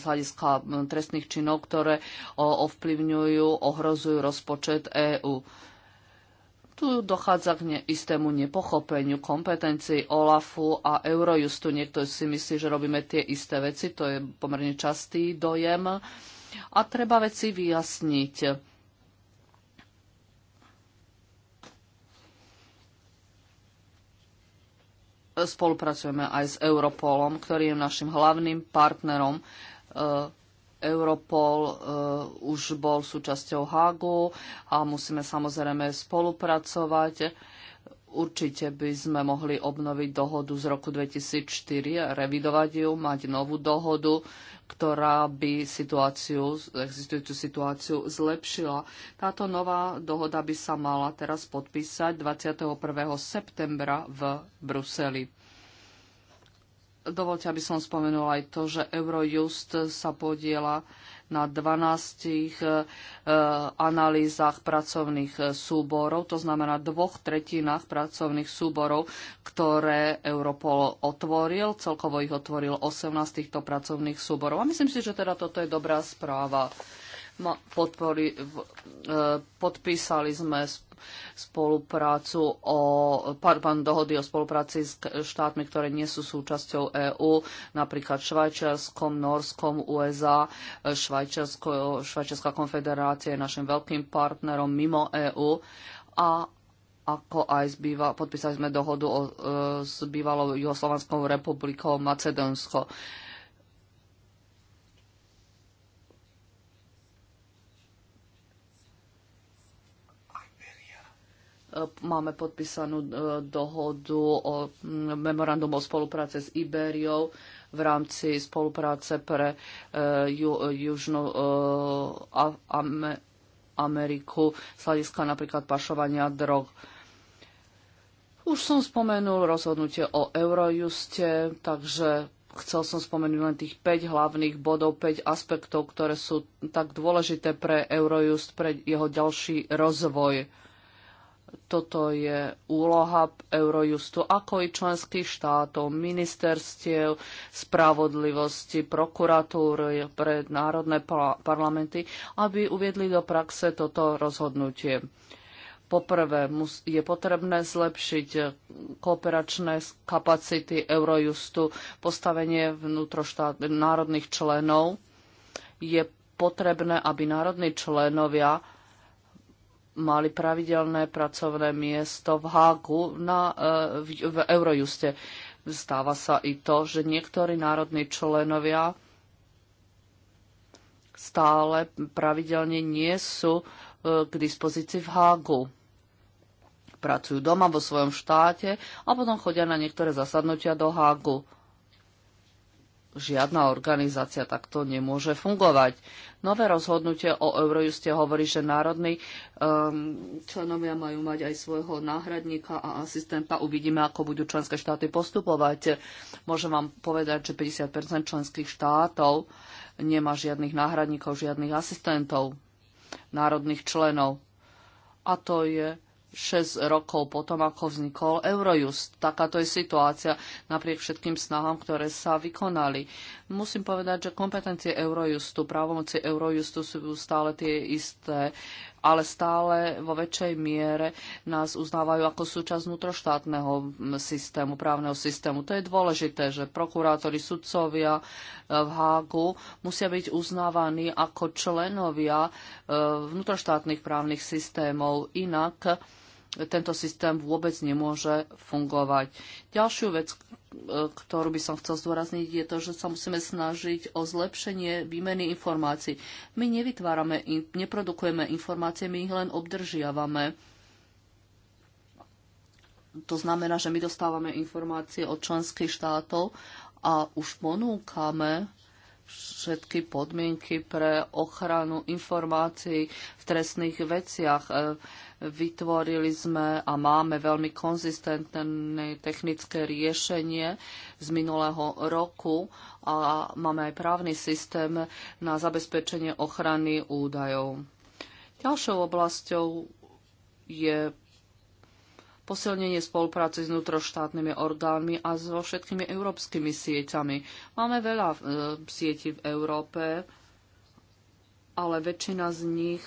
z hľadiska trestných činov, ktoré ovplyvňujú, ohrozujú rozpočet EÚ. Tu dochádza k ne, istému nepochopeniu kompetencií OLAFu a Eurojustu. Niekto si myslí, že robíme tie isté veci, to je pomerne častý dojem. A treba veci vyjasniť spolupracujeme aj s Europolom, ktorý je našim hlavným partnerom. E, Europol e, už bol súčasťou Hagu a musíme samozrejme spolupracovať Určite by sme mohli obnoviť dohodu z roku 2004, revidovať ju, mať novú dohodu, ktorá by situáciu, existujúcu situáciu zlepšila. Táto nová dohoda by sa mala teraz podpísať 21. septembra v Bruseli. Dovolte, aby som spomenula aj to, že Eurojust sa podiela na 12 eh, analýzach pracovných eh, súborov, to znamená dvoch tretinách pracovných súborov, ktoré Europol otvoril. Celkovo ich otvoril 18 týchto pracovných súborov. A myslím si, že teda toto je dobrá správa. Podpori, eh, podpísali sme spoluprácu o, pardon, dohody o spolupráci s štátmi, ktoré nie sú súčasťou EÚ, napríklad Švajčiarskom, Norskom, USA. Švajčiarsko, Švajčiarska konfederácia je našim veľkým partnerom mimo EÚ a ako aj zbýva, podpísali sme dohodu o, e, s bývalou Juhoslovanskou republikou Macedónsko. E, E, máme podpísanú e, dohodu o memorandum o spolupráce s Iberiou v rámci spolupráce pre e, ju, Južnú Ameriku z hľadiska napríklad pašovania drog. Už som spomenul rozhodnutie o Eurojuste, takže chcel som spomenúť len tých 5 hlavných bodov, 5 aspektov, ktoré sú tak dôležité pre Eurojust, pre jeho ďalší rozvoj. Toto je úloha Eurojustu, ako i členských štátov, ministerstiev, spravodlivosti, prokuratúry pre národné parlamenty, aby uviedli do praxe toto rozhodnutie. Poprvé, je potrebné zlepšiť kooperačné kapacity Eurojustu, postavenie vnútroštát národných členov. Je potrebné, aby národní členovia mali pravidelné pracovné miesto v Hágu na, e, v, v Eurojuste. Stáva sa i to, že niektorí národní členovia stále pravidelne nie sú e, k dispozícii v Hágu. Pracujú doma vo svojom štáte a potom chodia na niektoré zasadnutia do Hágu žiadna organizácia takto nemôže fungovať. Nové rozhodnutie o Eurojuste hovorí, že národní um, členovia majú mať aj svojho náhradníka a asistenta. Uvidíme, ako budú členské štáty postupovať. Môžem vám povedať, že 50 členských štátov nemá žiadnych náhradníkov, žiadnych asistentov národných členov. A to je 6 rokov potom, ako vznikol Eurojust. Takáto je situácia napriek všetkým snahám, ktoré sa vykonali. Musím povedať, že kompetencie Eurojustu, právomoci Eurojustu sú stále tie isté, ale stále vo väčšej miere nás uznávajú ako súčasť vnútroštátneho systému, právneho systému. To je dôležité, že prokurátori, sudcovia eh, v Hágu musia byť uznávaní ako členovia eh, vnútroštátnych právnych systémov. Inak tento systém vôbec nemôže fungovať. Ďalšiu vec, e, ktorú by som chcel zdôrazniť, je to, že sa musíme snažiť o zlepšenie výmeny informácií. My nevytvárame, neprodukujeme informácie, my ich len obdržiavame. To znamená, že my dostávame informácie od členských štátov a už ponúkame všetky podmienky pre ochranu informácií v trestných veciach. E, Vytvorili sme a máme veľmi konzistentné technické riešenie z minulého roku a máme aj právny systém na zabezpečenie ochrany údajov. Ďalšou oblasťou je posilnenie spolupráce s vnútroštátnymi orgánmi a so všetkými európskymi sieťami. Máme veľa e, sietí v Európe, ale väčšina z nich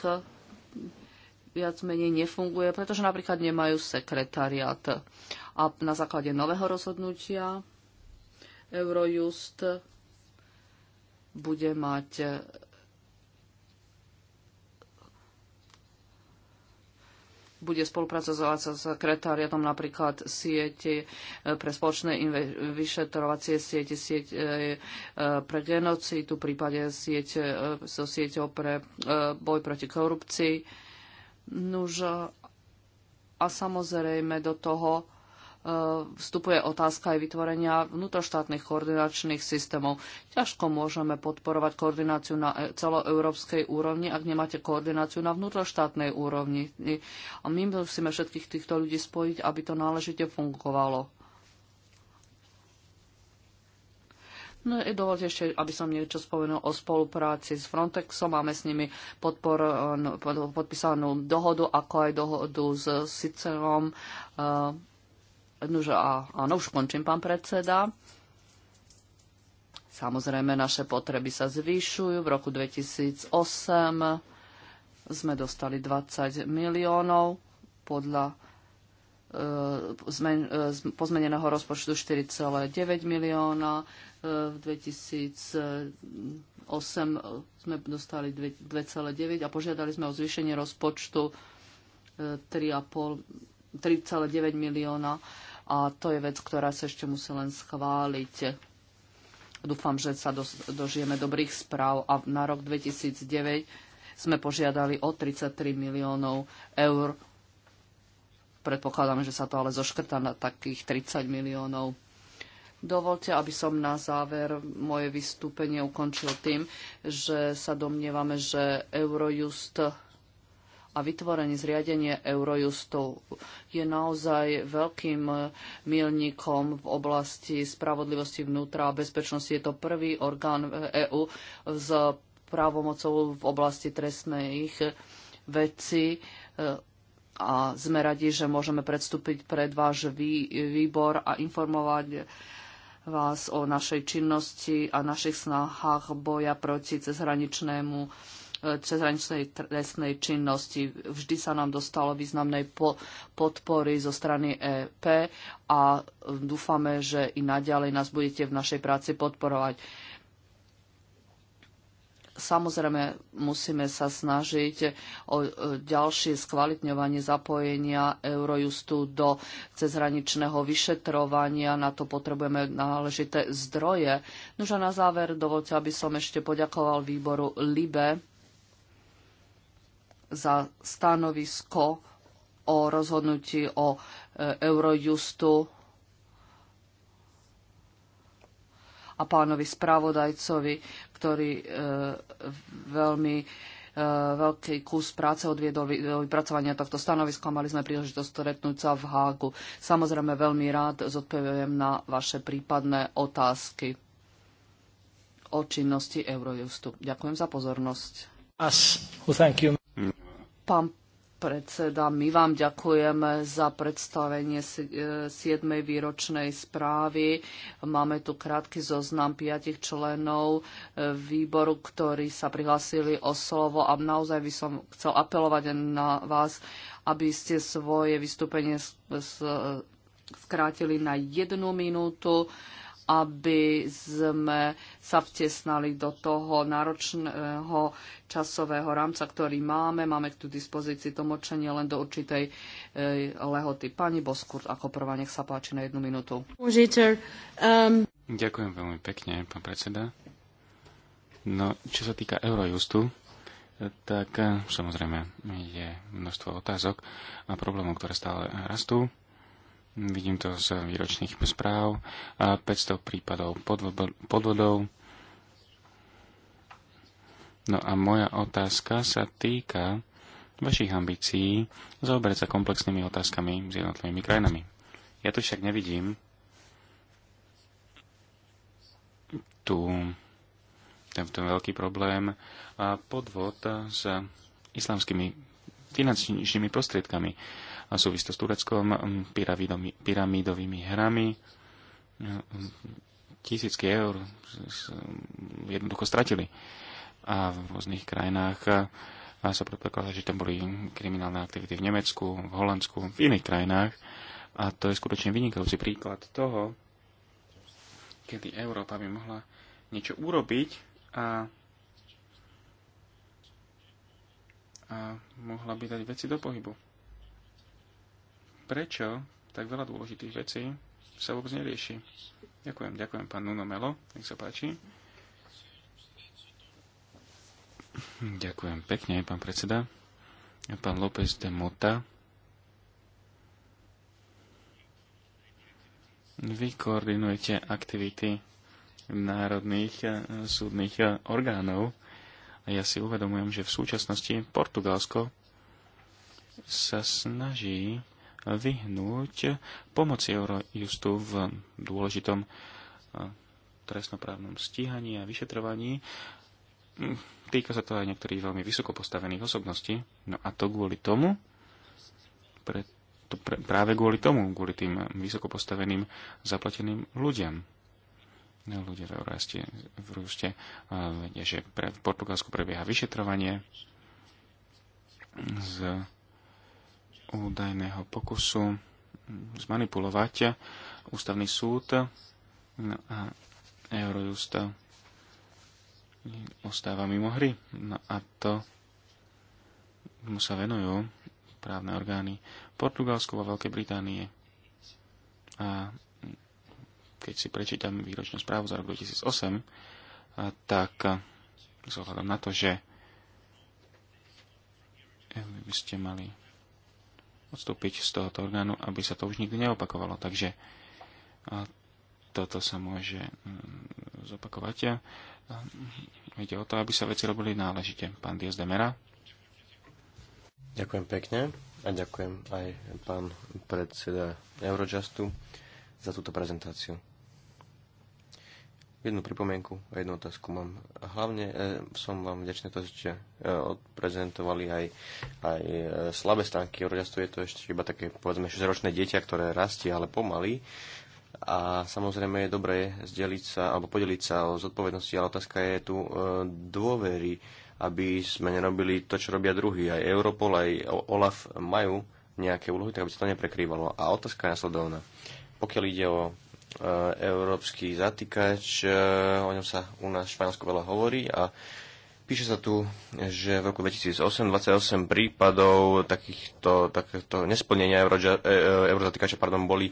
viac menej nefunguje, pretože napríklad nemajú sekretariat. A na základe nového rozhodnutia Eurojust bude mať e, bude spolupracovať s sekretariatom napríklad siete e, pre spoločné vyšetrovacie siete, sieť e, pre genocídu, prípade sieť so sieťou pre boj proti korupcii Nuž a samozrejme do toho e, vstupuje otázka aj vytvorenia vnútroštátnych koordinačných systémov. Ťažko môžeme podporovať koordináciu na e, celoeurópskej úrovni, ak nemáte koordináciu na vnútroštátnej úrovni. A my musíme všetkých týchto ľudí spojiť, aby to náležite fungovalo. No, dovolte ešte, aby som niečo spomenul o spolupráci s Frontexom. Máme s nimi podpor, eh, no, podpísanú dohodu, ako aj dohodu s Sicerom. Eh, Nože, áno, už končím, pán predseda. Samozrejme, naše potreby sa zvyšujú. V roku 2008 sme dostali 20 miliónov podľa E, zmen, e, pozmeneného rozpočtu 4,9 milióna. E, v 2008 sme dostali 2,9 a požiadali sme o zvýšenie rozpočtu 3,9 milióna a to je vec, ktorá sa ešte musí len schváliť. Dúfam, že sa dožijeme dobrých správ a na rok 2009 sme požiadali o 33 miliónov eur Predpokladám, že sa to ale zoškrta na takých 30 miliónov. Dovolte, aby som na záver moje vystúpenie ukončil tým, že sa domnievame, že Eurojust a vytvorenie zriadenie Eurojustu je naozaj veľkým milníkom v oblasti spravodlivosti vnútra a bezpečnosti. Je to prvý orgán EÚ s právomocou v oblasti trestných vecí a sme radi, že môžeme predstúpiť pred váš výbor a informovať vás o našej činnosti a našich snahách boja proti cezhraničnému e, cezhraničnej trestnej činnosti. Vždy sa nám dostalo významnej po- podpory zo strany EP a dúfame, že i naďalej nás budete v našej práci podporovať. Samozrejme, musíme sa snažiť o ďalšie skvalitňovanie zapojenia Eurojustu do cezhraničného vyšetrovania. Na to potrebujeme náležité zdroje. No a na záver dovolte, aby som ešte poďakoval výboru LIBE za stanovisko o rozhodnutí o e, Eurojustu a pánovi spravodajcovi ktorý e, veľmi e, veľký kus práce odviedol vypracovania tohto stanoviska. Mali sme príležitosť stretnúť sa v Hágu. Samozrejme veľmi rád zodpovedujem na vaše prípadné otázky o činnosti Eurojustu. Ďakujem za pozornosť. Mm. Pán predseda, my vám ďakujeme za predstavenie 7. E, výročnej správy. Máme tu krátky zoznam piatich členov e, výboru, ktorí sa prihlásili o slovo a naozaj by som chcel apelovať na vás, aby ste svoje vystúpenie e, skrátili na jednu minútu aby sme sa vtesnali do toho náročného časového rámca, ktorý máme. Máme tu dispozícii tlmočenie len do určitej e, lehoty. Pani Boskurt, ako prvá, nech sa páči na jednu minútu. Um, Ďakujem veľmi pekne, pán predseda. No, čo sa týka Eurojustu, tak e, samozrejme je množstvo otázok a problémov, ktoré stále rastú. Vidím to z výročných správ. 500 prípadov podvodov. No a moja otázka sa týka vašich ambícií zaoberať sa komplexnými otázkami s jednotlivými krajinami. Ja tu však nevidím tu tento veľký problém a podvod s islamskými finančnými prostriedkami a súvisto s Tureckom, pyramídovými hrami. No, tisícky eur jednoducho stratili. A v rôznych krajinách a sa predpokladá, že tam boli kriminálne aktivity v Nemecku, v Holandsku, v iných krajinách. A to je skutočne vynikajúci príklad toho, kedy Európa by mohla niečo urobiť a, a mohla by dať veci do pohybu prečo tak veľa dôležitých vecí sa vôbec nerieši. Ďakujem, ďakujem pán Nuno Melo, nech sa páči. Ďakujem pekne, pán predseda. Pán López de Mota. Vy koordinujete aktivity národných eh, súdnych eh, orgánov a ja si uvedomujem, že v súčasnosti Portugalsko sa snaží vyhnúť pomoci Eurojustu v dôležitom eh, trestnoprávnom stíhaní a vyšetrovaní. Mm, týka sa to aj niektorých veľmi vysoko postavených osobností. No a to kvôli tomu, pre, to pre, práve kvôli tomu, kvôli tým vysoko postaveným zaplateným ľuďom no, ľudia v Euráste, v Rúste eh, vedia, že pre, v Portugalsku prebieha vyšetrovanie z údajného pokusu zmanipulovať ústavný súd no a Eurojust ostáva mimo hry. No a to mu sa venujú právne orgány Portugalsku a Veľkej Británie. A keď si prečítam výročnú správu za rok 2008, tak s na to, že by ste mali odstúpiť z tohoto orgánu, aby sa to už nikdy neopakovalo. Takže toto sa môže mm, zopakovať. Mm, ide o to, aby sa veci robili náležite. Pán Dias Demera. Ďakujem pekne a ďakujem aj pán predseda Eurojustu za túto prezentáciu. Jednu pripomienku a jednu otázku mám. Hlavne e, som vám vďačný to, že ste e, odprezentovali aj, aj e, slabé stránky rodiastu. Je to ešte iba také, povedzme, 6-ročné dieťa, ktoré rastie, ale pomaly. A samozrejme je dobré zdeliť sa, alebo podeliť sa o zodpovednosti, ale otázka je tu e, dôvery, aby sme nerobili to, čo robia druhý. Aj Europol, aj OLAF majú nejaké úlohy, tak aby sa to neprekrývalo. A otázka je nasledovná. Pokiaľ ide o Eh, európsky zatýkač, eh, o ňom sa u nás v Španielsku veľa hovorí a píše sa tu, že v roku 2008 28 prípadov takýchto, takýchto nesplnenia eh, eurozatýkača pardon, boli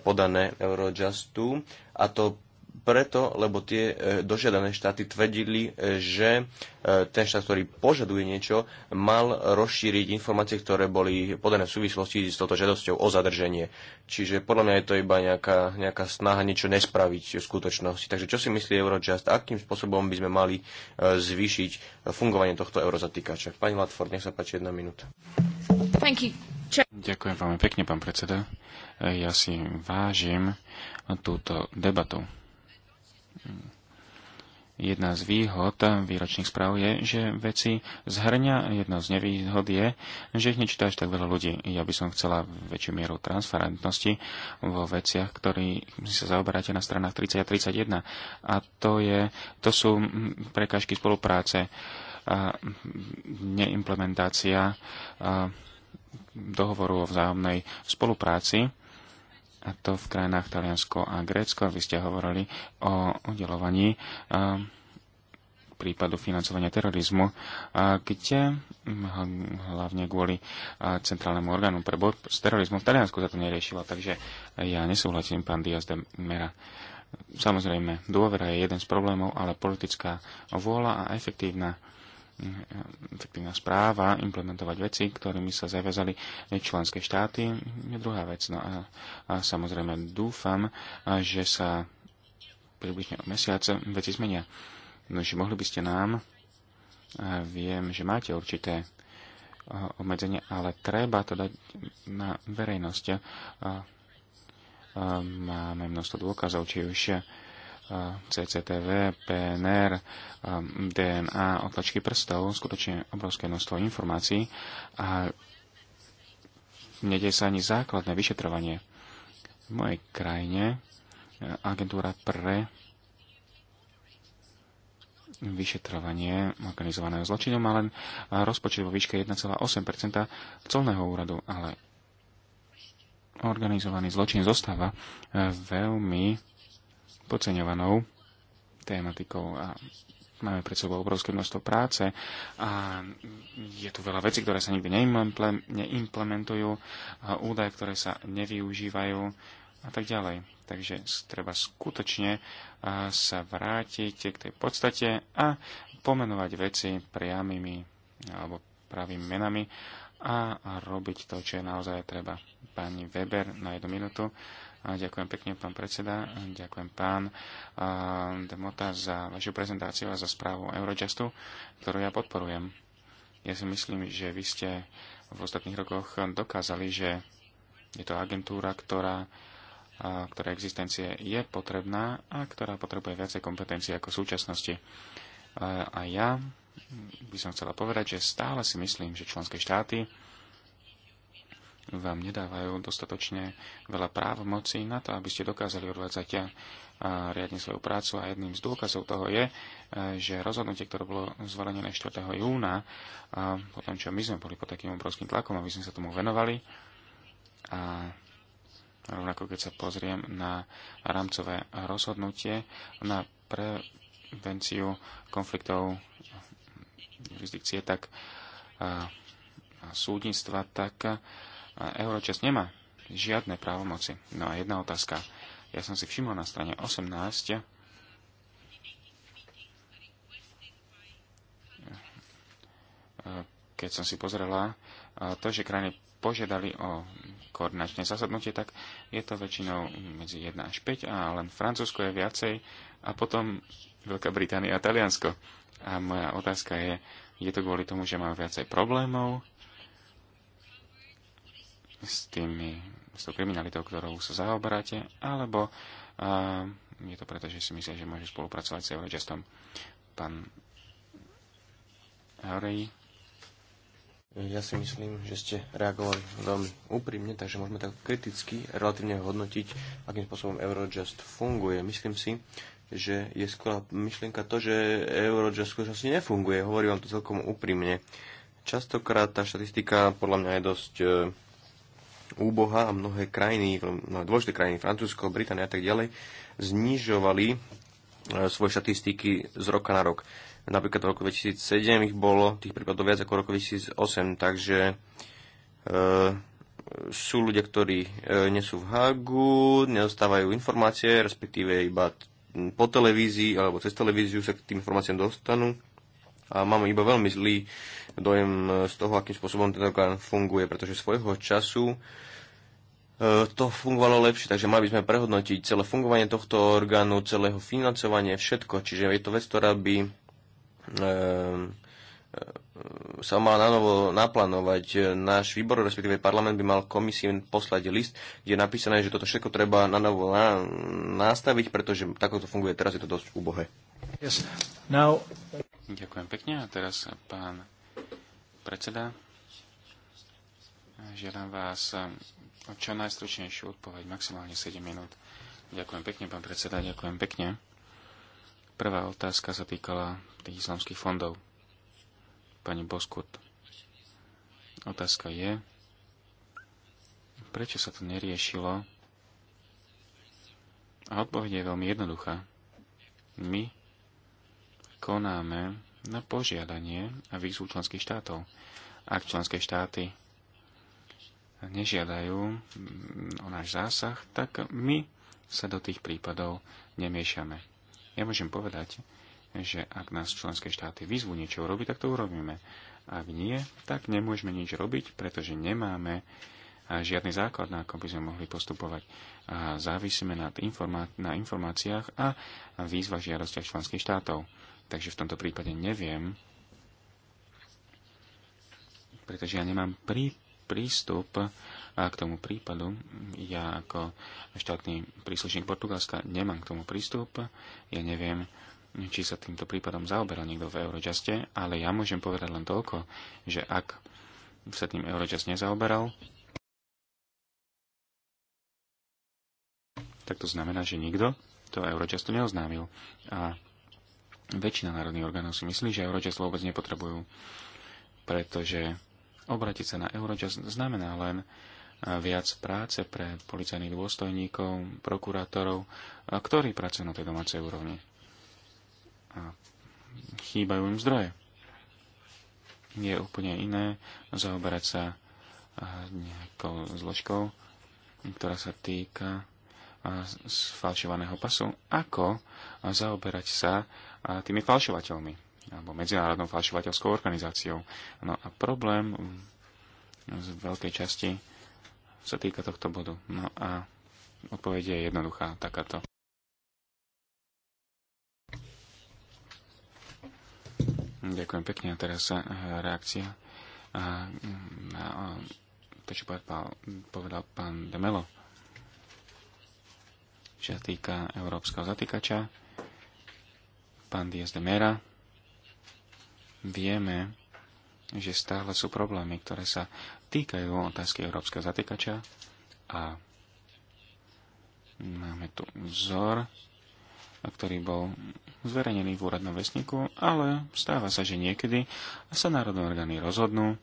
podané Eurojustu a to preto, lebo tie e, dožiadané štáty tvrdili, e, že e, ten štát, ktorý požaduje niečo, mal rozšíriť informácie, ktoré boli podané v súvislosti s touto žiadosťou o zadrženie. Čiže podľa mňa je to iba nejaká, nejaká snaha niečo nespraviť v skutočnosti. Takže čo si myslí Eurojust? Akým spôsobom by sme mali zvýšiť fungovanie tohto eurozatýkača? Pani Latford, nech sa páči jedna minúta. Ďakujem veľmi pekne, pán predseda. Ja si vážim túto debatu Hmm. Jedna z výhod výročných správ je, že veci zhrňa, jedna z nevýhod je, že ich nečíta až tak veľa ľudí. Ja by som chcela väčšiu mieru transparentnosti vo veciach, ktorý sa zaoberáte na stranách 30 a 31. A to, je, to sú mm, prekážky spolupráce, a mm, neimplementácia a dohovoru o vzájomnej spolupráci a to v krajinách Taliansko a Grécko. Vy ste hovorili o udelovaní prípadu financovania terorizmu, kde hlavne kvôli centrálnemu orgánu pre boj s terorizmom v Taliansku sa to neriešilo. Takže ja nesúhlasím, pán Diaz de Mera. Samozrejme, dôvera je jeden z problémov, ale politická vôľa a efektívna efektívna mhm. správa implementovať veci, ktorými sa zaviazali členské štáty, je druhá vec. No a, a samozrejme dúfam, že sa približne o mesiace veci zmenia. No, že mohli by ste nám, a viem, že máte určité obmedzenia, ale treba to dať na verejnosť. Máme množstvo dôkazov, či už CCTV, PNR, um, DNA, otlačky prstov, skutočne obrovské množstvo informácií a nedej sa ani základné vyšetrovanie. V mojej krajine e, agentúra pre vyšetrovanie organizovaného zločinu má len e, rozpočet vo výške 1,8 colného úradu, ale organizovaný zločin zostáva e, veľmi podceňovanou tématikou a máme pred sebou obrovské množstvo práce a je tu veľa vecí, ktoré sa nikdy neimplementujú, údaje, ktoré sa nevyužívajú a tak ďalej. Takže treba skutočne sa vrátiť k tej podstate a pomenovať veci priamými alebo pravými menami a robiť to, čo je naozaj treba. Pani Weber na jednu minútu ďakujem pekne, pán predseda. A ďakujem, pán Demota, za vašu prezentáciu a za správu Eurojustu, ktorú ja podporujem. Ja si myslím, že vy ste v ostatných rokoch dokázali, že je to agentúra, ktorá ktorá existencie je potrebná a ktorá potrebuje viacej kompetencií ako v súčasnosti. A ja by som chcela povedať, že stále si myslím, že členské štáty vám nedávajú dostatočne veľa práv moci na to, aby ste dokázali odvádzať a, riadne svoju prácu. A jedným z dôkazov toho je, e, že rozhodnutie, ktoré bolo zvolené 4. júna, a potom čo my sme boli pod takým obrovským tlakom, aby sme sa tomu venovali, a rovnako keď sa pozriem na rámcové rozhodnutie, na prevenciu konfliktov jurisdikcie, tak a, a súdnictva, tak Eurochest nemá žiadne právomoci. No a jedna otázka. Ja som si všimol na strane 18, keď som si pozrela to, že krajiny požiadali o koordinačné zasadnutie, tak je to väčšinou medzi 1 až 5 a len Francúzsko je viacej a potom Veľká Británia a Taliansko. A moja otázka je, je to kvôli tomu, že majú viacej problémov, s, tými, s tou kriminalitou, ktorou sa zaoberáte, alebo a, je to preto, že si myslíte, že môže spolupracovať s Eurojustom. Pán Aurej. Ja si myslím, že ste reagovali veľmi úprimne, takže môžeme tak kriticky relatívne hodnotiť, akým spôsobom Eurojust funguje. Myslím si, že je skvelá myšlienka to, že Eurojust v skutočnosti nefunguje. Hovorím vám to celkom úprimne. Častokrát tá štatistika podľa mňa je dosť e, úboha a mnohé krajiny, mnohé dôležité krajiny, Francúzsko, Británia a tak ďalej, znižovali e, svoje štatistiky z roka na rok. Napríklad v roku 2007 ich bolo tých prípadov viac ako v roku 2008, takže e, sú ľudia, ktorí e, nie sú v Hagu, nedostávajú informácie, respektíve iba po televízii alebo cez televíziu sa k tým informáciám dostanú a máme iba veľmi zlý dojem z toho, akým spôsobom ten orgán funguje, pretože svojho času e, to fungovalo lepšie, takže mali by sme prehodnotiť celé fungovanie tohto orgánu, celého financovanie, všetko. Čiže je to vec, ktorá by e, e, sa má na novo naplánovať. Náš výbor, respektíve parlament by mal komisii poslať list, kde je napísané, že toto všetko treba na novo na, nastaviť, pretože takto to funguje teraz, je to dosť úbohé. Yes. Now... Ďakujem pekne. A teraz pán predseda. Žiadam vás čo najstručnejšiu odpoveď, maximálne 7 minút. Ďakujem pekne, pán predseda, ďakujem pekne. Prvá otázka sa týkala tých islamských fondov. Pani Boskut. Otázka je, prečo sa to neriešilo? A odpoveď je veľmi jednoduchá. My konáme na požiadanie a výzvu členských štátov. Ak členské štáty nežiadajú o náš zásah, tak my sa do tých prípadov nemiešame. Ja môžem povedať, že ak nás členské štáty výzvu niečo urobiť, tak to urobíme. Ak nie, tak nemôžeme nič robiť, pretože nemáme žiadny základ, na ako by sme mohli postupovať. A závisíme informá- na informáciách a výzva žiadostiach členských štátov. Takže v tomto prípade neviem, pretože ja nemám prí, prístup k tomu prípadu. Ja ako štátny príslušník Portugalska nemám k tomu prístup. Ja neviem, či sa týmto prípadom zaoberá niekto v Eurojaste, ale ja môžem povedať len toľko, že ak sa tým Eurojust nezaoberal, tak to znamená, že nikto to Eurojustu neoznámil. A väčšina národných orgánov si myslí, že Eurojust vôbec nepotrebujú, pretože obratiť sa na Eurojust znamená len e, viac práce pre policajných dôstojníkov, prokurátorov, e, ktorí pracujú na tej domácej úrovni. A chýbajú im zdroje. Je úplne iné zaoberať sa e, nejakou zložkou, ktorá sa týka sfalšovaného pasu, ako zaoberať sa tými falšovateľmi alebo medzinárodnou falšovateľskou organizáciou. No a problém z veľkej časti sa týka tohto bodu. No a odpoveď je jednoduchá, takáto. Ďakujem pekne. A teraz reakcia na to, čo povedal, povedal pán Demelo, čo sa týka európskeho zatýkača pán Diaz de Mera. Vieme, že stále sú problémy, ktoré sa týkajú otázky európskeho zatýkača a máme tu vzor, ktorý bol zverejnený v úradnom vesniku, ale stáva sa, že niekedy sa národné orgány rozhodnú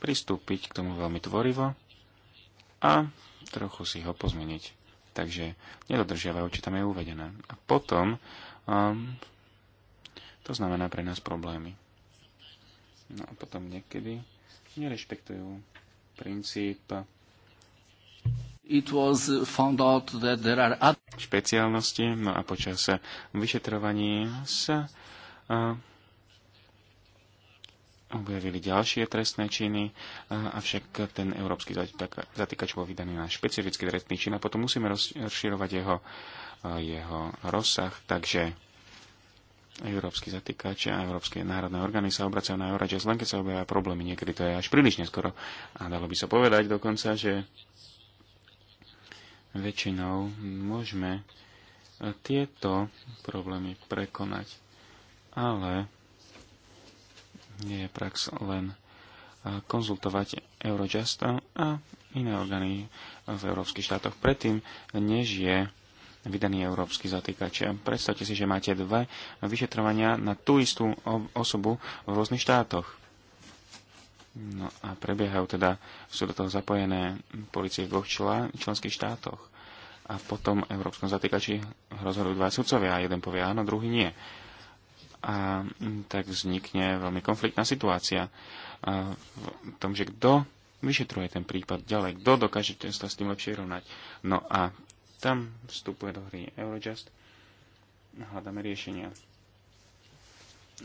pristúpiť k tomu veľmi tvorivo a trochu si ho pozmeniť. Takže nedodržiavajú, čo tam je uvedené. A potom um, to znamená pre nás problémy. No a potom niekedy nerešpektujú princíp It was found out that there are other... špeciálnosti. No a počas vyšetrovaní sa uh, objavili ďalšie trestné činy, avšak ten európsky zatýkač bol vydaný na špecifický trestný čin a potom musíme rozširovať jeho, jeho rozsah, takže európsky zatýkač a európske národné orgány sa obracajú na Eurojust, len keď sa objavia problémy, niekedy to je až príliš neskoro a dalo by sa povedať dokonca, že väčšinou môžeme tieto problémy prekonať, ale nie je prax len e, konzultovať Eurojust a iné orgány v európskych štátoch predtým, než je vydaný európsky zatýkač. Predstavte si, že máte dve vyšetrovania na tú istú osobu v rôznych štátoch. No a prebiehajú teda, sú do toho zapojené policie v dvoch členských štátoch. A potom európskom zatýkači rozhodujú dva sudcovia. Jeden povie áno, druhý nie a mm, tak vznikne veľmi konfliktná situácia v tom, že kto vyšetruje ten prípad ďalej, kto dokáže sa s tým lepšie rovnať. No a tam vstupuje do hry Eurojust a hľadáme riešenia.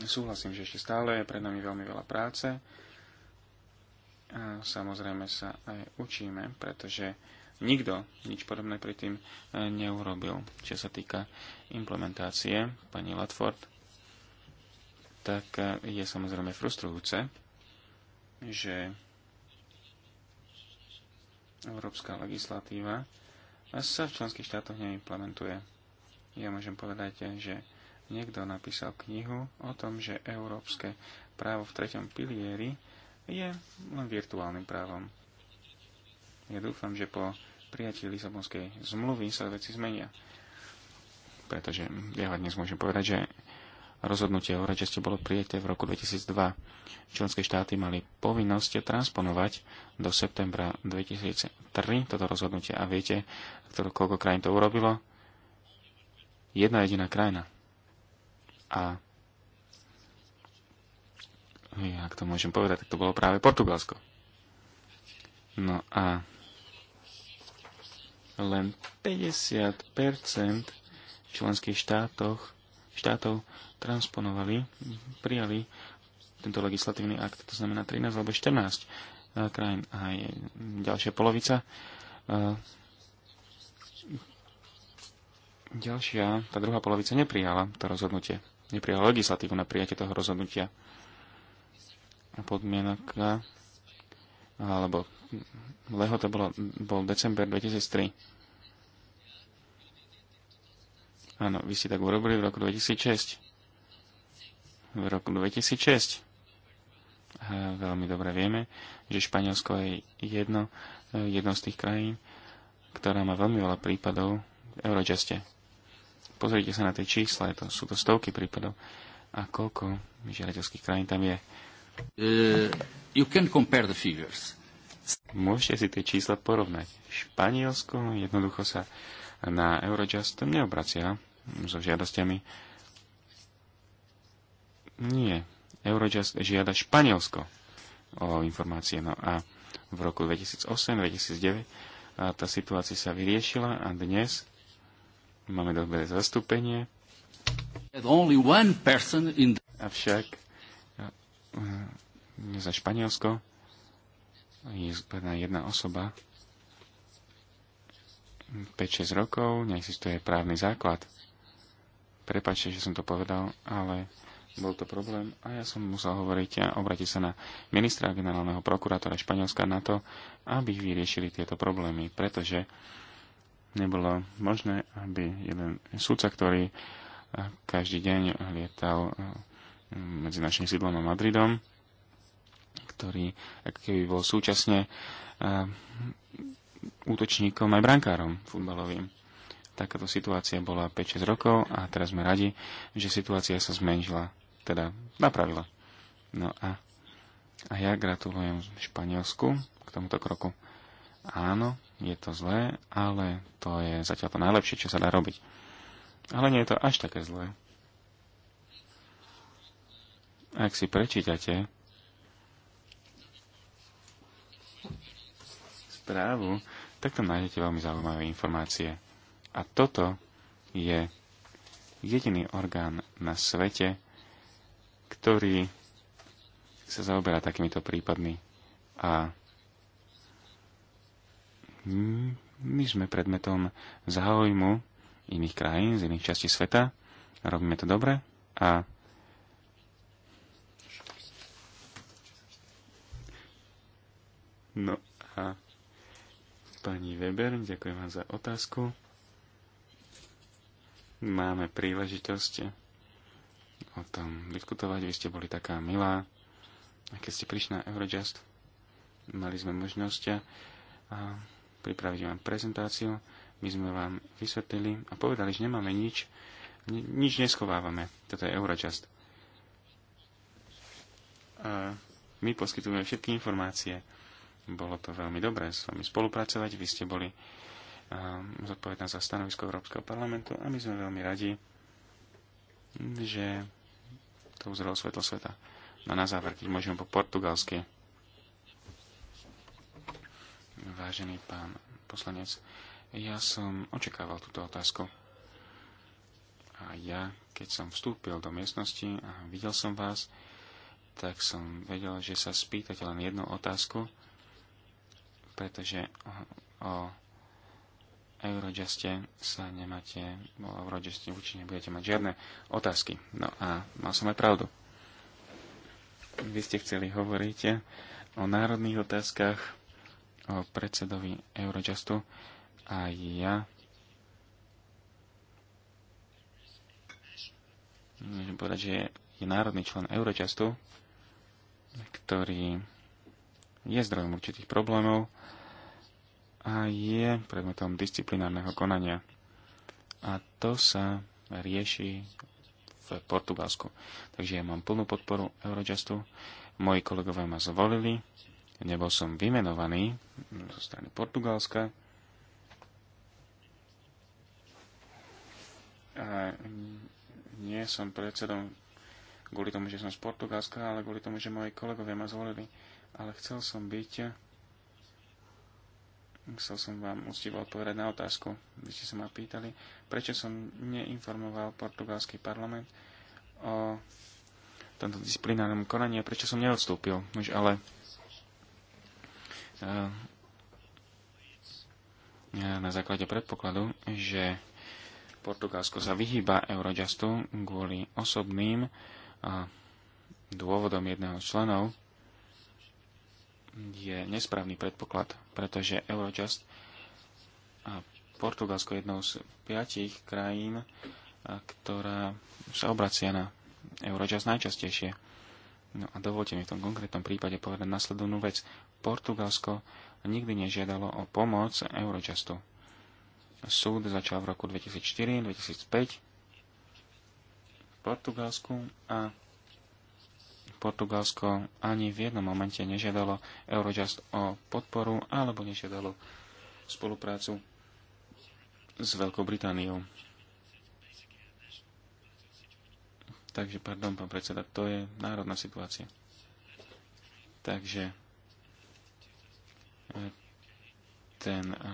Súhlasím, že ešte stále je pred nami veľmi veľa práce. A samozrejme sa aj učíme, pretože nikto nič podobné predtým e, neurobil, čo sa týka implementácie. Pani Latford tak je samozrejme frustrujúce, že európska legislatíva sa v členských štátoch neimplementuje. Ja môžem povedať, že niekto napísal knihu o tom, že európske právo v treťom pilieri je len virtuálnym právom. Ja dúfam, že po prijatí Lisabonskej zmluvy sa veci zmenia. Pretože ja dnes môžem povedať, že rozhodnutie o rečeste bolo prijaté v roku 2002. Členské štáty mali povinnosť transponovať do septembra 2003 toto rozhodnutie. A viete, ktorú, koľko krajín to urobilo? Jedna jediná krajina. A ak to môžem povedať, tak to bolo práve Portugalsko. No a len 50% členských štátoch štátov transponovali, prijali tento legislatívny akt, to znamená 13 alebo 14 eh, krajín a aj ďalšia polovica. Eh, ďalšia, tá druhá polovica neprijala to rozhodnutie, neprijala legislatívu na prijatie toho rozhodnutia. A Podmienka alebo lehota bolo, bol december 2003 Áno, vy ste tak urobili v roku 2006. V roku 2006. A veľmi dobre vieme, že Španielsko je jedno, jedno z tých krajín, ktorá má veľmi veľa prípadov v Eurojuste. Pozrite sa na tie čísla, to, sú to stovky prípadov. A koľko žiadateľských krajín tam je? Uh, you can compare the figures. Môžete si tie čísla porovnať. Španielsko jednoducho sa na Eurojust neobracia so žiadostiami. Nie. Eurojust žiada Španielsko o informácie. No a v roku 2008-2009 tá situácia sa vyriešila a dnes máme dobré zastúpenie. Avšak e, za Španielsko je zbená jedna osoba 5-6 rokov, neexistuje právny základ. Prepačte, že som to povedal, ale bol to problém a ja som musel hovoriť a obrátiť sa na ministra generálneho prokurátora Španielska na to, aby vyriešili tieto problémy, pretože nebolo možné, aby jeden sudca, ktorý každý deň lietal e, medzi našim sídlom a Madridom, ktorý keby bol súčasne e, útočníkom aj brankárom futbalovým. Takáto situácia bola 5-6 rokov a teraz sme radi, že situácia sa zmenšila, teda napravila. No a, a ja gratulujem Španielsku k tomuto kroku. Áno, je to zlé, ale to je zatiaľ to najlepšie, čo sa dá robiť. Ale nie je to až také zlé. Ak si prečítate správu, tak tam nájdete veľmi zaujímavé informácie. A toto je jediný orgán na svete, ktorý sa zaoberá takýmito prípadmi. A my sme predmetom záujmu iných krajín, z iných častí sveta. Robíme to dobre a No a pani Weber, ďakujem vám za otázku máme príležitosť o tom diskutovať. Vy ste boli taká milá. A keď ste prišli na Eurojust, mali sme možnosť pripraviť vám prezentáciu. My sme vám vysvetlili a povedali, že nemáme nič, ni nič neschovávame. Toto je Eurojust. A my poskytujeme všetky informácie. Bolo to veľmi dobré s vami spolupracovať. Vy ste boli zodpovedná za stanovisko Európskeho parlamentu a my sme veľmi radi, že to uzrelo svetlo sveta. No na záver, keď môžeme po portugalsky. Vážený pán poslanec, ja som očakával túto otázku. A ja, keď som vstúpil do miestnosti a videl som vás, tak som vedel, že sa spýtate len jednu otázku, pretože o, o Eurojuste sa nemáte, o Eurojuste určite nebudete mať žiadne otázky. No a mal som aj pravdu. Vy ste chceli hovoriť o národných otázkach, o predsedovi Eurojustu a ja môžem povedať, že je národný člen Eurojustu, ktorý je zdrojom určitých problémov, a je predmetom disciplinárneho konania. A to sa rieši v Portugalsku. Takže ja mám plnú podporu Eurojustu. Moji kolegovia ma zvolili. Nebol som vymenovaný zo strany Portugalska. A nie som predsedom kvôli tomu, že som z Portugalska, ale kvôli tomu, že moji kolegovia ma zvolili. Ale chcel som byť Chcel som vám úctivo odpovedať na otázku. Vy ste sa ma pýtali, prečo som neinformoval portugalský parlament o tomto disciplinárnom konaní a prečo som neodstúpil. Už ale eh, eh, na základe predpokladu, že Portugalsko sa vyhýba Eurojustu kvôli osobným eh, dôvodom jedného z členov je nesprávny predpoklad, pretože Eurojust a Portugalsko je jednou z piatich krajín, ktorá sa obracia na Eurojust najčastejšie. No a dovolte mi v tom konkrétnom prípade povedať nasledovnú vec. Portugalsko nikdy nežiadalo o pomoc Eurojustu. Súd začal v roku 2004-2005 v Portugalsku a Portugalsko ani v jednom momente nežiadalo Eurojust o podporu alebo nežiadalo spoluprácu s Veľkou Britániou. Takže, pardon, pán predseda, to je národná situácia. Takže e, ten, e,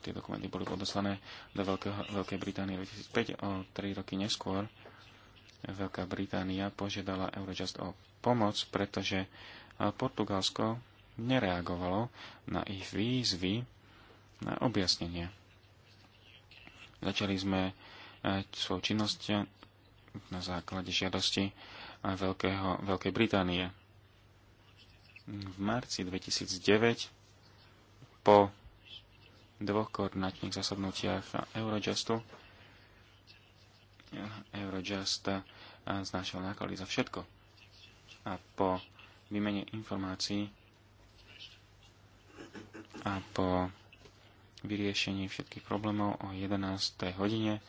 tie dokumenty boli odoslané do Veľkého, Veľkej Británie 2005 o 3 roky neskôr Veľká Británia požiadala Eurojust o pomoc, pretože e, Portugalsko nereagovalo na ich výzvy na objasnenie. Začali sme e, svoju činnosť na základe žiadosti e, Veľkého, Veľkej Británie. V marci 2009 po dvoch koordinačných zasadnutiach Eurojustu Eurojust znášal náklady za všetko. A po výmene informácií a po vyriešení všetkých problémov o 11. hodine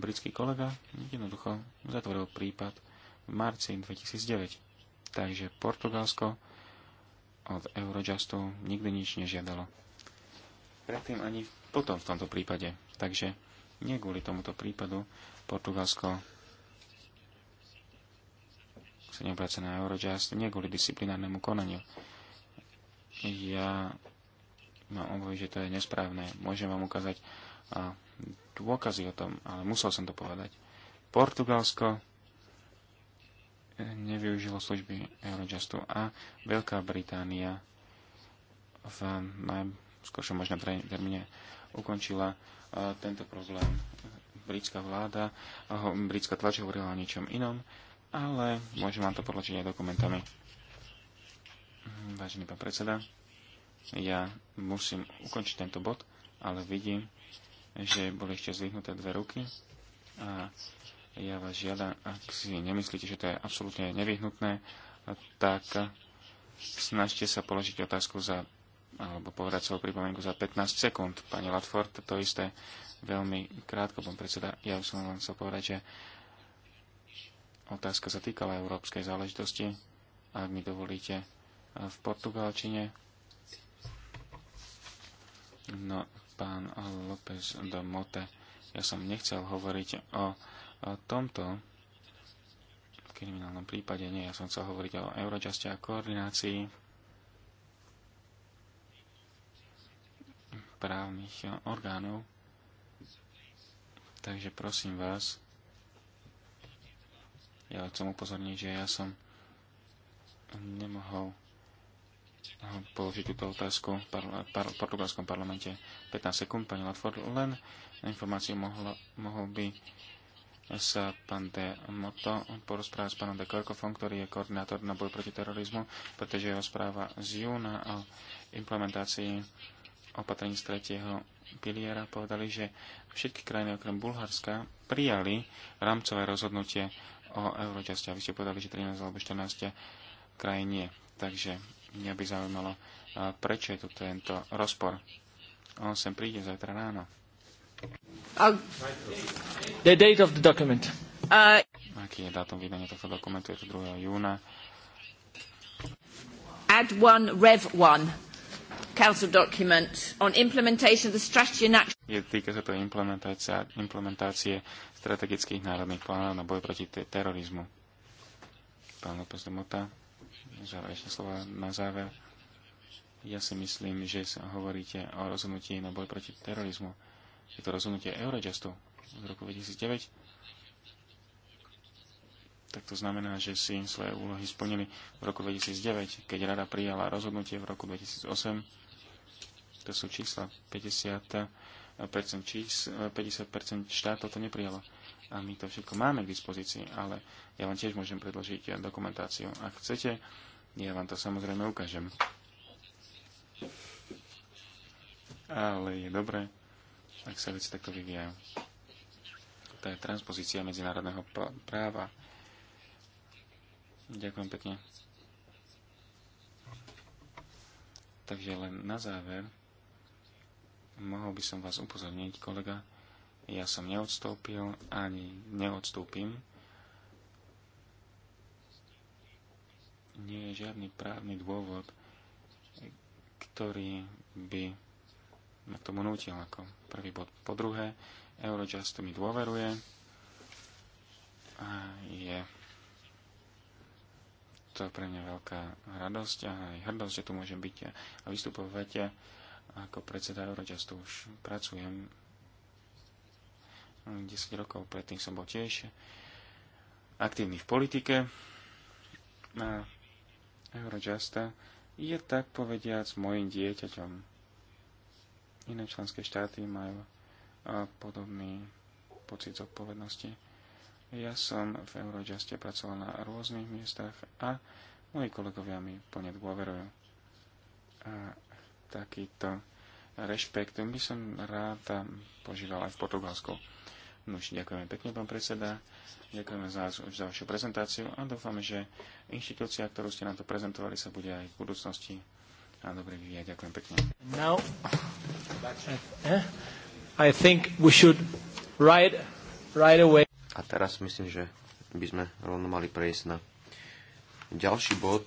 britský kolega jednoducho zatvoril prípad v marci 2009. Takže Portugalsko od Eurojustu nikdy nič nežiadalo. Predtým ani potom v tomto prípade. Takže nie kvôli tomuto prípadu Portugalsko sa neobracia na Eurojust nie kvôli disciplinárnemu konaniu. Ja mám obavy, že to je nesprávne. Môžem vám ukázať a, dôkazy o tom, ale musel som to povedať. Portugalsko e, nevyužilo služby Eurojustu a Veľká Británia v najskôršom možnom termíne ukončila e, tento problém britská vláda, britská tlač hovorila o niečom inom, ale môžem vám to podľačiť aj dokumentami. Vážený pán predseda, ja musím ukončiť tento bod, ale vidím, že boli ešte zvyhnuté dve ruky a ja vás žiadam, ak si nemyslíte, že to je absolútne nevyhnutné, tak snažte sa položiť otázku za alebo povedať svoju pripomienku za 15 sekúnd. Pani Latford, to isté veľmi krátko, pán predseda. Ja som len chcel povedať, že otázka sa týkala európskej záležitosti. Ak mi dovolíte, v Portugalčine. No, pán López de Mote, ja som nechcel hovoriť o, o tomto kriminálnom prípade, nie, ja som chcel hovoriť o Eurojuste a koordinácii správnych orgánov. Takže prosím vás, ja chcem upozorniť, že ja som nemohol položiť túto otázku v par- par- portugalskom parlamente 15 sekúnd, pani Latford, len na informáciu mohlo, mohol by sa pán De Moto porozprávať s pánom De Korkofom, ktorý je koordinátor na boj proti terorizmu, pretože jeho správa z júna o implementácii opatrení z tretieho piliera povedali, že všetky krajiny okrem Bulharska prijali rámcové rozhodnutie o euročasti. A vy ste povedali, že 13 alebo 14 krajín nie. Takže mňa by zaujímalo, prečo je tu tento rozpor. On sem príde zajtra ráno. the date of the document. Uh, Aký je dátum vydania tohto dokumentu? Je to 2. júna. Add one, rev one. Council document on implementation of the strategy and action. Je, týka sa to implementácia, implementácie strategických národných plánov na boj proti te- terorizmu. Pán López de Mota, záverečné slova na záver. Ja si myslím, že sa hovoríte o rozhodnutí na boj proti terorizmu. Je to rozhodnutie Eurojustu z roku 2009 tak to znamená, že si svoje úlohy splnili v roku 2009, keď rada prijala rozhodnutie v roku 2008. To sú čísla 50%, čís, 50% štátov to neprijalo. A my to všetko máme k dispozícii, ale ja vám tiež môžem predložiť dokumentáciu. Ak chcete, ja vám to samozrejme ukážem. Ale je dobré, ak sa veci takto vyvíjajú. To je transpozícia medzinárodného práva Ďakujem pekne. Takže len na záver, mohol by som vás upozorniť, kolega, ja som neodstúpil ani neodstúpim. Nie je žiadny právny dôvod, ktorý by ma k tomu nutil ako prvý bod. Po druhé, Eurojust mi dôveruje a je to je pre mňa veľká radosť a aj hrdosť, že tu môžem byť a vystupovať ako predseda Eurojustu už pracujem 10 rokov, predtým som bol tiež aktívny v politike a Eurojusta je tak povediac mojim dieťaťom. Iné členské štáty majú podobný pocit zodpovednosti ja som v Eurojuste pracoval na rôznych miestach a moji kolegovia mi plne dôverujú. A takýto rešpekt by som rád požíval aj v Portugalsku. Nuž, ďakujeme pekne, pán predseda. Ďakujeme za, za vašu prezentáciu a dúfame, že inštitúcia, ktorú ste nám to prezentovali, sa bude aj v budúcnosti a dobre vyvíjať. Ďakujem pekne. Now, I think we should right, right away. A teraz myslím, že by sme rovno mali prejsť na ďalší bod,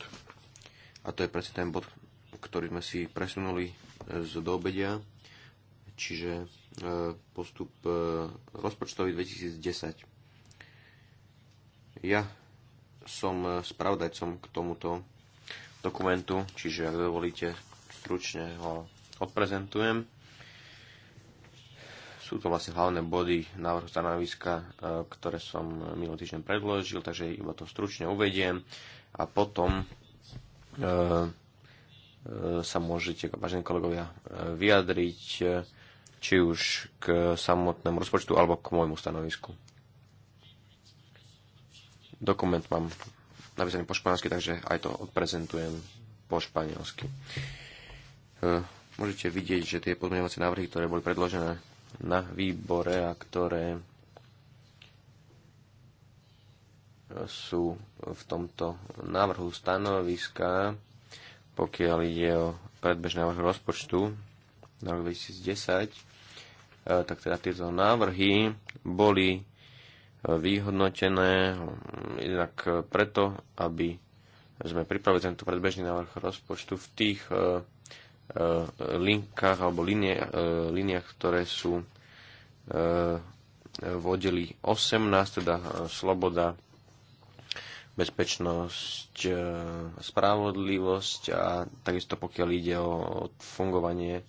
a to je presne ten bod, ktorý sme si presunuli e, z doobedia, čiže e, postup e, rozpočtový 2010. Ja som spravodajcom k tomuto dokumentu, čiže ak dovolíte, stručne ho odprezentujem sú to vlastne hlavné body návrhu stanoviska, e, ktoré som minulý týždeň predložil, takže iba to stručne uvediem a potom e, e, sa môžete, vážení kolegovia, vyjadriť či už k samotnému rozpočtu alebo k môjmu stanovisku. Dokument mám napísaný po španielsky, takže aj to odprezentujem po španielsky. Môžete vidieť, že tie podmienovacie návrhy, ktoré boli predložené na výbore a ktoré sú v tomto návrhu stanoviska, pokiaľ ide o predbežný návrh rozpočtu na rok 2010, e, tak teda tieto návrhy boli e, vyhodnotené e, jednak preto, aby sme pripravili tento predbežný návrh rozpočtu v tých Eh, linkách alebo eh, liniach, ktoré sú eh, v oddeli 18, teda sloboda, bezpečnosť, spravodlivosť a takisto pokiaľ ide o fungovanie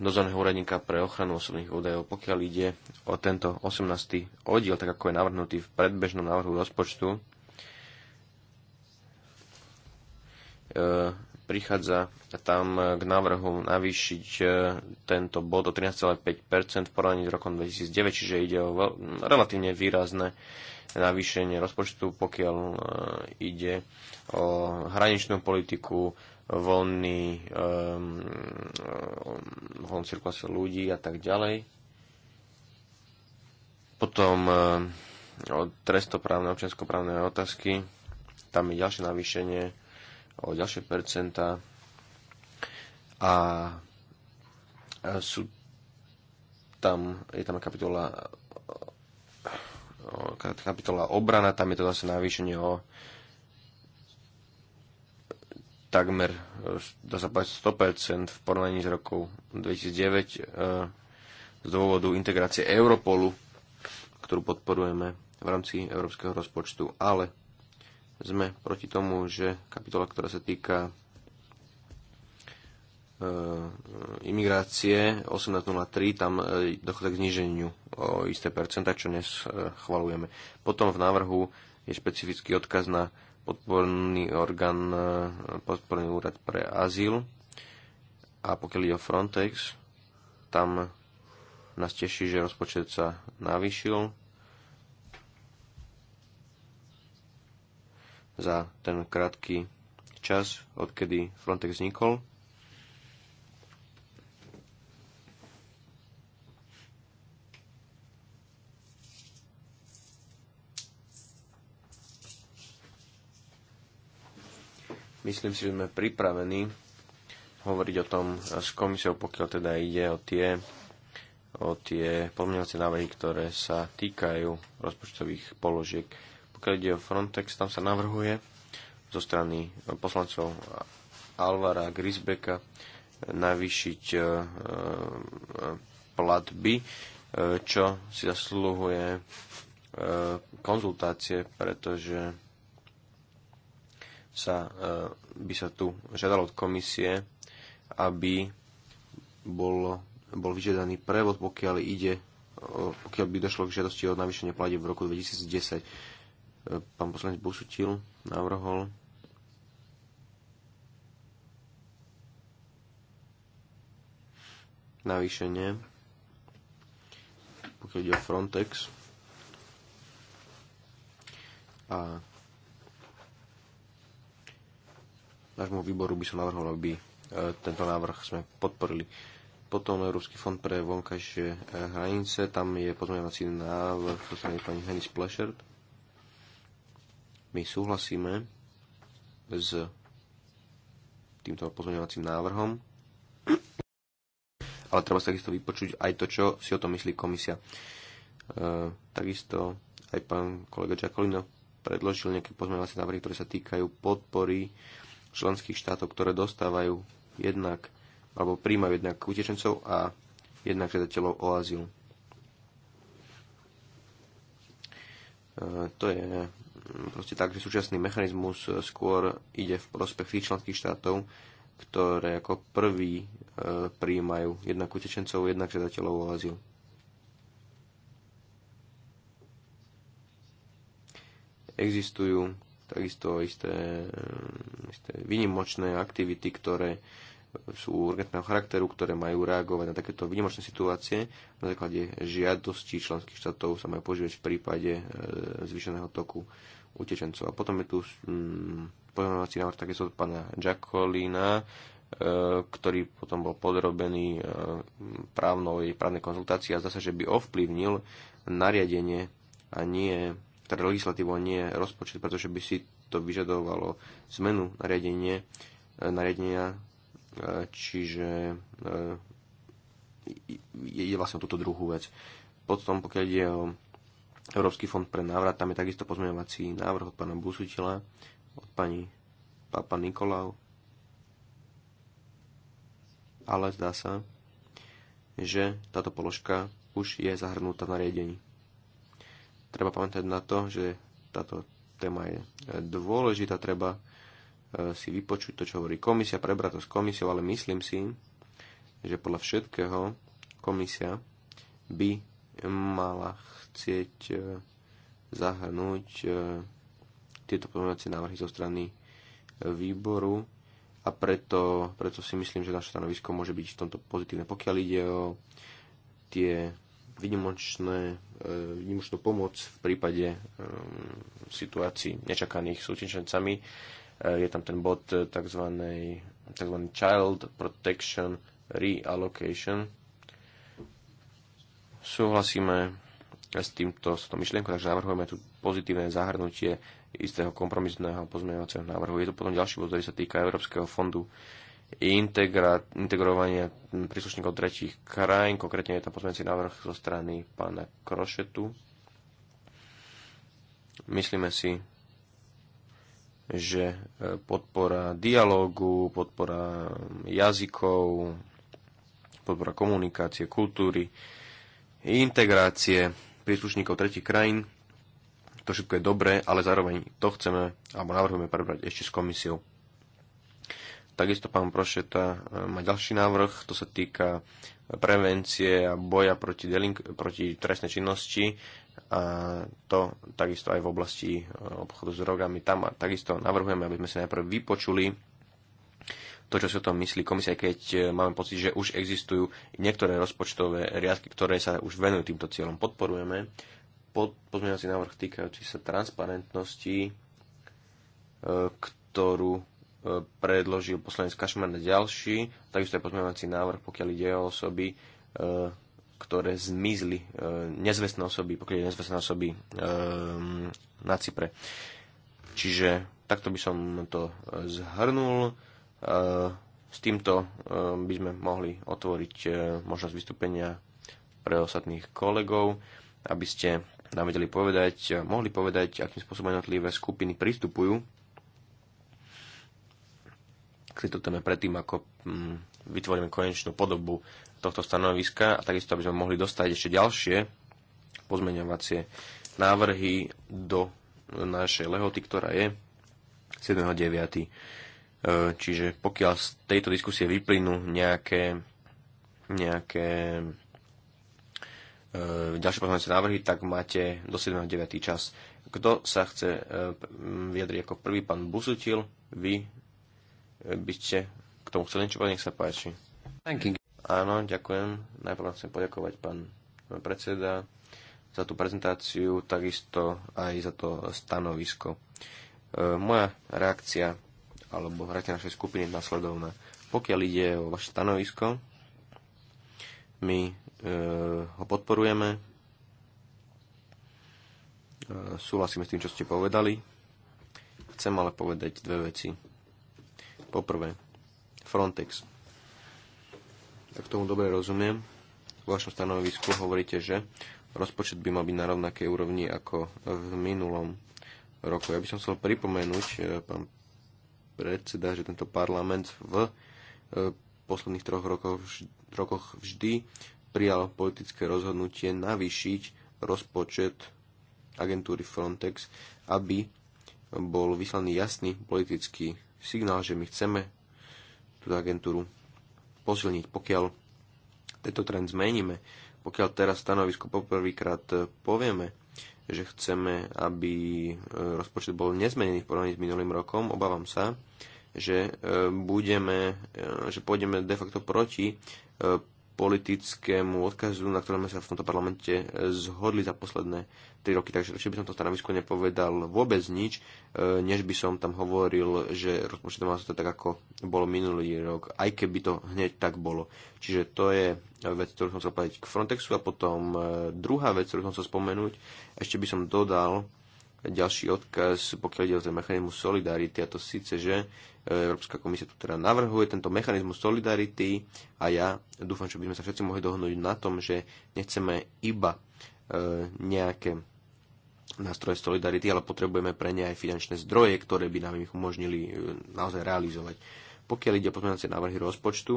dozorného úradníka pre ochranu osobných údajov. Pokiaľ ide o tento 18. oddiel, tak ako je navrhnutý v predbežnom návrhu rozpočtu, E, prichádza tam k návrhu navýšiť e, tento bod o 13,5% v porovnaní s rokom 2009, čiže ide o relatívne výrazné navýšenie rozpočtu, pokiaľ e, ide o hraničnú politiku, voľný um, voľnú ľudí a tak ďalej. Potom um, trestoprávne, občianskoprávne otázky. Tam je ďalšie navýšenie o ďalšie percentá a e, sú tam, je tam kapitola kapitola obrana, tam je to zase navýšenie o takmer, e, dá sa povedať, 100% v porovnaní s roku 2009 e, z dôvodu integrácie Europolu, ktorú podporujeme v rámci európskeho rozpočtu, ale sme proti tomu, že kapitola, ktorá sa týka e, imigrácie 18.03, tam e, dochádza k zniženiu o isté percenta, čo dnes e, chvalujeme. Potom v návrhu je špecifický odkaz na podporný orgán, podporný úrad pre azyl. A pokiaľ ide o Frontex, tam nás teší, že rozpočet sa navýšil za ten krátky čas, odkedy Frontex vznikol. Myslím si, že sme pripravení hovoriť o tom s komisiou, pokiaľ teda ide o tie, o tie pomňovacie návrhy, ktoré sa týkajú rozpočtových položiek pokiaľ ide o Frontex, tam sa navrhuje zo strany poslancov Alvara Grisbeka navýšiť e, e, platby, e, čo si zaslúhuje konzultácie, pretože sa, by sa tu žiadalo od komisie, aby bol, bol vyžiadaný prevod, pokiaľ ide pokiaľ by došlo k žiadosti o navýšenie platieb v roku 2010. Pán poslanec Busutil navrhol navýšenie, pokiaľ ide o Frontex. A nášmu výboru by som navrhol, aby e, tento návrh sme podporili. Potom Európsky fond pre vonkajšie e, hranice, tam je pozmeňovací návrh, ktorý sa pani Henis Plešert. My súhlasíme s týmto pozmeňovacím návrhom, ale treba sa takisto vypočuť aj to, čo si o tom myslí komisia. E, takisto aj pán kolega Čakolino predložil nejaké pozmeňovacie návrhy, ktoré sa týkajú podpory členských štátov, ktoré dostávajú jednak alebo príjmajú jednak utečencov a jednak žiadateľov o azyl. E, to je proste tak, že súčasný mechanizmus e, skôr ide v prospech tých členských štátov, ktoré ako prvý e, prijímajú jednak utečencov, jednak žiadateľov o azyl. Existujú takisto isté, e, isté výnimočné aktivity, ktoré sú urgentného charakteru, ktoré majú reagovať na takéto výnimočné situácie. Na základe žiadosti členských štátov sa majú požívať v prípade e, zvýšeného toku utečencov. A potom je tu mm, návrh takisto od pána Jacolina, e, ktorý potom bol podrobený e, právnej, právnej konzultácii a zase, že by ovplyvnil nariadenie a nie, teda legislatívu a nie rozpočet, pretože by si to vyžadovalo zmenu nariadenie, e, nariadenia, e, čiže e, je, je vlastne túto druhú vec. Potom, pokiaľ ide o Európsky fond pre návrat, tam je takisto pozmeňovací návrh od pána Busutila, od pani Papa Nikolau. Ale zdá sa, že táto položka už je zahrnutá v nariadení. Treba pamätať na to, že táto téma je e, dôležitá, treba e, si vypočuť to, čo hovorí komisia, prebrať to s komisiou, ale myslím si, že podľa všetkého komisia by mala chcieť e, zahrnúť e, tieto pozmeňovacie návrhy zo strany e, výboru a preto, preto si myslím, že naše stanovisko môže byť v tomto pozitívne, pokiaľ ide o tie výnimočnú pomoc v prípade situácií nečakaných s utečencami. Je tam ten bod tzv. tzv. Child Protection Reallocation. Súhlasíme s týmto, s to myšlienkou, takže navrhujeme tu pozitívne zahrnutie istého kompromisného pozmeňovacieho návrhu. Je to potom ďalší bod, ktorý sa týka Európskeho fondu integra, integrovania príslušníkov tretích krajín. Konkrétne je tam pozmeňovací návrh zo strany pána Krošetu. Myslíme si, že e, podpora dialógu, podpora jazykov, podpora komunikácie, kultúry, integrácie príslušníkov tretich krajín. To všetko je dobré, ale zároveň to chceme alebo navrhujeme prebrať ešte s komisiou. Takisto pán Prošeta e, má ďalší návrh, to sa týka prevencie a boja proti, delink- proti trestnej činnosti a to takisto aj v oblasti e, obchodu s drogami. Tam takisto navrhujeme, aby sme si najprv vypočuli to, čo si o tom myslí komisia, keď e, máme pocit, že už existujú niektoré rozpočtové riadky, ktoré sa už venujú týmto cieľom. Podporujeme pod, pozmeňovací návrh týkajúci sa transparentnosti, e, ktorú e, predložil poslanec Kašmer na ďalší. Takisto je pozmeňovací návrh, pokiaľ ide o osoby, ktoré zmizli, nezvestné osoby, pokiaľ je nezvestné osoby na Cypre. Čiže takto by som to zhrnul s týmto e, by sme mohli otvoriť e, možnosť vystúpenia pre ostatných kolegov, aby ste nám vedeli povedať, e, mohli povedať, akým spôsobom jednotlivé skupiny pristupujú k tejto téme predtým, ako mm, vytvoríme konečnú podobu tohto stanoviska a takisto, aby sme mohli dostať ešte ďalšie pozmeňovacie návrhy do našej lehoty, ktorá je 7.9. Čiže pokiaľ z tejto diskusie vyplynú nejaké, nejaké e, ďalšie pozmeňujúce návrhy, tak máte do 7.9. čas. Kto sa chce e, vyjadriť ako prvý? Pán Busutil, vy e, by ste k tomu chceli niečo povedať? Nech sa páči. Áno, ďakujem. Najprv chcem poďakovať pán predseda za tú prezentáciu, takisto aj za to stanovisko. Moja reakcia alebo hráte našej skupiny nasledovné. Pokiaľ ide o vaše stanovisko, my e, ho podporujeme, e, súhlasíme s tým, čo ste povedali. Chcem ale povedať dve veci. Poprvé, Frontex. Tak tomu dobre rozumiem. V vašom stanovisku hovoríte, že rozpočet by mal byť na rovnakej úrovni ako v minulom roku. Ja by som chcel pripomenúť, e, pán predseda, že tento parlament v e, posledných troch rokoch, rokoch vždy prijal politické rozhodnutie navýšiť rozpočet agentúry Frontex, aby bol vyslaný jasný politický signál, že my chceme túto agentúru posilniť. Pokiaľ tento trend zmeníme, pokiaľ teraz stanovisko poprvýkrát e, povieme, že chceme, aby e, rozpočet bol nezmenený v porovnaní s minulým rokom. Obávam sa, že e, budeme, e, že pôjdeme de facto proti politickému odkazu, na ktorom sme sa v tomto parlamente e, zhodli za posledné 3 roky. Takže ešte by som to stanovisko nepovedal vôbec nič, e, než by som tam hovoril, že rozpočet sa to tak, ako bolo minulý rok, aj keby to hneď tak bolo. Čiže to je vec, ktorú som chcel povedať k Frontexu a potom e, druhá vec, ktorú som chcel spomenúť, ešte by som dodal, ďalší odkaz, pokiaľ ide o ten mechanizmus solidarity, a to síce, že e, Európska komisia tu teda navrhuje tento mechanizmus solidarity a ja dúfam, že by sme sa všetci mohli dohodnúť na tom, že nechceme iba e, nejaké nástroje solidarity, ale potrebujeme pre ne aj finančné zdroje, ktoré by nám ich umožnili e, naozaj realizovať. Pokiaľ ide o pozmeňovacie návrhy rozpočtu,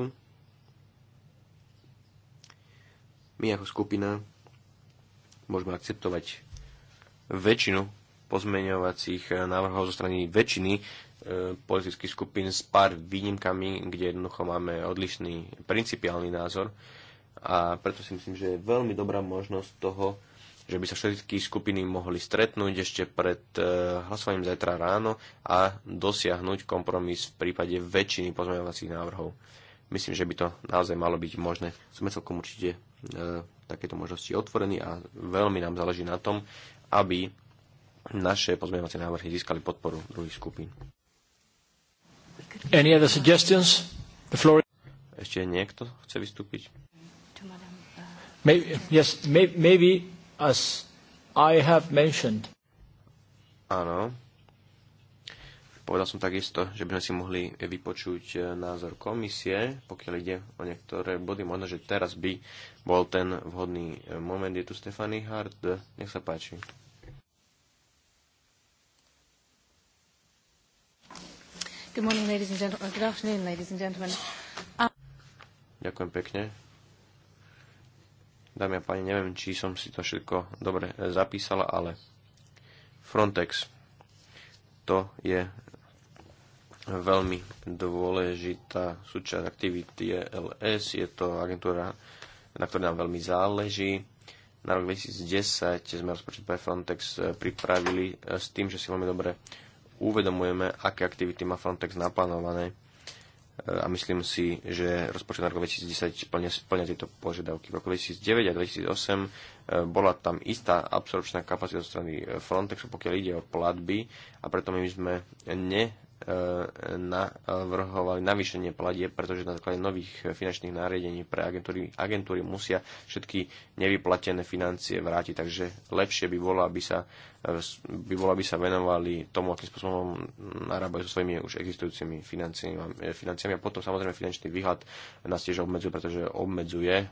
my ako skupina môžeme akceptovať väčšinu pozmeňovacích eh, návrhov zo strany väčšiny eh, politických skupín s pár výnimkami, kde jednoducho máme odlišný principiálny názor. A preto si myslím, že je veľmi dobrá možnosť toho, že by sa všetky skupiny mohli stretnúť ešte pred eh, hlasovaním zajtra ráno a dosiahnuť kompromis v prípade väčšiny pozmeňovacích návrhov. Myslím, že by to naozaj malo byť možné. Sme celkom určite e, takéto možnosti otvorení a veľmi nám záleží na tom, aby naše pozmeňovacie návrhy získali podporu druhých skupín. Any other suggestions? The floor... Ešte niekto chce vystúpiť? Maybe, yes, maybe as I have mentioned. Áno. Povedal som takisto, že by sme si mohli vypočuť e, názor komisie, pokiaľ ide o niektoré body. Možno, že teraz by bol ten vhodný e, moment. Je tu Stefany Hart. Nech sa páči. Good morning, ladies and gentlemen. Good afternoon, ladies and gentlemen. Ah. Ďakujem pekne. Dámy a páni, neviem, či som si to všetko dobre e, zapísala, ale Frontex, to je veľmi dôležitá súčasť aktivity e LS. Je to agentúra, na ktorej nám veľmi záleží. Na rok 2010 sme rozpočet pre Frontex e, pripravili s tým, že si veľmi dobre uvedomujeme, aké aktivity má Frontex naplánované e, a myslím si, že rozpočet na rok 2010 plne splňa tieto požiadavky. V roku 2009 a 2008 e, bola tam istá absorpčná kapacita zo strany e, Frontexu, pokiaľ ide o platby a preto my sme ne navrhovali navýšenie platie, pretože na základe nových finančných nariadení pre agentúry, agentúry musia všetky nevyplatené financie vrátiť, takže lepšie by bolo, aby sa, by bolo, aby sa venovali tomu, akým spôsobom narábajú so svojimi už existujúcimi financiami, financiami a potom samozrejme finančný výhľad nás tiež obmedzuje, pretože obmedzuje e,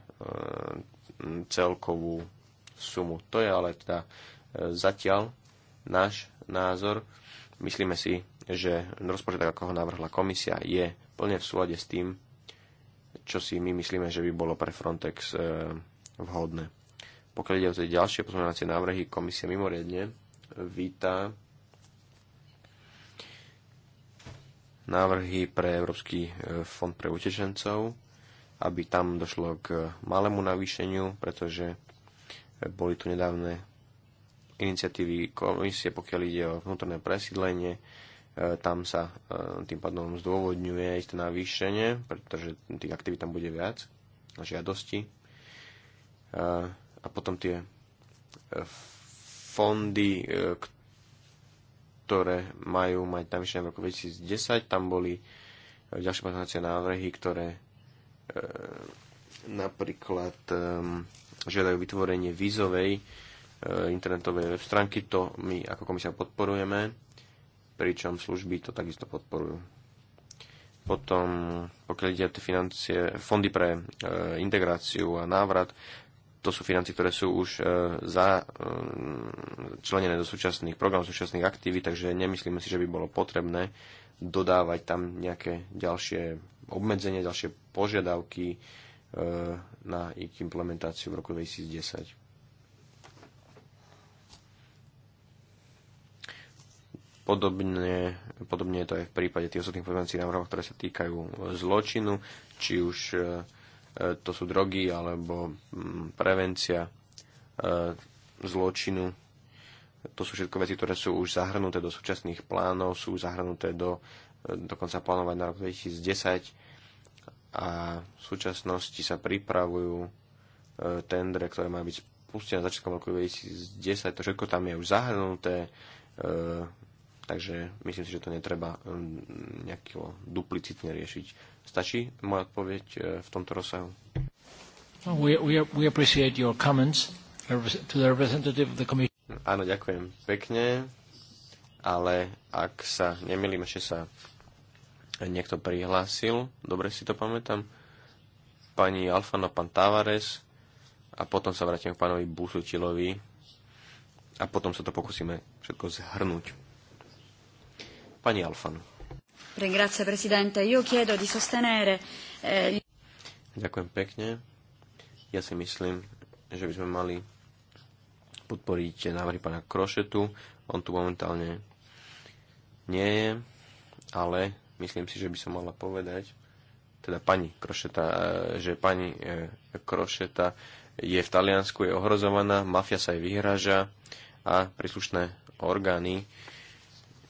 celkovú sumu. To je ale teda e, zatiaľ náš názor. Myslíme si, že rozpočet, ako ho navrhla komisia, je plne v súlade s tým, čo si my myslíme, že by bolo pre Frontex e, vhodné. Pokiaľ ide o tie ďalšie pozmeňovacie návrhy, komisia mimoriadne víta návrhy pre Európsky e, fond pre utečencov, aby tam došlo k malému navýšeniu, pretože boli tu nedávne iniciatívy komisie, pokiaľ ide o vnútorné presídlenie, E, tam sa e, tým pádom zdôvodňuje isté navýšenie, pretože tých aktivít tam bude viac, žiadosti. E, a potom tie fondy, ktoré majú mať navýšenie v roku 2010, tam boli ďalšie pozornácie návrhy, ktoré napríklad žiadajú vytvorenie vízovej internetovej web stránky, to my ako komisia podporujeme pričom služby to takisto podporujú. Potom, pokiaľ ide tie financie, fondy pre e, integráciu a návrat, to sú financie, ktoré sú už e, začlenené e, do súčasných programov, súčasných aktivít, takže nemyslíme si, že by bolo potrebné dodávať tam nejaké ďalšie obmedzenia, ďalšie požiadavky e, na ich implementáciu v roku 2010 Podobne, podobne je to aj v prípade tých osobných pozmeňovacích návrhov, ktoré sa týkajú e, zločinu, či už e, e, to sú drogy alebo mm, prevencia zločinu. To sú všetko veci, ktoré sú už zahrnuté do súčasných plánov, sú zahrnuté do dokonca plánovať na rok 2010 a v súčasnosti sa pripravujú tendre, ktoré majú byť spustené začiatkom roku 2010. To všetko tam je už zahrnuté Takže myslím si, že to netreba um, nejako duplicitne riešiť. Stačí moja odpoveď uh, v tomto rozsahu? No, uh, Áno, ďakujem pekne, ale ak sa nemýlim, ešte sa niekto prihlásil, dobre si to pamätám, pani Alfano, pán Tavares a potom sa vrátim k pánovi Busutilovi a potom sa to pokúsime všetko zhrnúť. Pani eh, Ďakujem pekne. Ja si myslím, že by sme mali podporiť návrhy pána Krošetu. On tu momentálne nie je, ale myslím si, že by som mala povedať, teda pani Krošeta, eh, že pani eh, Krošeta je v Taliansku, je ohrozovaná, mafia sa jej vyhráža a príslušné orgány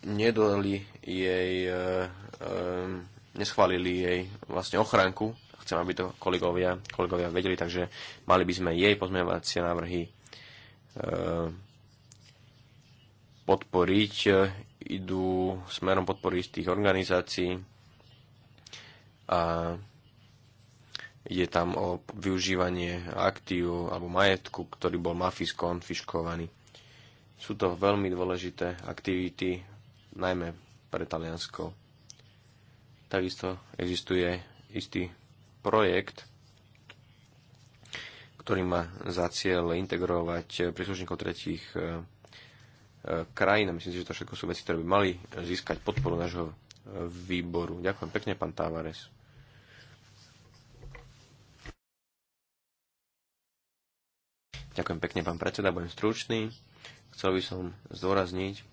nedodali jej, e, e, neschválili jej vlastne ochranku. Chcem, aby to kolegovia, kolegovia vedeli, takže mali by sme jej pozmeňovacie návrhy e, podporiť. Idú smerom podporiť tých organizácií a ide tam o využívanie aktív alebo majetku, ktorý bol mafis konfiškovaný. Sú to veľmi dôležité aktivity najmä pre Taliansko. Takisto existuje istý projekt, ktorý má za cieľ integrovať príslušníkov tretích e, e, krajín. Myslím si, že to všetko sú veci, ktoré by mali získať podporu nášho výboru. Ďakujem pekne, pán Tavares. Ďakujem pekne, pán predseda, budem stručný. Chcel by som zdôrazniť,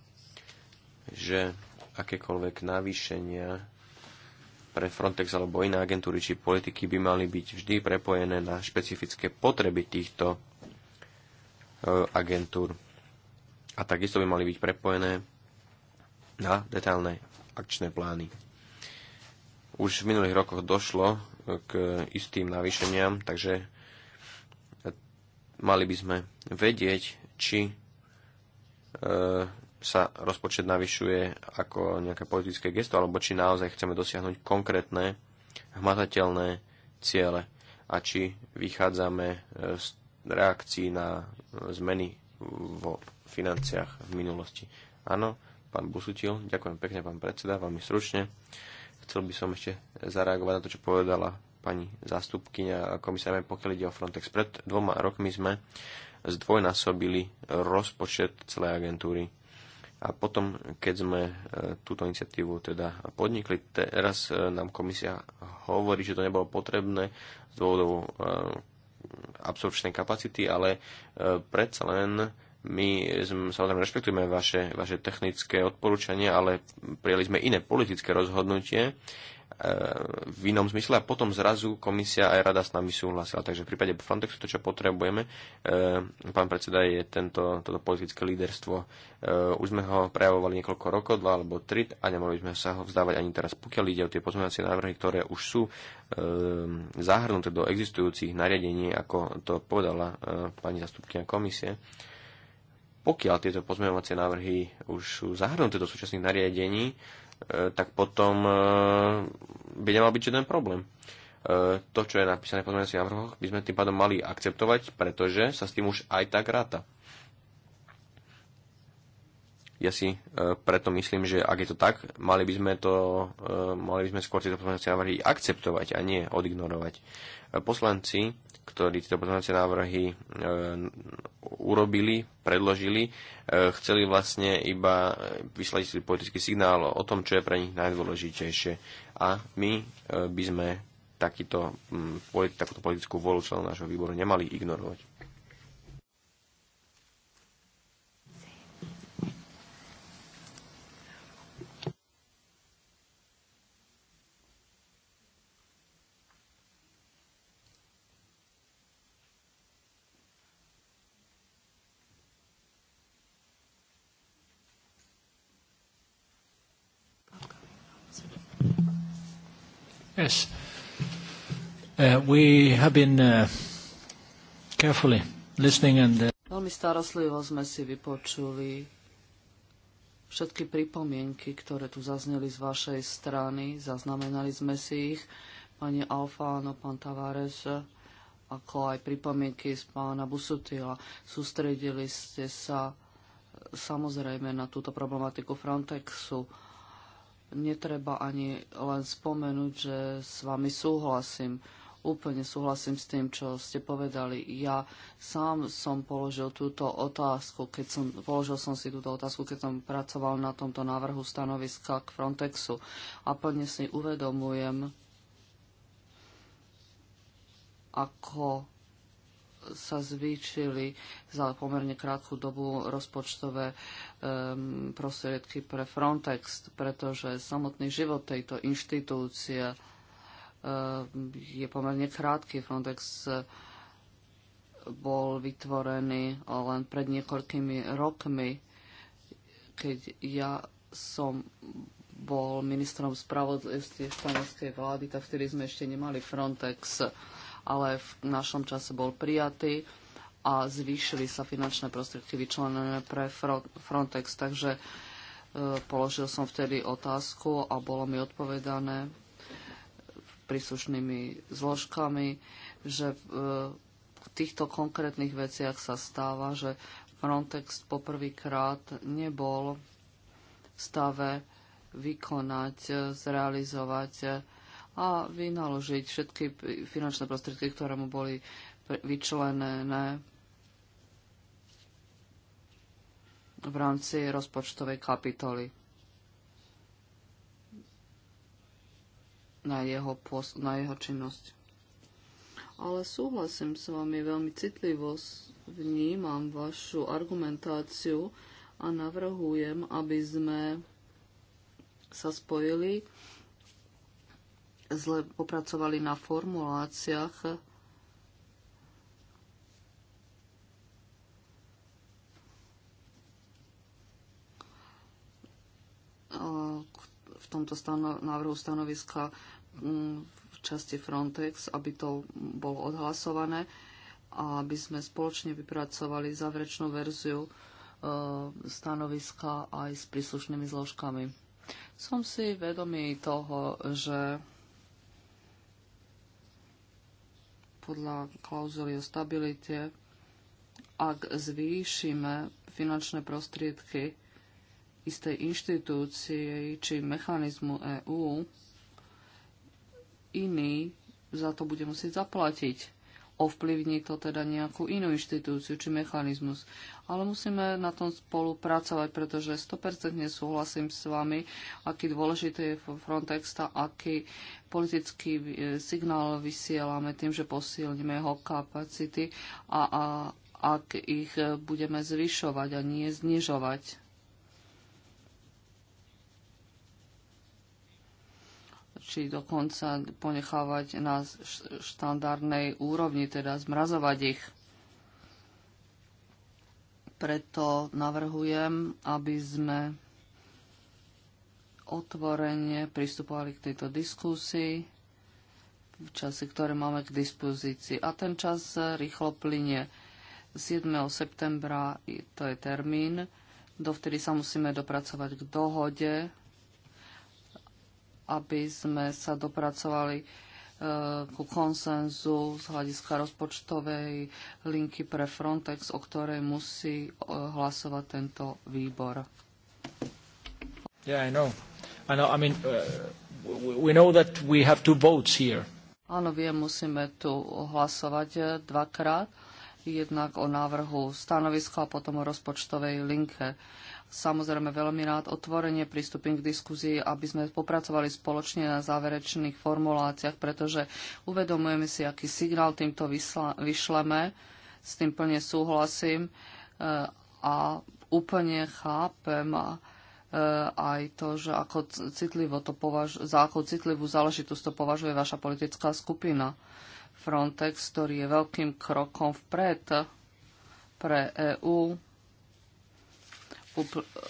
že akékoľvek navýšenia pre Frontex alebo iné agentúry či politiky by mali byť vždy prepojené na špecifické potreby týchto e, agentúr. A takisto by mali byť prepojené na detailné akčné plány. Už v minulých rokoch došlo e, k istým navýšeniam, takže mali by sme vedieť, či e, sa rozpočet navyšuje ako nejaké politické gesto, alebo či naozaj chceme dosiahnuť konkrétne, hmatateľné ciele a či vychádzame e, z reakcií na e, zmeny vo financiách v minulosti. Áno, pán Busutil, ďakujem pekne, pán predseda, veľmi stručne. Chcel by som ešte zareagovať na to, čo povedala pani zástupkynia komisárme, pokiaľ ide o Frontex. Pred dvoma rokmi sme zdvojnásobili rozpočet celej agentúry a potom, keď sme e, túto iniciatívu teda podnikli, teraz e, nám komisia hovorí, že to nebolo potrebné z dôvodov e, absorpčnej kapacity, ale predsa len my samozrejme rešpektujeme vaše, vaše technické odporúčania, ale prijali sme iné politické rozhodnutie v inom zmysle a potom zrazu komisia aj rada s nami súhlasila. Takže v prípade Frontexu to, čo potrebujeme, e, pán predseda, je tento, toto politické líderstvo. E, už sme ho prejavovali niekoľko rokov, dva alebo tri a nemali sme sa ho vzdávať ani teraz. Pokiaľ ide o tie pozmeňovacie návrhy, ktoré už sú e, zahrnuté do existujúcich nariadení, ako to povedala pani zastupkynia komisie, pokiaľ tieto pozmeňovacie návrhy už sú zahrnuté do súčasných nariadení, E, tak potom e, by nemal byť žiaden problém. E, to, čo je napísané v pozmeňovacích návrhoch, by sme tým pádom mali akceptovať, pretože sa s tým už aj tak ráta. Ja si e, preto myslím, že ak je to tak, mali by sme, to, e, mali by sme skôr tieto pozmeňovacie návrhy akceptovať a nie odignorovať. E, poslanci, ktorí tieto pozmeňovacie návrhy urobili, predložili, chceli vlastne iba vyslať politický signál o tom, čo je pre nich najdôležitejšie. A my by sme takýto, takúto politickú voľu členov nášho výboru nemali ignorovať. Yes. Uh, we have been uh, carefully listening and... Uh, Veľmi starostlivo sme si vypočuli všetky pripomienky, ktoré tu zazneli z vašej strany. Zaznamenali sme si ich, pani Alfáno, pán Tavares, ako aj pripomienky z pána Busutila. Sústredili ste sa samozrejme na túto problematiku Frontexu netreba ani len spomenúť, že s vami súhlasím. Úplne súhlasím s tým, čo ste povedali. Ja sám som položil túto otázku, keď som, položil som si túto otázku, keď som pracoval na tomto návrhu stanoviska k Frontexu. A plne si uvedomujem, ako sa zvýšili za pomerne krátku dobu rozpočtové um, prostriedky pre Frontex, pretože samotný život tejto inštitúcie um, je pomerne krátky. Frontex eh, bol vytvorený len pred niekoľkými rokmi, keď ja som bol ministrom spravodlivosti španielskej vlády, tak vtedy sme ešte nemali Frontex. Uh, ale v našom čase bol prijatý a zvýšili sa finančné prostriedky vyčlenené pre Frontex. Takže e, položil som vtedy otázku a bolo mi odpovedané príslušnými zložkami, že e, v týchto konkrétnych veciach sa stáva, že Frontex poprvýkrát nebol v stave vykonať, e, zrealizovať a vynaložiť všetky finančné prostriedky, ktoré mu boli vyčlenené v rámci rozpočtovej kapitoly na jeho, pos- na jeho činnosť. Ale súhlasím s vami veľmi citlivo, vnímam vašu argumentáciu a navrhujem, aby sme sa spojili zle popracovali na formuláciách. v tomto stano- návrhu stanoviska mm, v časti Frontex, aby to bolo odhlasované a aby sme spoločne vypracovali záverečnú verziu e, stanoviska aj s príslušnými zložkami. Som si vedomý toho, že podľa klauzuly o stabilite, ak zvýšime finančné prostriedky istej inštitúcie či mechanizmu EÚ, iný za to bude musieť zaplatiť ovplyvní to teda nejakú inú inštitúciu či mechanizmus. Ale musíme na tom spolupracovať, pretože 100% súhlasím s vami, aký dôležitý je Frontex a aký politický e, signál vysielame tým, že posilníme jeho kapacity a, a ak ich e, budeme zvyšovať a nie znižovať. či dokonca ponechávať na štandardnej úrovni, teda zmrazovať ich. Preto navrhujem, aby sme otvorene pristupovali k tejto diskusii v čase, ktoré máme k dispozícii. A ten čas rýchlo plinie. 7. septembra to je termín. do vtedy sa musíme dopracovať k dohode aby sme sa dopracovali e, ku konsenzu z hľadiska rozpočtovej linky pre Frontex, o ktorej musí e, hlasovať tento výbor. Yeah, I know. I know. I mean, uh, we know that we have two votes here. Áno, viem, musíme tu hlasovať e, dvakrát. Jednak o návrhu stanoviska a potom o rozpočtovej linke. Samozrejme veľmi rád otvorene pristúpim k diskuzii, aby sme popracovali spoločne na záverečných formuláciách, pretože uvedomujeme si, aký signál týmto vysla, vyšleme. S tým plne súhlasím e, a úplne chápem a e, aj to, že ako citlivo to považ- za akú citlivú záležitosť to považuje vaša politická skupina. Frontex, ktorý je veľkým krokom vpred pre EÚ, Eh,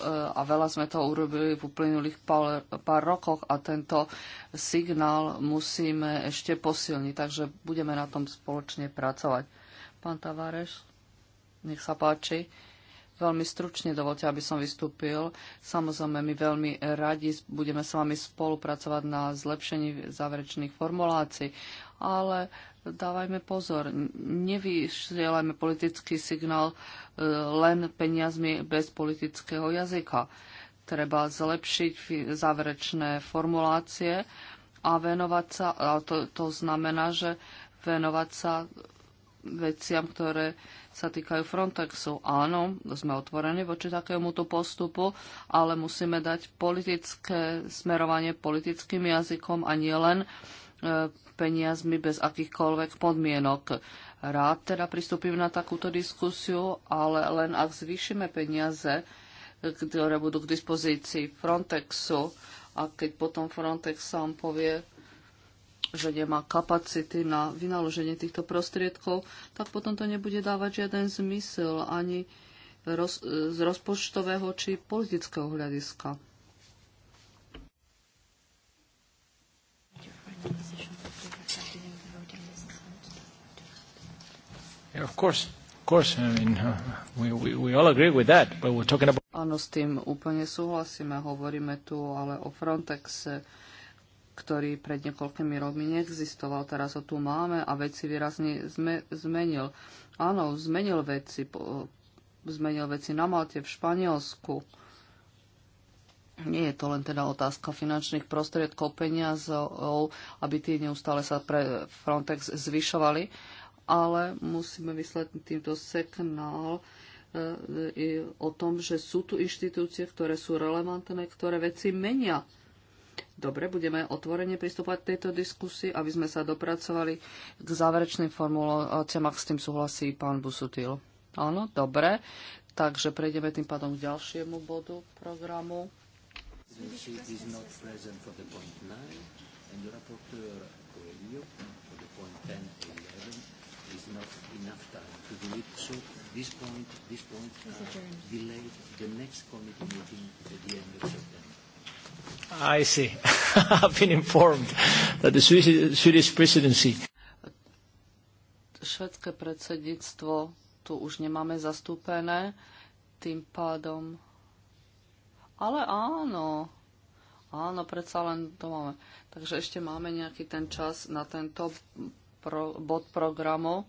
a veľa sme to urobili v uplynulých pár, pár rokoch a tento signál musíme ešte posilniť, takže budeme na tom spoločne pracovať. Pán Tavareš, nech sa páči. Veľmi stručne dovolte, aby som vystúpil. Samozrejme, my veľmi radi budeme s vami spolupracovať na zlepšení záverečných formulácií, ale dávajme pozor, nevyšielajme politický signál e, len peniazmi bez politického jazyka. Treba zlepšiť záverečné formulácie a venovať sa, a to, to znamená, že venovať sa veciam, ktoré sa týkajú Frontexu. Áno, sme otvorení voči takémuto postupu, ale musíme dať politické smerovanie politickým jazykom a nielen len E, peniazmi bez akýchkoľvek podmienok. Rád teda pristúpim na takúto diskusiu, ale len ak zvýšime peniaze, e, ktoré budú k dispozícii Frontexu a keď potom Frontex sám povie, že nemá kapacity na vynaloženie týchto prostriedkov, tak potom to nebude dávať žiaden zmysel ani roz, e, z rozpočtového či politického hľadiska. of course. Of course. I mean, uh, we, we, we all agree with that, but we're talking about... Áno, s tým úplne súhlasíme. Hovoríme tu ale o Frontexe, ktorý pred niekoľkými rokmi neexistoval. Teraz ho tu máme a veci výrazne zme, zmenil. Áno, zmenil veci. Po, zmenil veci na Malte, v Španielsku. Nie je to len teda otázka finančných prostriedkov, peniazov, aby tie neustále sa pre Frontex zvyšovali, ale musíme vyslať týmto signál e, o tom, že sú tu inštitúcie, ktoré sú relevantné, ktoré veci menia. Dobre, budeme otvorene pristúpať k tejto diskusii, aby sme sa dopracovali k záverečným formuláciám, ak s tým súhlasí pán Busutil. Áno, dobre. Takže prejdeme tým pádom k ďalšiemu bodu programu. the is not enough time to do it. So this point, this point is uh, delayed the next committee meeting at the end of September. I see. I've been informed that the Swiss, Swedish presidency. Švedské predsedníctvo tu už nemáme zastúpené, tým pádom. Ale áno, áno, predsa len to máme. Takže ešte máme nejaký ten čas na tento pro, bod programu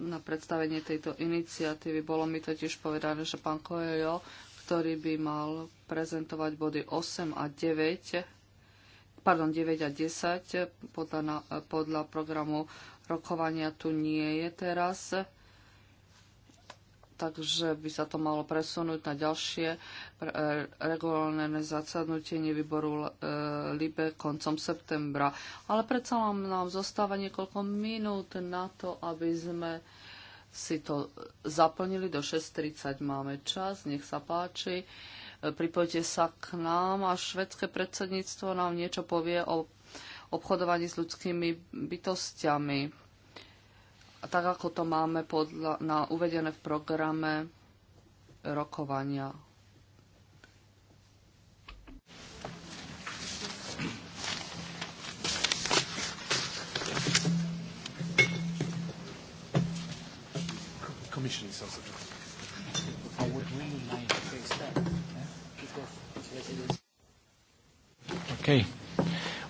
na predstavenie tejto iniciatívy. Bolo mi totiž povedané, že pán Kojojo, ktorý by mal prezentovať body 8 a 9, pardon, 9 a 10 podľa, podľa programu rokovania tu nie je teraz takže by sa to malo presunúť na ďalšie e, regulárne zasadnutie výboru e, LIBE koncom septembra. Ale predsa nám zostáva niekoľko minút na to, aby sme si to zaplnili. Do 6.30 máme čas, nech sa páči. E, pripojte sa k nám a švedské predsedníctvo nám niečo povie o obchodovaní s ľudskými bytostiami a tak ako to máme podľa, na, uvedené v programe rokovania. Okay.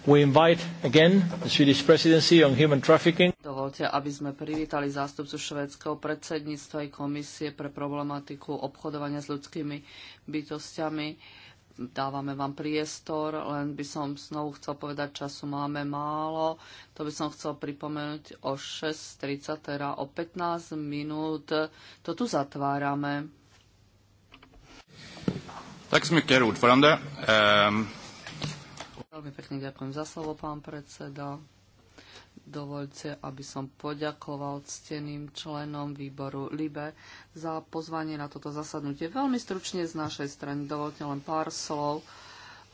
We invite again the Swedish presidency on human trafficking. Dovolte, aby sme privítali zástupcu švédskeho predsedníctva i komisie pre problematiku obchodovania s ľudskými bytostiami. Dávame vám priestor, len by som znovu chcel povedať, času máme málo. To by som chcel pripomenúť o 6.30, teda o 15 minút. To tu zatvárame. Tak sme mycket, Veľmi pekne ďakujem za slovo, pán predseda. Dovolte, aby som poďakoval cteným členom výboru LIBE za pozvanie na toto zasadnutie. Veľmi stručne z našej strany dovolte len pár slov e,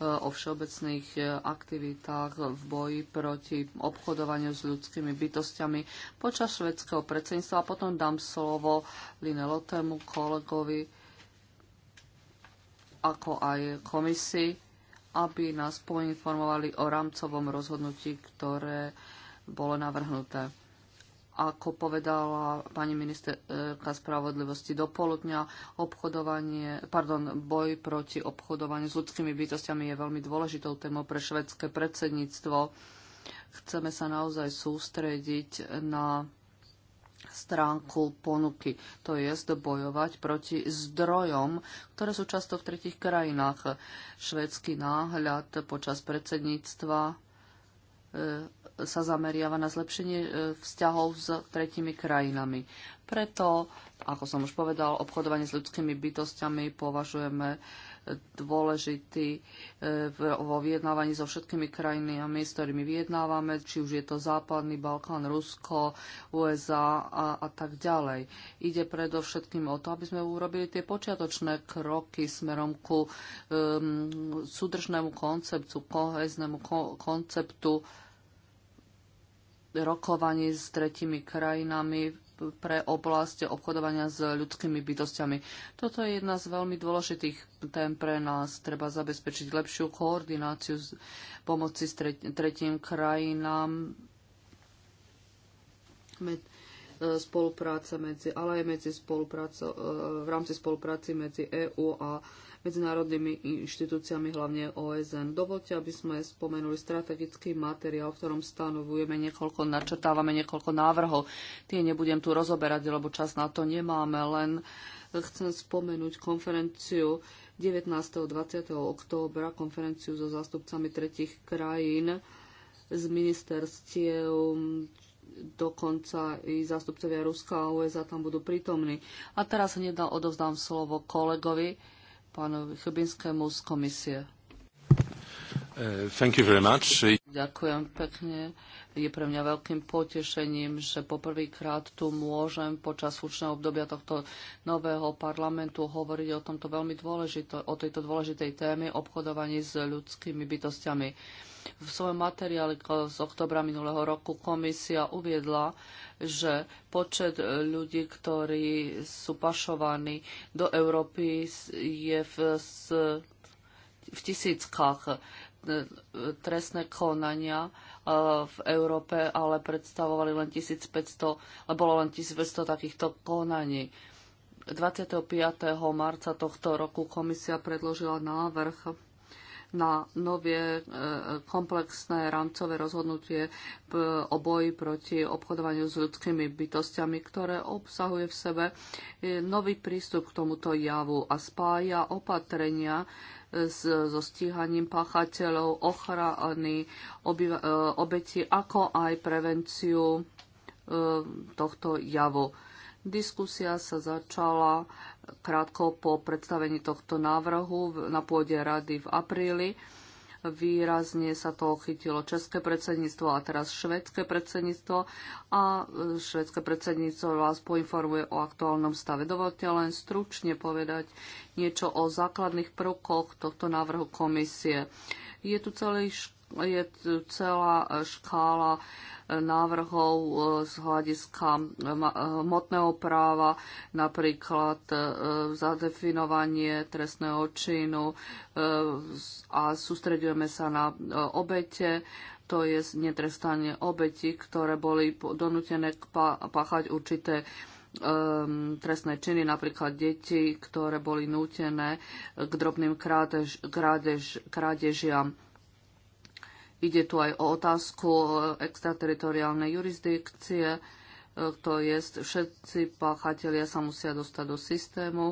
o všeobecných e, aktivitách v boji proti obchodovaniu s ľudskými bytostiami počas švedského predsedníctva. Potom dám slovo Line Lotému, kolegovi, ako aj komisii aby nás poinformovali o rámcovom rozhodnutí, ktoré bolo navrhnuté. Ako povedala pani ministerka spravodlivosti do poludňa, obchodovanie, pardon, boj proti obchodovaniu s ľudskými bytostiami je veľmi dôležitou témou pre švedské predsedníctvo. Chceme sa naozaj sústrediť na stránku ponuky, to je bojovať proti zdrojom, ktoré sú často v tretich krajinách. Švedský náhľad počas predsedníctva e, sa zameriava na zlepšenie e, vzťahov s tretimi krajinami. Preto, ako som už povedal, obchodovanie s ľudskými bytostiami považujeme dôležitý e, vo vyjednávaní so všetkými krajinami, s ktorými vyjednávame, či už je to Západný Balkán, Rusko, USA a, a tak ďalej. Ide predovšetkým o to, aby sme urobili tie počiatočné kroky smerom ku um, súdržnému konceptu, koheznému ko- konceptu rokovaní s tretimi krajinami pre oblasť obchodovania s ľudskými bytostiami. Toto je jedna z veľmi dôležitých tém pre nás. Treba zabezpečiť lepšiu koordináciu s pomoci s tretím krajinám, med, e, spolupráca medzi, ale aj medzi spolupráca, e, v rámci spolupráci medzi EU a medzinárodnými inštitúciami, hlavne OSN. Dovolte, aby sme spomenuli strategický materiál, v ktorom stanovujeme niekoľko, načrtávame niekoľko návrhov. Tie nebudem tu rozoberať, lebo čas na to nemáme, len chcem spomenúť konferenciu 19. 20. októbra, konferenciu so zástupcami tretich krajín z ministerstiev dokonca i zástupcovia Ruska a USA tam budú prítomní. A teraz hneď odovzdám slovo kolegovi, pánovi Chubinskému z komisie. Eh, thank you very much. Ďakujem pekne. Je pre mňa veľkým potešením, že poprvýkrát tu môžem počas slučného obdobia tohto nového parlamentu hovoriť o tomto veľmi dôležito, o tejto dôležitej téme obchodovaní s ľudskými bytostiami. V svojom materiáli z oktobra minulého roku komisia uviedla, že počet e, ľudí, ktorí sú pašovaní do Európy, je v, v tisíckach e, trestné konania e, v Európe, ale predstavovali len 1500, bolo len 1500 takýchto konaní. 25. marca tohto roku komisia predložila návrh na nové e, komplexné rámcové rozhodnutie o boji proti obchodovaniu s ľudskými bytostiami, ktoré obsahuje v sebe e, nový prístup k tomuto javu a spája opatrenia e, so stíhaním páchateľov, ochrany obeti, ako aj prevenciu tohto javu Diskusia sa začala krátko po predstavení tohto návrhu na pôde rady v apríli. Výrazne sa to chytilo české predsedníctvo a teraz švedské predsedníctvo a e, švedské predsedníctvo vás poinformuje o aktuálnom stave. Dovolte len stručne povedať niečo o základných prvkoch tohto návrhu komisie. Je tu celý šk- je tu celá škála eh, návrhov eh, z hľadiska eh, hmotného práva, napríklad zadefinovanie trestného činu a sústredujeme sa na obete, to je netrestanie obeti, ktoré boli donútené páchať určité ehm, trestné činy, napríklad deti, ktoré boli nútené k drobným krádež, krádež, krádežiam. Ide tu aj o otázku e, extrateritoriálnej jurisdikcie, e, to je, všetci páchatelia sa musia dostať do systému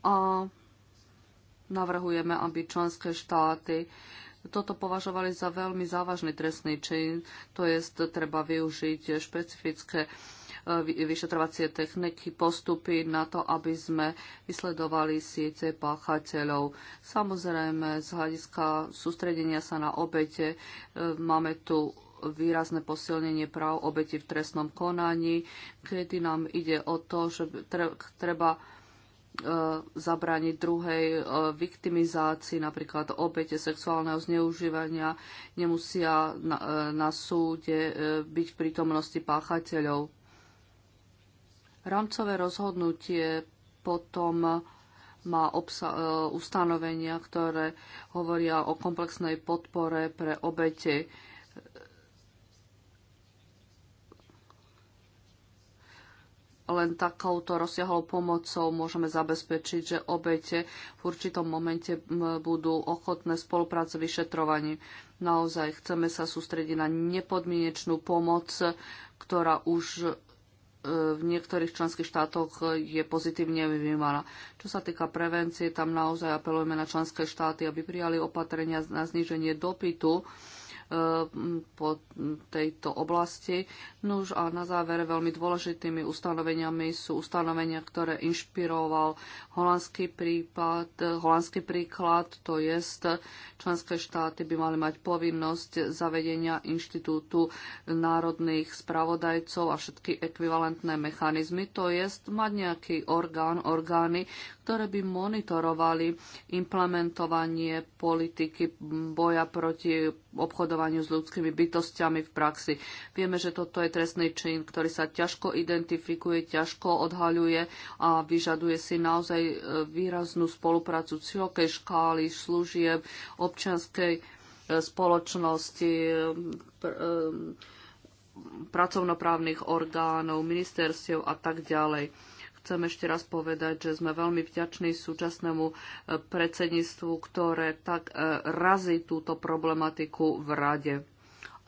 a navrhujeme, aby členské štáty toto považovali za veľmi závažný trestný čin, to je, treba využiť špecifické vyšetrovacie techniky, postupy na to, aby sme vysledovali siete páchateľov. Samozrejme, z hľadiska sústredenia sa na obete e, máme tu výrazné posilnenie práv obeti v trestnom konaní, kedy nám ide o to, že treba e, zabrániť druhej e, viktimizácii, napríklad obete sexuálneho zneužívania, nemusia na, na súde byť v prítomnosti páchateľov. Rámcové rozhodnutie potom má obsa- e, ustanovenia, ktoré hovoria o komplexnej podpore pre obete. Len takouto rozsiahlou pomocou môžeme zabezpečiť, že obete v určitom momente budú ochotné spolupráce vyšetrovaní. Naozaj chceme sa sústrediť na nepodmienečnú pomoc, ktorá už v niektorých členských štátoch je pozitívne vnímaná. Čo sa týka prevencie, tam naozaj apelujeme na členské štáty, aby prijali opatrenia na zníženie dopytu po tejto oblasti. Nuž a na záver veľmi dôležitými ustanoveniami sú ustanovenia, ktoré inšpiroval holandský prípad, holandský príklad, to jest členské štáty by mali mať povinnosť zavedenia inštitútu národných spravodajcov a všetky ekvivalentné mechanizmy, to jest mať nejaký orgán, orgány, ktoré by monitorovali implementovanie politiky boja proti obchodovaniu s ľudskými bytostiami v praxi. Vieme, že toto je trestný čin, ktorý sa ťažko identifikuje, ťažko odhaľuje a vyžaduje si naozaj e, výraznú spoluprácu širokej škály služieb občianskej e, spoločnosti, e, pr pracovnoprávnych orgánov, ministerstiev a tak ďalej chcem ešte raz povedať, že sme veľmi vďační súčasnému e, predsedníctvu, ktoré tak e, razí túto problematiku v rade.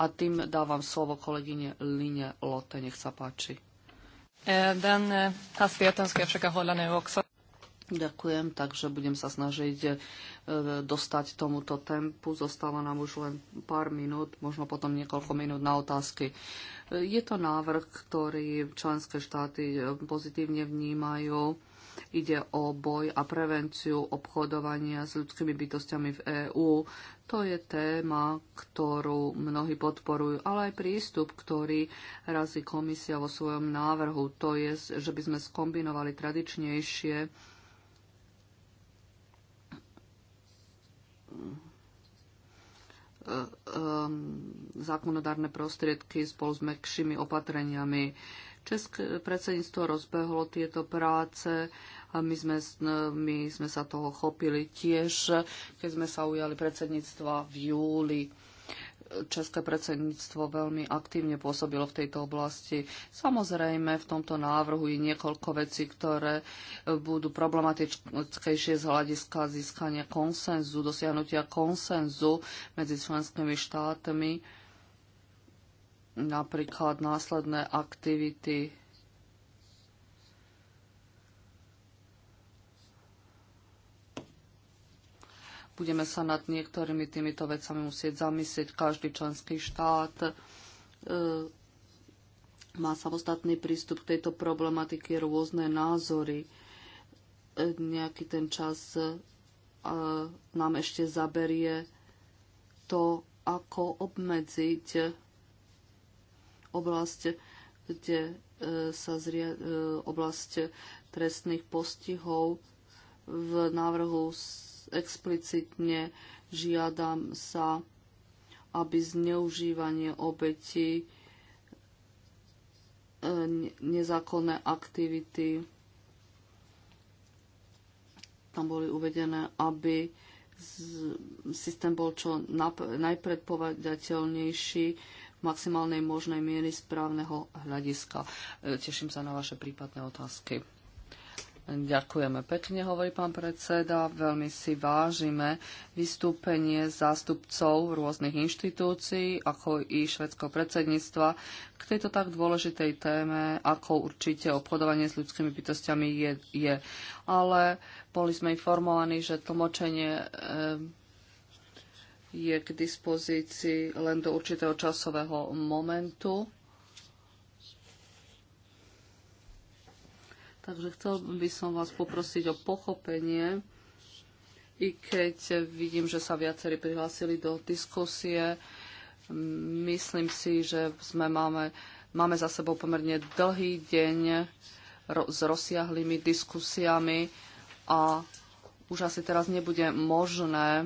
A tým dávam slovo kolegyne Line Lotte. Nech sa páči. E, den hastigheten ska jag försöka hålla nu också. Ďakujem, takže budem sa snažiť e, dostať tomuto tempu. Zostáva nám už len pár minút, možno potom niekoľko minút na otázky. E, je to návrh, ktorý členské štáty e, pozitívne vnímajú. Ide o boj a prevenciu obchodovania s ľudskými bytostiami v EÚ. To je téma, ktorú mnohí podporujú, ale aj prístup, ktorý razí komisia vo svojom návrhu. To je, že by sme skombinovali tradičnejšie Um, zákonodárne prostriedky spolu s mekšími opatreniami. České predsedníctvo rozbehlo tieto práce a my sme, my sme sa toho chopili tiež, keď sme sa ujali predsedníctva v júli České predsedníctvo veľmi aktívne pôsobilo v tejto oblasti. Samozrejme, v tomto návrhu je niekoľko vecí, ktoré e, budú problematickejšie z hľadiska získania konsenzu, dosiahnutia konsenzu medzi členskými štátmi, napríklad následné aktivity budeme sa nad niektorými týmito vecami musieť zamyslieť. Každý členský štát e, má samostatný prístup k tejto problematike, rôzne názory. E, nejaký ten čas e, nám ešte zaberie to, ako obmedziť oblasť, kde e, sa e, oblasť trestných postihov v návrhu explicitne žiadam sa, aby zneužívanie obeti e, nezákonné aktivity tam boli uvedené, aby systém bol čo najpredpovedateľnejší v maximálnej možnej miery správneho hľadiska. E, teším sa na vaše prípadné otázky. Ďakujeme pekne, hovorí pán predseda. Veľmi si vážime vystúpenie zástupcov rôznych inštitúcií, ako i švedského predsedníctva, k tejto tak dôležitej téme, ako určite obchodovanie s ľudskými bytostiami je. je. Ale boli sme informovaní, že tlmočenie e, je k dispozícii len do určitého časového momentu Takže chcel by som vás poprosiť o pochopenie, i keď vidím, že sa viacerí prihlásili do diskusie. Myslím si, že sme máme, máme za sebou pomerne dlhý deň ro, s rozsiahlými diskusiami a už asi teraz nebude možné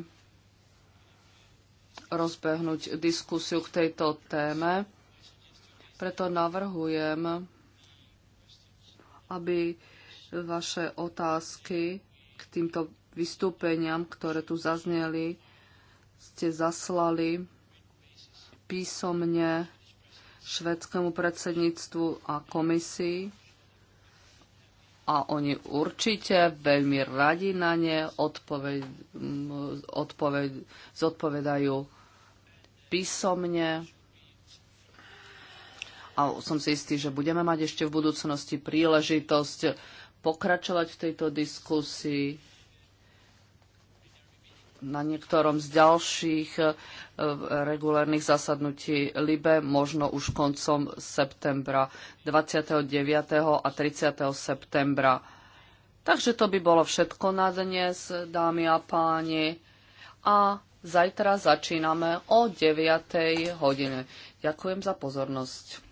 rozbehnúť diskusiu k tejto téme. Preto navrhujem, aby vaše otázky k týmto vystúpeniam, ktoré tu zazneli, ste zaslali písomne švedskému predsedníctvu a komisii a oni určite veľmi radi na ne odpoved, odpoved, zodpovedajú písomne a som si istý, že budeme mať ešte v budúcnosti príležitosť pokračovať v tejto diskusii na niektorom z ďalších e, regulárnych zasadnutí LIBE, možno už koncom septembra, 29. a 30. septembra. Takže to by bolo všetko na dnes, dámy a páni. A zajtra začíname o 9. hodine. Ďakujem za pozornosť.